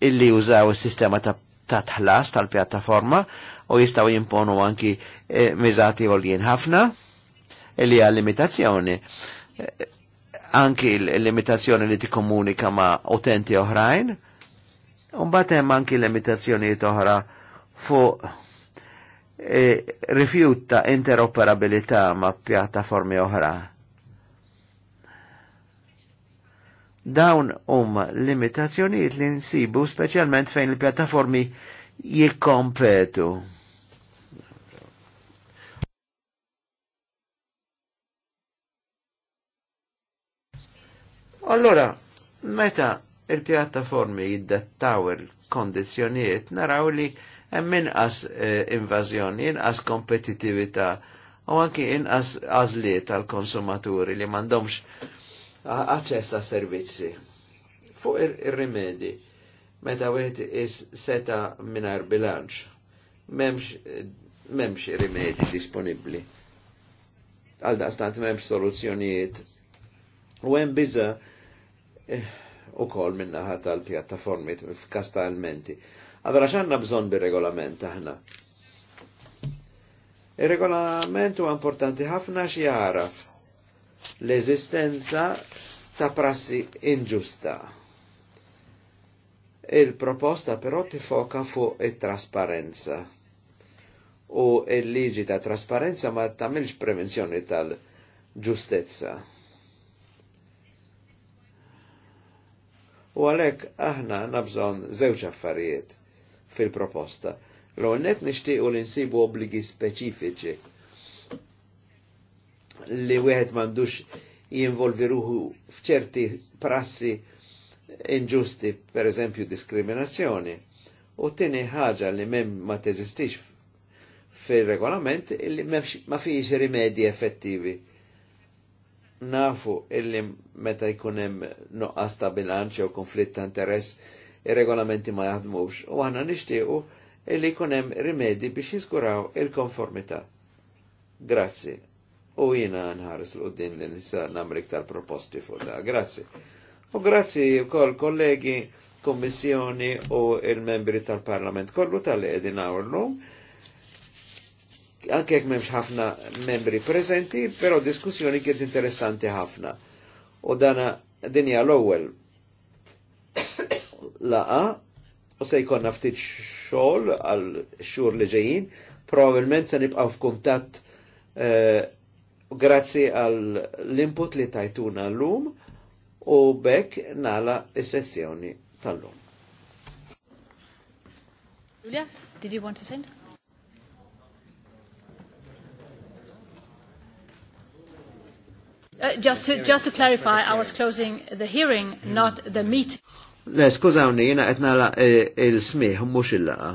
illi użaw il sistema ta' tħlas tal-pjattaforma u jistaw jimponu anki e, mizati għoljien ħafna e, li għal limitazzjoni. E, anki l-limitazzjoni li ti komunika ma' utenti oħrajn, un batem anki limitazzjoni oħra fuq e, rifjutta interoperabilità ma' pjattaformi oħra. dawn um limitazzjonijiet li nsibu specialment fejn il-pjattaformi jikkompetu. Allora, meta il-pjattaformi jiddettaw il kondizjoniet naraw li hemm invazjoni, eh, invażjoni, inqas kompetitività u anki inqas azliet għal konsumaturi li m'għandhomx aċċess servizzi. Fuq ir-rimedi, meta wieħed is seta minar bilanċ, m'hemmx m'hemmx rimedi disponibli. Għal daqstant m'hemmx soluzzjonijiet. U hemm biża' Eh, u kol minnaħa tal-pjattaformi f'kasta ta' elmenti. Allora xanna bżon bi regolament aħna. Il-regolament huwa importanti ħafna xi jaraf l-eżistenza ta' prassi inġusta. Il-proposta però tifoka fuq it-trasparenza u il-liġi ta' trasparenza ma tamilx prevenzjoni tal-ġustezza. U għalek aħna nabżon zewċ affarijiet fil-proposta. L-għonnet u li nsibu obligi speċifiċi li wieħed mandux jinvolvi fċerti prassi inġusti, per eżempju diskriminazzjoni. U tini ħaġa li mem ma teżistix fil-regolament li ma fiex rimedji effettivi nafu illi meta jkun hemm noqqas ta' bilanċ jew konflitt ta' interess ir-regolamenti ma jaħdmux u aħna nixtiequ illi jkun hemm rimedi biex jiskuraw il-konformità. Grazzi. U jina nħares l-qoddim li nisa namrik tal-proposti fuq da. Grazzi. U grazzi wkoll kollegi, kommissjoni u il-membri tal-Parlament kollu tal-edin għawrlum anke jekk m'hemmx ħafna membri prezenti, però diskussjoni kienet interessanti ħafna. U dana dinja l-ewwel [coughs] laqa u se jkollna ftit xogħol għal xhur li ġejjin, probabbilment se nibqgħu f'kuntatt eh, grazzi għal l-input li tajtuna l-lum u bekk nala is-sessjoni tal-lum. Julia, did you want to send? Uh, just, to, just to clarify, I was closing the hearing, not the meeting. Le, skużawni, jina għetna eh, il-smiħ, mux il-laqa.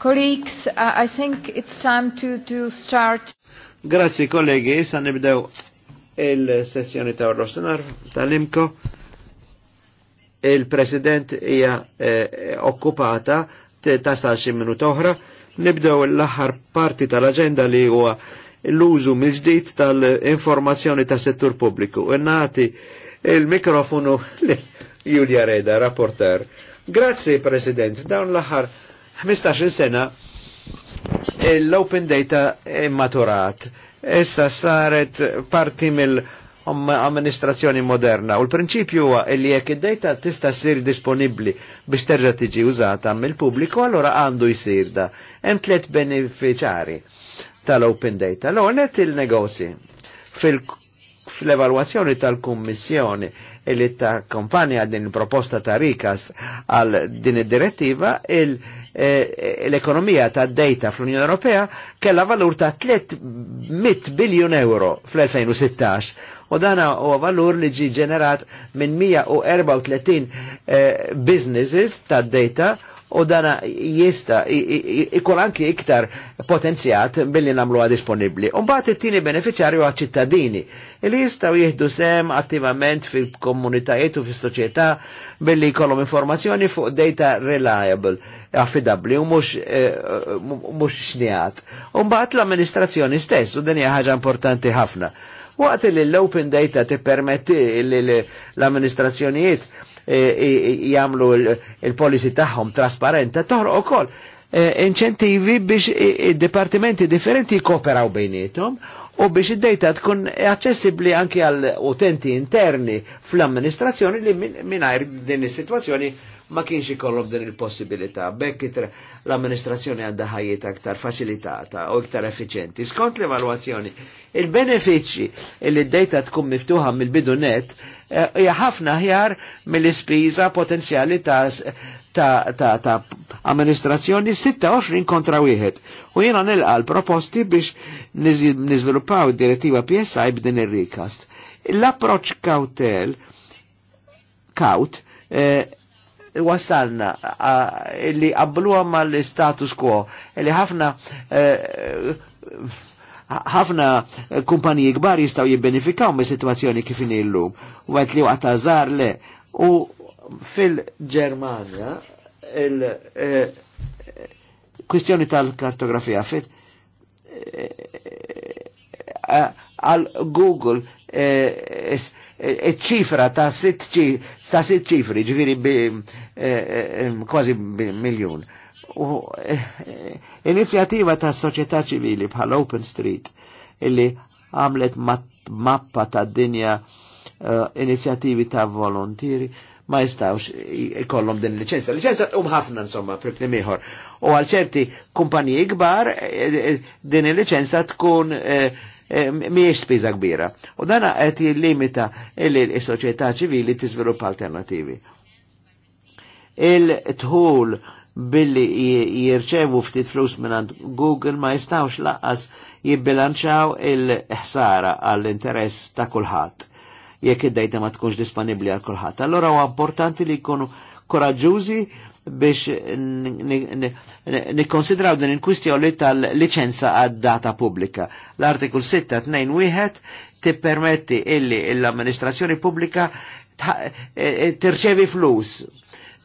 Colleagues, uh, I think it's time to, to start. Grazie kollegi, sa nibdew il-sessjoni ta' Rossenar tal-Imko. Il-President hija eh, okkupata tasal xi minut oħra. Nibdew l-aħħar parti tal-aġenda li huwa l-użu mill-ġdid tal-informazzjoni ta' settur pubbliku. E nati il-mikrofonu [laughs] li Julia Reda, rapporter. Grazie President, dawn l-aħħar 15 sena l-open data immaturat. Essa saret parti mill amministrazzjoni moderna u l-prinċipju huwa li jekk id-data tista' ssir disponibbli biex terġa' tiġi użata mill-pubbliku allora għandu jsir da. Hemm tliet beneficjari tal-open data. L-ewwel il-negozji fl-evalwazzjoni tal-Kummissjoni li ta' kompanja din il-proposta ta' Rikas għal din id-direttiva il-, -direttiva, il Eh, l-ekonomija ta' data fl-Unjoni Ewropea kella valur ta' 300 biljun euro fl-2016 u dana u valur li ġi ġenerat minn 134 eh, businesses ta' data u dana jista ikun anki iktar potenzjat billi namluha disponibli. bat it-tieni beneficjarju għal ċittadini jista u jihdu sem attivament fil-komunitajiet u fis-soċjetà billi jkollhom informazzjoni fuq data reliable, affidabli u mhux eh, mhux Un bat l-amministrazzjoni stess u dani ħaġa importanti ħafna. Waqt li l-open data tippermetti l-amministrazzjonijiet E, e, jagħmlu il-policy tagħhom trasparenta toħroq ukoll e, inċentivi biex id departimenti differenti jkoperaw bejnietom u biex id-data tkun accessibli anke għal utenti interni fl-amministrazzjoni li minnajr din is-sitwazzjoni ma kienx ikollhom din il-possibilità. Bekk l-amministrazzjoni għandha ħajjiet aktar faċilitata u iktar effiċenti. Skont l-evalwazzjoni, il-benefiċċji li d-data tkun miftuħa mill-bidu net Eh, hija ħafna ħjar mill-ispiża potenzjali ta' ta', ta, ta amministrazzjoni 26 kontra wieħed. U jiena nilqa l-proposti biex niżviluppaw id-direttiva PSI b'din ir-rikast. L-approċ kautel kaut eh, wasalna li qabluha mal-status quo li ħafna eh, ħafna kumpaniji kbar jistaw jibbenifikaw me situazzjoni kif illum. U għet li waqta zar le. U fil-Germania, il-kwistjoni eh, tal-kartografija fil- eh, eh, għal eh, Google eh, ċifra ta' sitt ċifri, ġviri kważi miljon U eh, eh, inizjativa ta' soċjetà ċivili bħal Open Street illi għamlet mappa ta' dinja uh, eh, inizjativi ta' volontieri ma jistawx ikollhom din licenza. Licenza tqum ħafna insomma fil-klim ieħor. U għal ċerti kumpaniji kbar din il-licenza tkun miex spiża kbira. U dan qed jillimita l soċjetà ċivili tiżviluppa alternativi. Il-tħul il tħul billi jirċevu ftit flus minn Google ma jistawx laqqas jibbilanċaw il-ħsara għall-interess ta' kulħadd jekk id-dejta ma tkunx disponibbli għal kulħadd. Allora huwa importanti li jkunu koraġġużi biex nikkonsidraw din il-kwistjoni tal-liċenza għad-data pubblika. l artikul 6.2.1 tippermetti illi l-amministrazzjoni pubblika e- e- tirċevi flus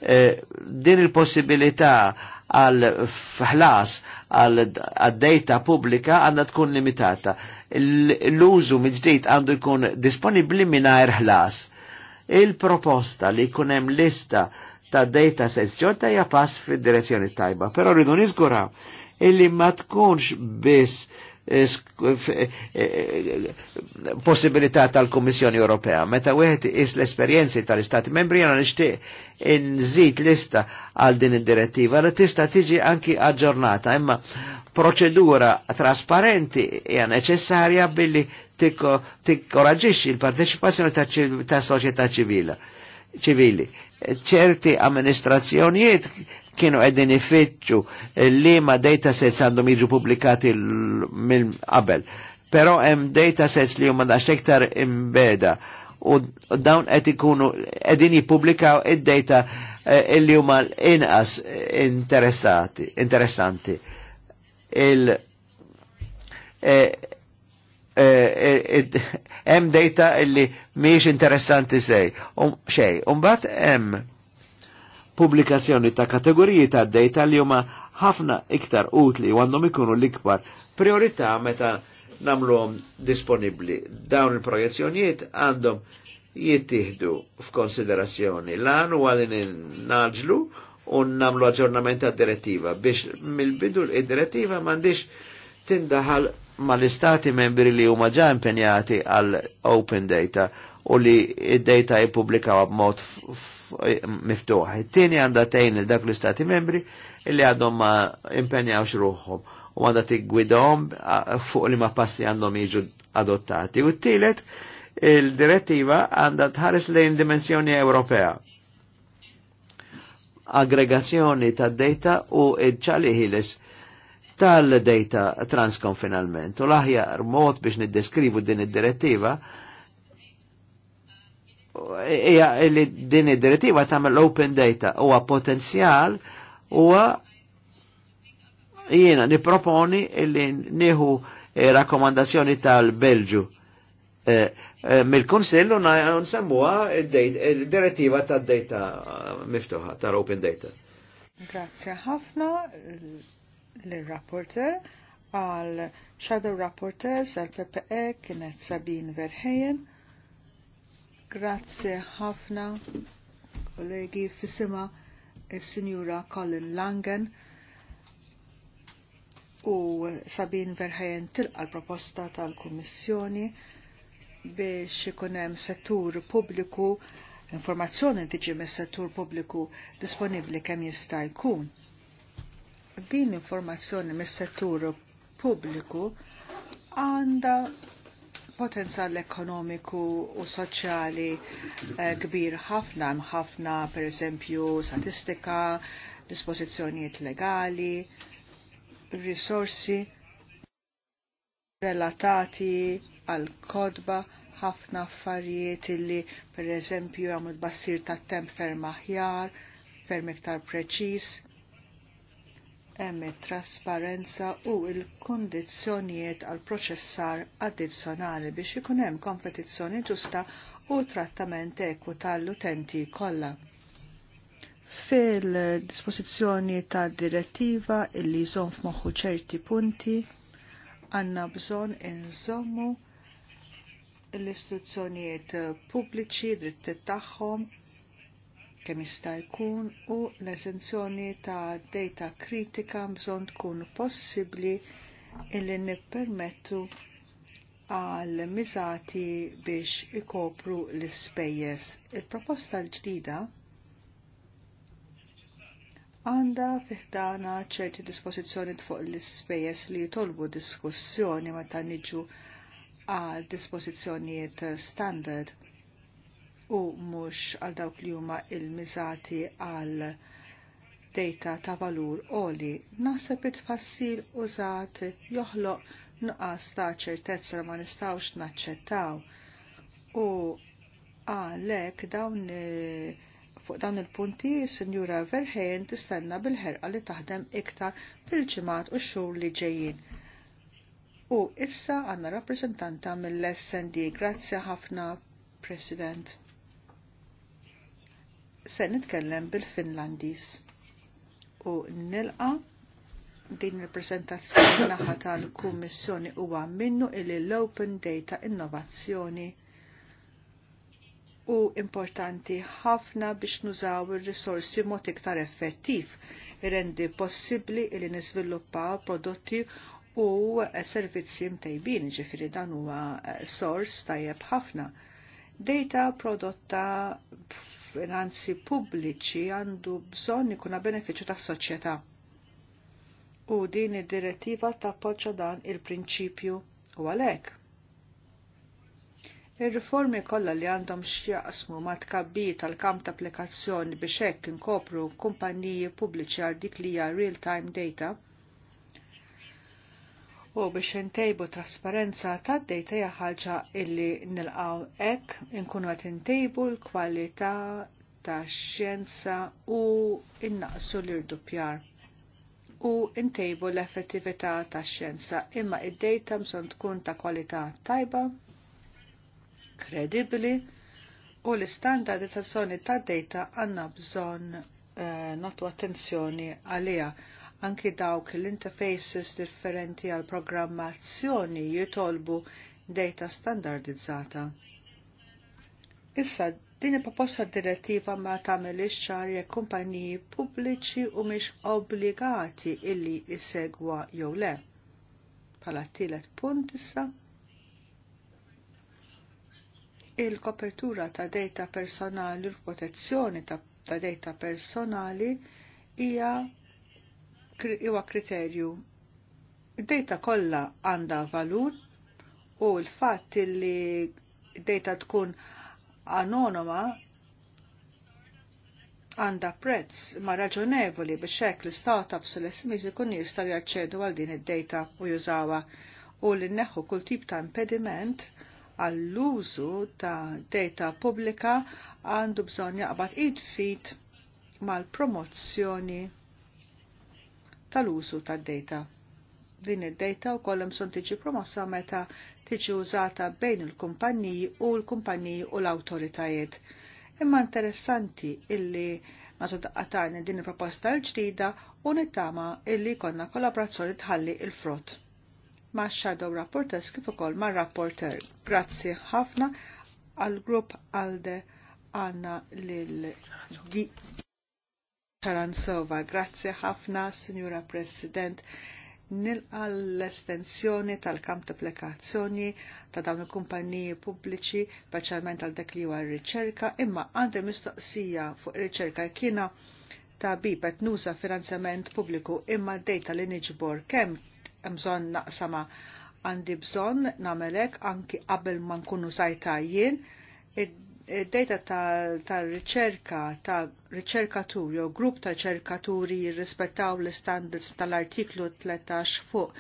Eh, din il-possibilità għal ħlas għal data publika għandha tkun limitata. L-użu mill għandu jkun disponibbli mingħajr ħlas. Il-proposta li jkun hemm lista ta' data sets ġodda hija pass fid-direzzjoni tajba, però rridu niżguraw illi ma tkunx biss possibilità tal-Kommissjoni Ewropea. Meta wieħed is l-esperjenzi tal-Istati membri jana nixtieq inżid lista għal din id-direttiva li tista' tiġi anki aġġornata, imma proċedura trasparenti hija neċessarja billi tikkoraġixxi l-parteċipazzjoni ta' soċjetà ċivili ċivili. ċerti amministrazzjonijiet kienu għedin ifittxu eh, li ma datasets għandhom jiġu publikati mill-qabel. Pero hemm datasets li huma daqs iktar imbeda u dawn qed ikunu qegħdin jippubblikaw id-data illi eh, huma inqas interessati, interessanti. Il eh, hemm data illi mhijiex interessanti sej. Um, xej, u mbagħad hemm pubblikazzjoni ta' kategoriji ta' data li huma ħafna iktar utli u għandhom ikunu l-ikbar priorità meta namluhom disponibbli. Dawn il-projezzjonijiet għandhom jittieħdu f'konsiderazzjoni l-għan u għalin naġlu u namlu aġġornament ta' direttiva biex mill-bidu id-direttiva mandiġ tindaħal mal-istati membri li huma ġa impenjati għal open data u li id-data jipublikaw b'mod miftuħ. it għanda għandha tgħin il dak l-istati membri illi għadhom ma impenjaw xruħom u għandha tiggwidhom fuq li ma passi għandhom jiġu adottati. U t tilet il-direttiva għandha tħares lejn dimensjoni Ewropea aggregazzjoni ta' data u ċali ħiles tal-data transkonfinalment. U r mod biex niddeskrivu din id-direttiva ija li din id-direttiva tagħmel open data huwa potenzjal huwa jiena niproponi li nieħu eh, rakomandazzjoni tal-Belġu eh, eh, mill-Konsillu nsemmuha id-direttiva tad-data miftuħa tal-open data. Grazie ħafna l-rapporter għal Shadow Rapporters għal PPE e, kienet Sabin Verheyen Grazzi ħafna, kollegi, fissima il-Sinjura eh, Colin Langen u Sabin Verheyen tilqa l-proposta tal-Kummissjoni biex ikun hemm settur pubbliku informazzjoni tiġi mis-settur pubbliku disponibbli kemm jista' jkun. Din informazzjoni mis-settur pubbliku għandha potenzjal ekonomiku u soċjali eh, kbir ħafna, ħafna per eżempju statistika, dispożizzjonijiet legali, risorsi relatati għal kodba ħafna affarijiet illi per eżempju għamlu bassir ta' temp ferm aħjar, ferm iktar preċis, hemm trasparenza u l-kundizzjonijiet għal proċessar addizzjonali biex ikun hemm kompetizzjoni ġusta u trattament ekwu tal-utenti kollha. Fil-dispożizzjoni tad direttiva illi jżomm f'moħħu ċerti punti għandna bżonn inżommu l-istruzzjonijiet pubbliċi, drittiet tagħhom kemm jista' jkun u l-eżenzjoni ta' data kritika bżonn tkun possibbli illi nippermettu għal miżati biex ikopru l-ispejjeż. Il-proposta l-ġdida għandha fiħdana ċerti dispożizzjoni fuq l-ispejjeż li jitolbu diskussjoni meta niġu għal dispożizzjonijiet standard u mhux għal dawk li huma il-miżati għal data ta' valur oli. Naħseb it-fassil użat joħloq nuqqas ta' ċertezza ma nistawx naċċettaw. U għalhekk dawn fuq dawn il-punti, Sinjura Verheyen tistenna bil-ħerqa li taħdem iktar fil-ġimgħat u xhur li ġejjin. U issa għandna rappreżentanta mill-SND. Grazzi ħafna, President se nitkellem bil-Finlandis u nilqa din il-presentazzjoni naħa tal-Kummissjoni huwa minnu illi l-Open Data Innovazzjoni u importanti ħafna biex nużaw ir-risorsi mod iktar effettiv rendi possibbli illi niżviluppaw prodotti u servizzi mtejbin, ġifiri dan huwa eh, sors tajjeb ħafna. Data prodotta finanzi pubbliċi għandu bżonn ikuna benefiċċju tas-soċjetà. U din id-direttiva tappoġġa dan il-prinċipju u għalhekk. Ir-riformi kollha li għandhom x'jaqsmu ma tkabbi tal-kamp ta' applikazzjoni biex hekk inkopru kumpaniji pubbliċi għal dik li hija real-time data u biex intejbu trasparenza ta' d-dejta jaħħaġa illi nilqaw hekk inkunu qed intejbu l-kwalità tax xjenza u innaqsu l-irdupjar u ntejbu l-effettività tax xjenza imma id dejta bżonn tkun ta' kwalità tajba, kredibbli u l-istandardizzazzjoni tad dejta għandna bżonn eh, notu attenzjoni għaliha anki dawk l-interfaces differenti għal programmazzjoni jitolbu data standardizzata. Issa, din il-proposta direttiva ma tagħmel ċar jekk kumpaniji pubbliċi u mhix obbligati illi jsegwa jew le. Bħala tielet punt issa. Il-kopertura ta' data personali u l-protezzjoni ta' data personali hija iwa kriterju. Id-data kollha għandha valur u l-fatt li data tkun anonoma għandha prezz ma raġonevoli biex hekk l-startups u l-SMEs ikun jistgħu jaċċedu għal din id-data u jużawha u li neħu kull tip ta' impediment għall-użu ta' data pubblika għandu bżonn jaqbad id-fit mal-promozzjoni tal-użu tad-data. Din id-data wkoll hemm son tiġi promossa meta tiġi użata bejn il-kumpanniji u l-kumpanniji u l-awtoritajiet. Imma interessanti illi natu daqqatani din il-proposta l-ġdida u nittama illi konna kollaborazzjoni tħalli il-frott ma' Shadow Rapporters kif ukoll ma' Rapporter. Grazzi ħafna għal grupp għalde għanna lil Taranzova. Grazzi ħafna, Signora President nilqa l-estensjoni tal-kamp ta' applikazzjoni ta' dawn il-kumpaniji pubbliċi, specialment għal dak li huwa r-riċerka, imma għandi mistoqsija fuq ir-riċerka kiena ta' bibet nuża finanzjament pubbliku imma d-dejta li niġbor kemm hemm bżonn naqsama għandi bżonn hekk anki qabel ma nkunu sajta jien data tal-riċerka ta' riċerkaturi u grupp ta' riċerkaturi jirrispettaw l-standards tal-artiklu 13 fuq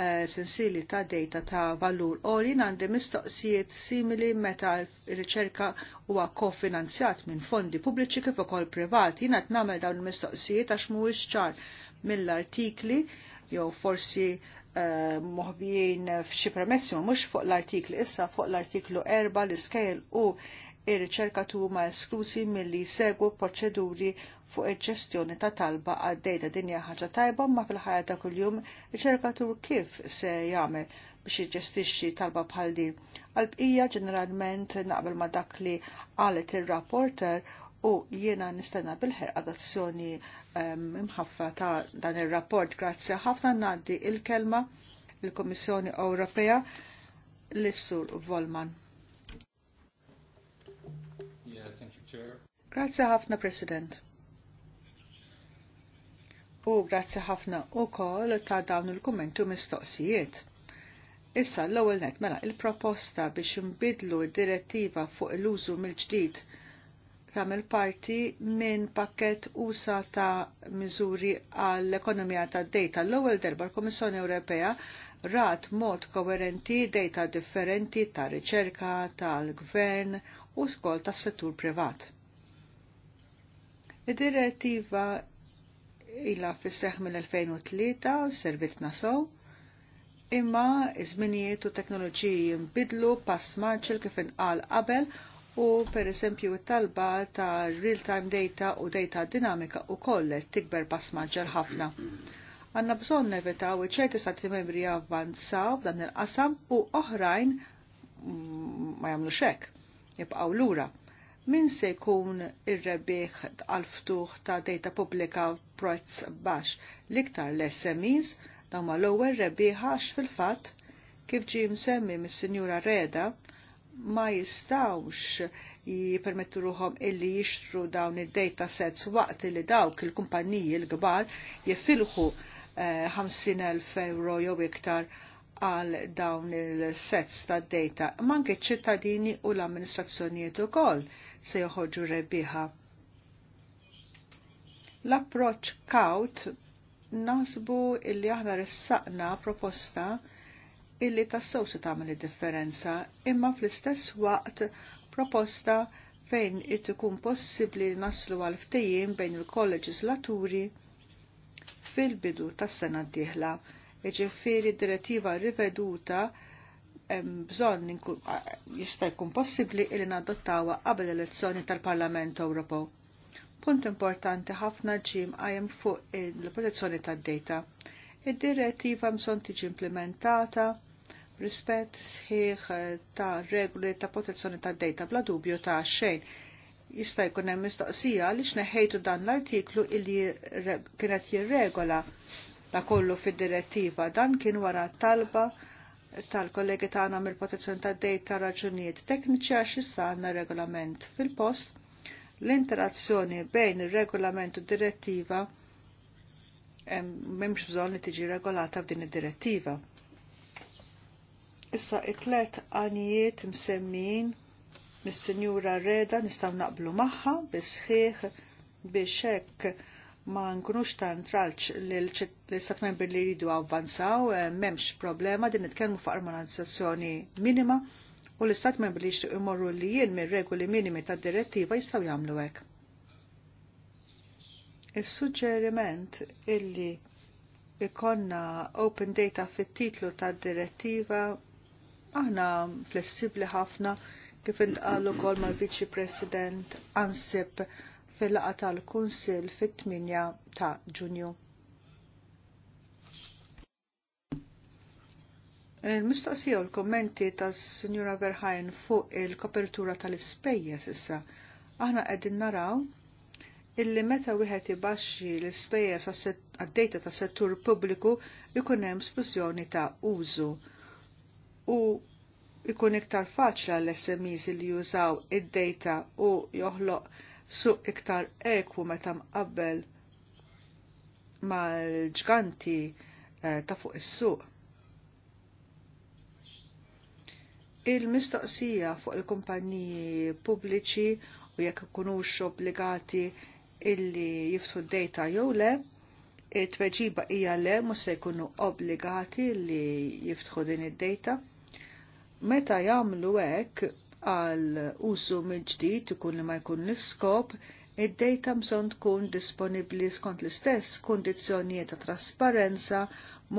eh, sensili ta' data ta' valur u li għandi mistoqsijiet simili meta riċerka huwa kofinanzjat minn fondi pubbliċi kif ukoll privati jina qed nagħmel dawn il-mistoqsijiet għax mhuwiex ċar mill-artikli jew forsi eh, moħbijin f'xi premessi mhux fuq l artikli issa fuq l-artiklu 4 l-iskejl u ir-riċerkatu huma esklużi milli segwu proċeduri fuq il-ġestjoni ta' talba għaddejta dinja ħaġa tajba ma fil-ħajja ta' kuljum riċerkatur kif se jagħmel biex jiġġestixxi talba bħal din. Għalbqija ġeneralment naqbel ma' dak li qalet ir-rapporter u jiena nistenna bil-ħer adozzjoni ehm, mħaffa ta' dan ir-rapport. Grazzi ħafna ngħaddi il-kelma il-Kummissjoni Ewropea l-Sur Volman. Grazzi ħafna, President. U grazzi ħafna u koll ta' dawn il-kommentu mistoqsijiet. Issa l-ewwel net mela il-proposta biex imbidlu d-direttiva fuq l-użu mill-ġdid tagħmel parti minn pakket usa ta' miżuri għall-ekonomija tad-dejta. L-ewwel darba l-Komissjoni Ewropea rat mod koerenti data differenti ta' riċerka, tal-gvern, u skol tas settur privat. Id-direttiva ila fis-seħ mill-2003 servitna sow imma izminijiet żminijiet u teknoloġiji jimbidlu pass maċil kif inqal qabel u pereżempju t-talba ta' real-time data u data dinamika u kollet tikber pass maġġar ħafna. Għanna bżon u ċerti stati membri avvanzaw dan il-qasam u oħrajn mm, ma jamlu xek nibqaw lura. Min se jkun ir-rebbieħ għal-ftuħ ta' data pubblika prezz baxx l-iktar l-SMEs dawn ma l-ewwel rebieħax fil-fatt kif ġie msemmi mis-Sinjura Reda ma jistawx jipermettu ruħom illi jixtru dawn id-data sets waqt li dawk il-kumpaniji l-kbar jiffilħu 50.000 eh, euro jew iktar għal dawn il-sets ta' data, manke ċittadini u l-amministrazzjonijiet ukoll se joħorġu rebbiħa. L-approċ kaut nasbu illi aħna ressaqna proposta illi tassew se tagħmel differenza imma fl-istess waqt proposta fejn irid ikun possibbli naslu għal ftejjim bejn il-kolleġislaturi fil-bidu tas-sena d-dieħla iġifiri direttiva riveduta bżonn jista' jkun possibbli li nadottawa qabel elezzjoni tal-Parlament Ewropew. Punt importanti ħafna ġim għajem fuq il-protezzjoni tad-data. Id-direttiva mżon tiġi implementata rispett sħiħ ta' regoli ta' protezzjoni tad-data bla dubju ta' xejn jista' jkun hemm mistoqsija li xneħħejtu dan l-artiklu illi kienet jirregola da kollu fid-direttiva. Dan kien wara talba tal-kollegi tagħna mill-protezzjoni tad-dejta raġunijiet tekniċi għax issa għandna regolament. Fil-post, l-interazzjoni bejn ir-regolament u direttiva m'hemmx bżonn li tiġi regolata f'din id-direttiva. Issa it-tlet għanijiet msemmin mis-Sinjura Reda nistgħu naqblu magħha sħiħ biex hekk ma nkunux ta' ntralċ l-istat membri li jridu avvanzaw, eh, memx problema din nitkellmu fuq armonizzazzjoni minima u l-istat membri li jixtiequ imorru li jien minn regoli minimi tad direttiva jistgħu jagħmlu hekk. Is-suġġeriment illi ikonna open data fit-titlu tad direttiva aħna flessibbli ħafna kif intqal kol mal-Viċi President Ansip fil-laqa tal-Kunsil fit-8 ta' Ġunju. Il-mistoqsija u l-kommenti tas Sinjura Verhajn fuq il-kopertura tal-ispejjeż issa. Aħna qegħdin naraw illi meta wieħed ibaxxi l-ispejjeż għad-dejta tas settur pubbliku jkun hemm splużjoni ta' użu. U ikun iktar faċla l-SMEs li jużaw id-data u joħloq su iktar ekwu meta mqabbel mal-ġganti eh, ta' fuq is-suq. Il-mistoqsija fuq il-kumpaniji pubbliċi u jekk ikunux obbligati illi jiftħu d-dejta jew le, it-tweġiba hija le mhux se jkunu obbligati li jiftħu din id-dejta. Meta jagħmlu hekk għal użu mill-ġdid ikun li ma jkun l-iskop, id-dejta bżonn tkun disponibbli skont l-istess kundizzjonijiet ta' trasparenza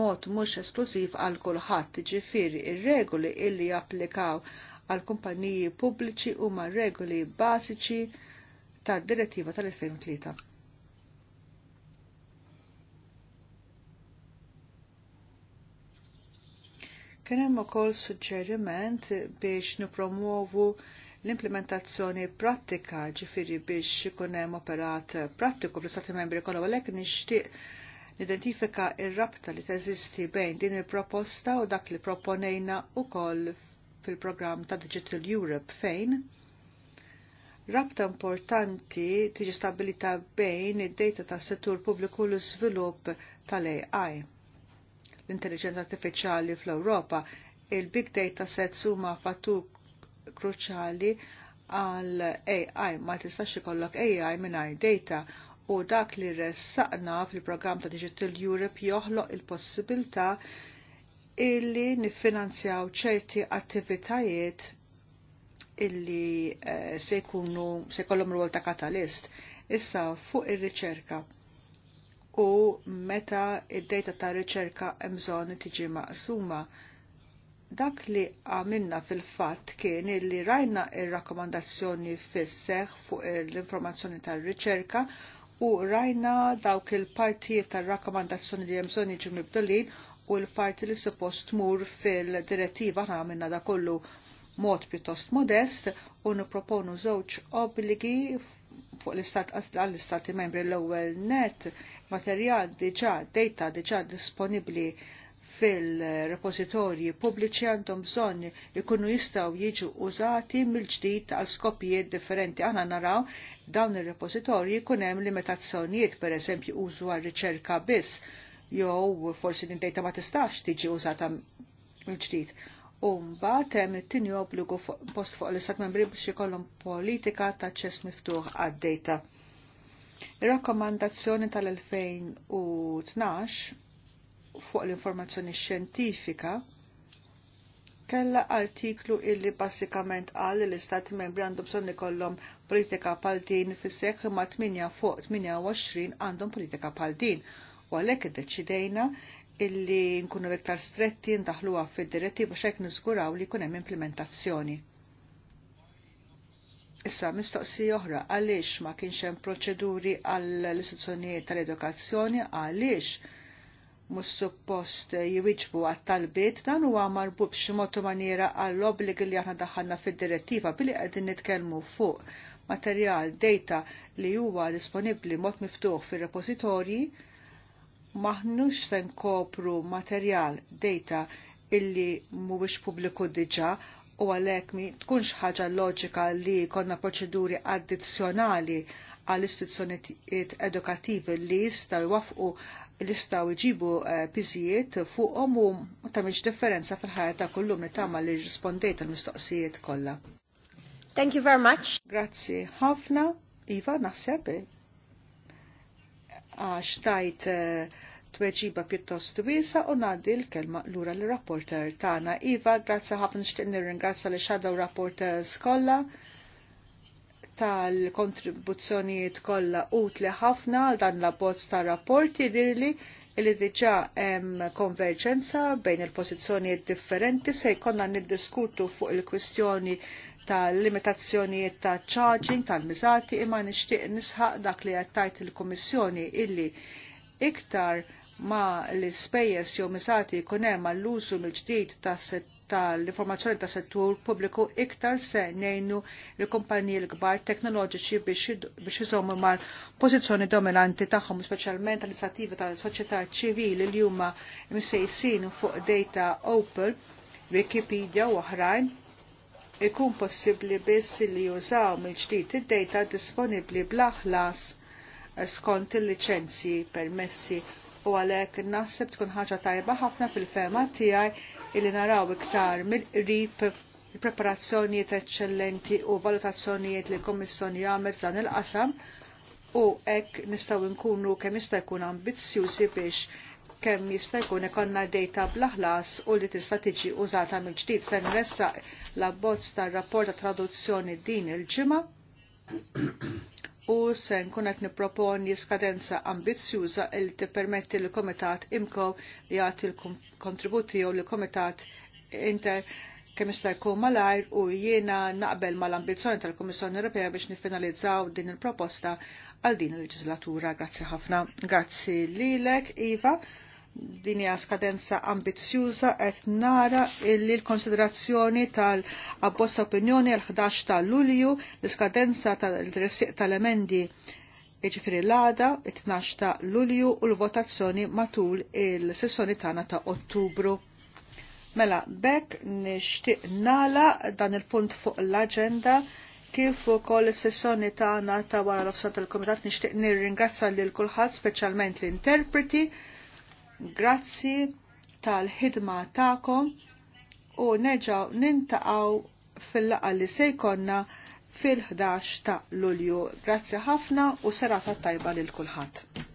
mod mhux esklusiv għal kulħadd, ġifiri ir-regoli li illi japplikaw għal kumpaniji pubbliċi huma regoli bażiċi tad-direttiva tal-2003. Kien hemm ukoll suġġeriment biex nipromuovu l-implementazzjoni prattika ġifiri biex ikun hemm operat prattiku fl-Stati membri kollu għalhekk nixtieq nidentifika il rabta li teżisti bejn din il-proposta u dak li proponejna wkoll fil-programm ta' Digital Europe fejn rabta importanti tiġi stabilita bejn id-data tas settur pubbliku l-iżvilupp tal-AI l-intelligenza artifiċjali fl-Ewropa. Il-big data sets huma fattu kruċjali għal AI, ma tistax ikollok AI mingħajr data u dak li ressaqna fil-programm ta' Digital Europe joħloq il-possibilità illi niffinanzjaw ċerti attivitajiet illi eh, se jkunu se jkollhom rwol ta' katalist issa fuq ir-riċerka u meta id-data ta' riċerka mżon tiġi maqsuma. Dak li għamilna fil-fatt kien li rajna r rakkomandazzjoni fis-seħ fuq l-informazzjoni tar-riċerka u rajna dawk il-partijiet tar-rakkomandazzjoni li bżonn jiġu mibdulin u l-parti li suppost mur fil-direttiva għamilna da kollu mod pjuttost modest u nipproponu żewġ obligi fuq l-istat għall-istati membri l-ewwel net materjal diġa' data diġà disponibbli fil-repozitorji pubbliċi għandhom bżonn ikunu jistgħu jiġu użati mill-ġdid għal skopijiet differenti. Aħna naraw dawn ir-repozitorji jkun hemm limitazzjonijiet pereżempju użu għal riċerka biss jew forsi din data ma tistax tiġi użata mill-ġdid. U mbagħad hemm it-tieni obbligu post fuq l-istat membri biex ikollhom politika ta' ċess miftuħ għad-data. Ir-rakkomandazzjoni tal-2012 fuq l-informazzjoni xjentifika kella artiklu illi basikament għal li l-istati membri għandhom bżonn ikollhom politika bħal din fis-sekħ ma' 8 fuq 28 għandhom politika bħal din. U għalhekk iddeċidejna illi nkunu iktar stretti ndaħluwa fid-diretti biex hekk niżguraw li jkun hemm implementazzjoni. Issa, mistoqsi oħra, għaliex ma kienx hemm proċeduri għall-istituzzjonijiet tal-edukazzjoni, għaliex mhux suppost jwiġbu għat-talbiet dan huwa marbut b'xi mod maniera għall obbligi li aħna daħħalna fid-direttiva billi qegħdin nitkellmu fuq materjal data li huwa disponibbli mod miftuħ fir-repożitorji maħnux se nkopru materjal data illi mhuwiex pubbliku diġà u għalhekk mi tkunx ħaġa loġika li jkollna proċeduri addizzjonali għall istituzzjonijiet edukattivi li jistgħu jwafqu li jistgħu jġibu eh, piżijiet fuqhom u ta' differenza fil-ħajja ta' kullum li tagħmel li rispondejt għall mistoqsijiet kollha. Thank you very much. Grazzi ħafna, Iva, naħseb. Eh, għax tajt uh, tweġiba pjuttost wiesa u ngħaddi l-kelma lura l-rapporter tagħna. Iva, grazzi ħafna nixtieq nirringrazzja li xadaw rapporter kollha tal-kontribuzzjonijiet kollha utli ħafna għal dan l-abbozz ta' rapporti dirli li diġà hemm konverġenza bejn il-pożizzjonijiet differenti se jkollna niddiskutu fuq il-kwistjoni tal-limitazzjonijiet ta' charging tal-miżati imma nixtieq nisħaq dak li qed tajt il-Kummissjoni illi iktar ma l-ispejjeż jew misati jkun hemm għall-użu mill-ġdid tal-informazzjoni ta' settur pubbliku iktar se ngħinu l-kumpaniji l-kbar teknoloġiċi biex iżommu mal-pożizzjoni dominanti tagħhom, speċjalment l-inizjattivi tal-soċjetà ċivili li huma msejsin fuq data open, Wikipedia u oħrajn ikun possibbli biss li jużaw mill-ġdid id-data disponibbli bla ħlas skont il-liċenzji permessi u għalhekk naħseb tkun ħaġa tajba ħafna fil-fema tiegħi li naraw iktar mill-qrib il-preparazzjonijiet eċċellenti u valutazzjonijiet li l-Kommissjoni għamlet f'dan il-qasam u hekk nistgħu nkunu kemm jista' jkun ambizzjużi biex kemm jista' jkun ikonna data bl-aħlas u li tista' tiġi użata mill-ġdid se nressaq l-abbozz tar-rapport ta' traduzzjoni din il-ġimgħa u se nkun qed nipproponi skadenza ambizzjuża li tippermetti l komitat imko li jagħti l kontributi jew l komitat inter kemm jista' jkun malajr u jiena naqbel mal-ambizzjoni tal-Kummissjoni Ewropea biex nifinalizzaw din il-proposta għal din il-leġislatura. Grazzi ħafna. Grazzi lilek, Iva din hija skadenza ambizjuza qed nara illi l-konsiderazzjoni tal abbosta opinjoni l-11 ta' Lulju, l-iskadenza tal-dressiq tal-emendi iġifiri l-għada, 12 ta' Lulju u l-votazzjoni matul il-sessjoni tagħna ta' Ottubru. Mela, bekk nixtieq nala dan il-punt fuq l-agenda kif ukoll is-sessjoni tagħna ta' wara l-ofsat tal-Kumitat nixtieq nirringrazzja lil kulħadd speċjalment l-interpreti Grazzi tal-ħidma ta'kom u neġaw nintaqaw fil-laqa li sejkonna fil-11 ta' Lulju. Grazzi ħafna u serata tajba lil kulħadd.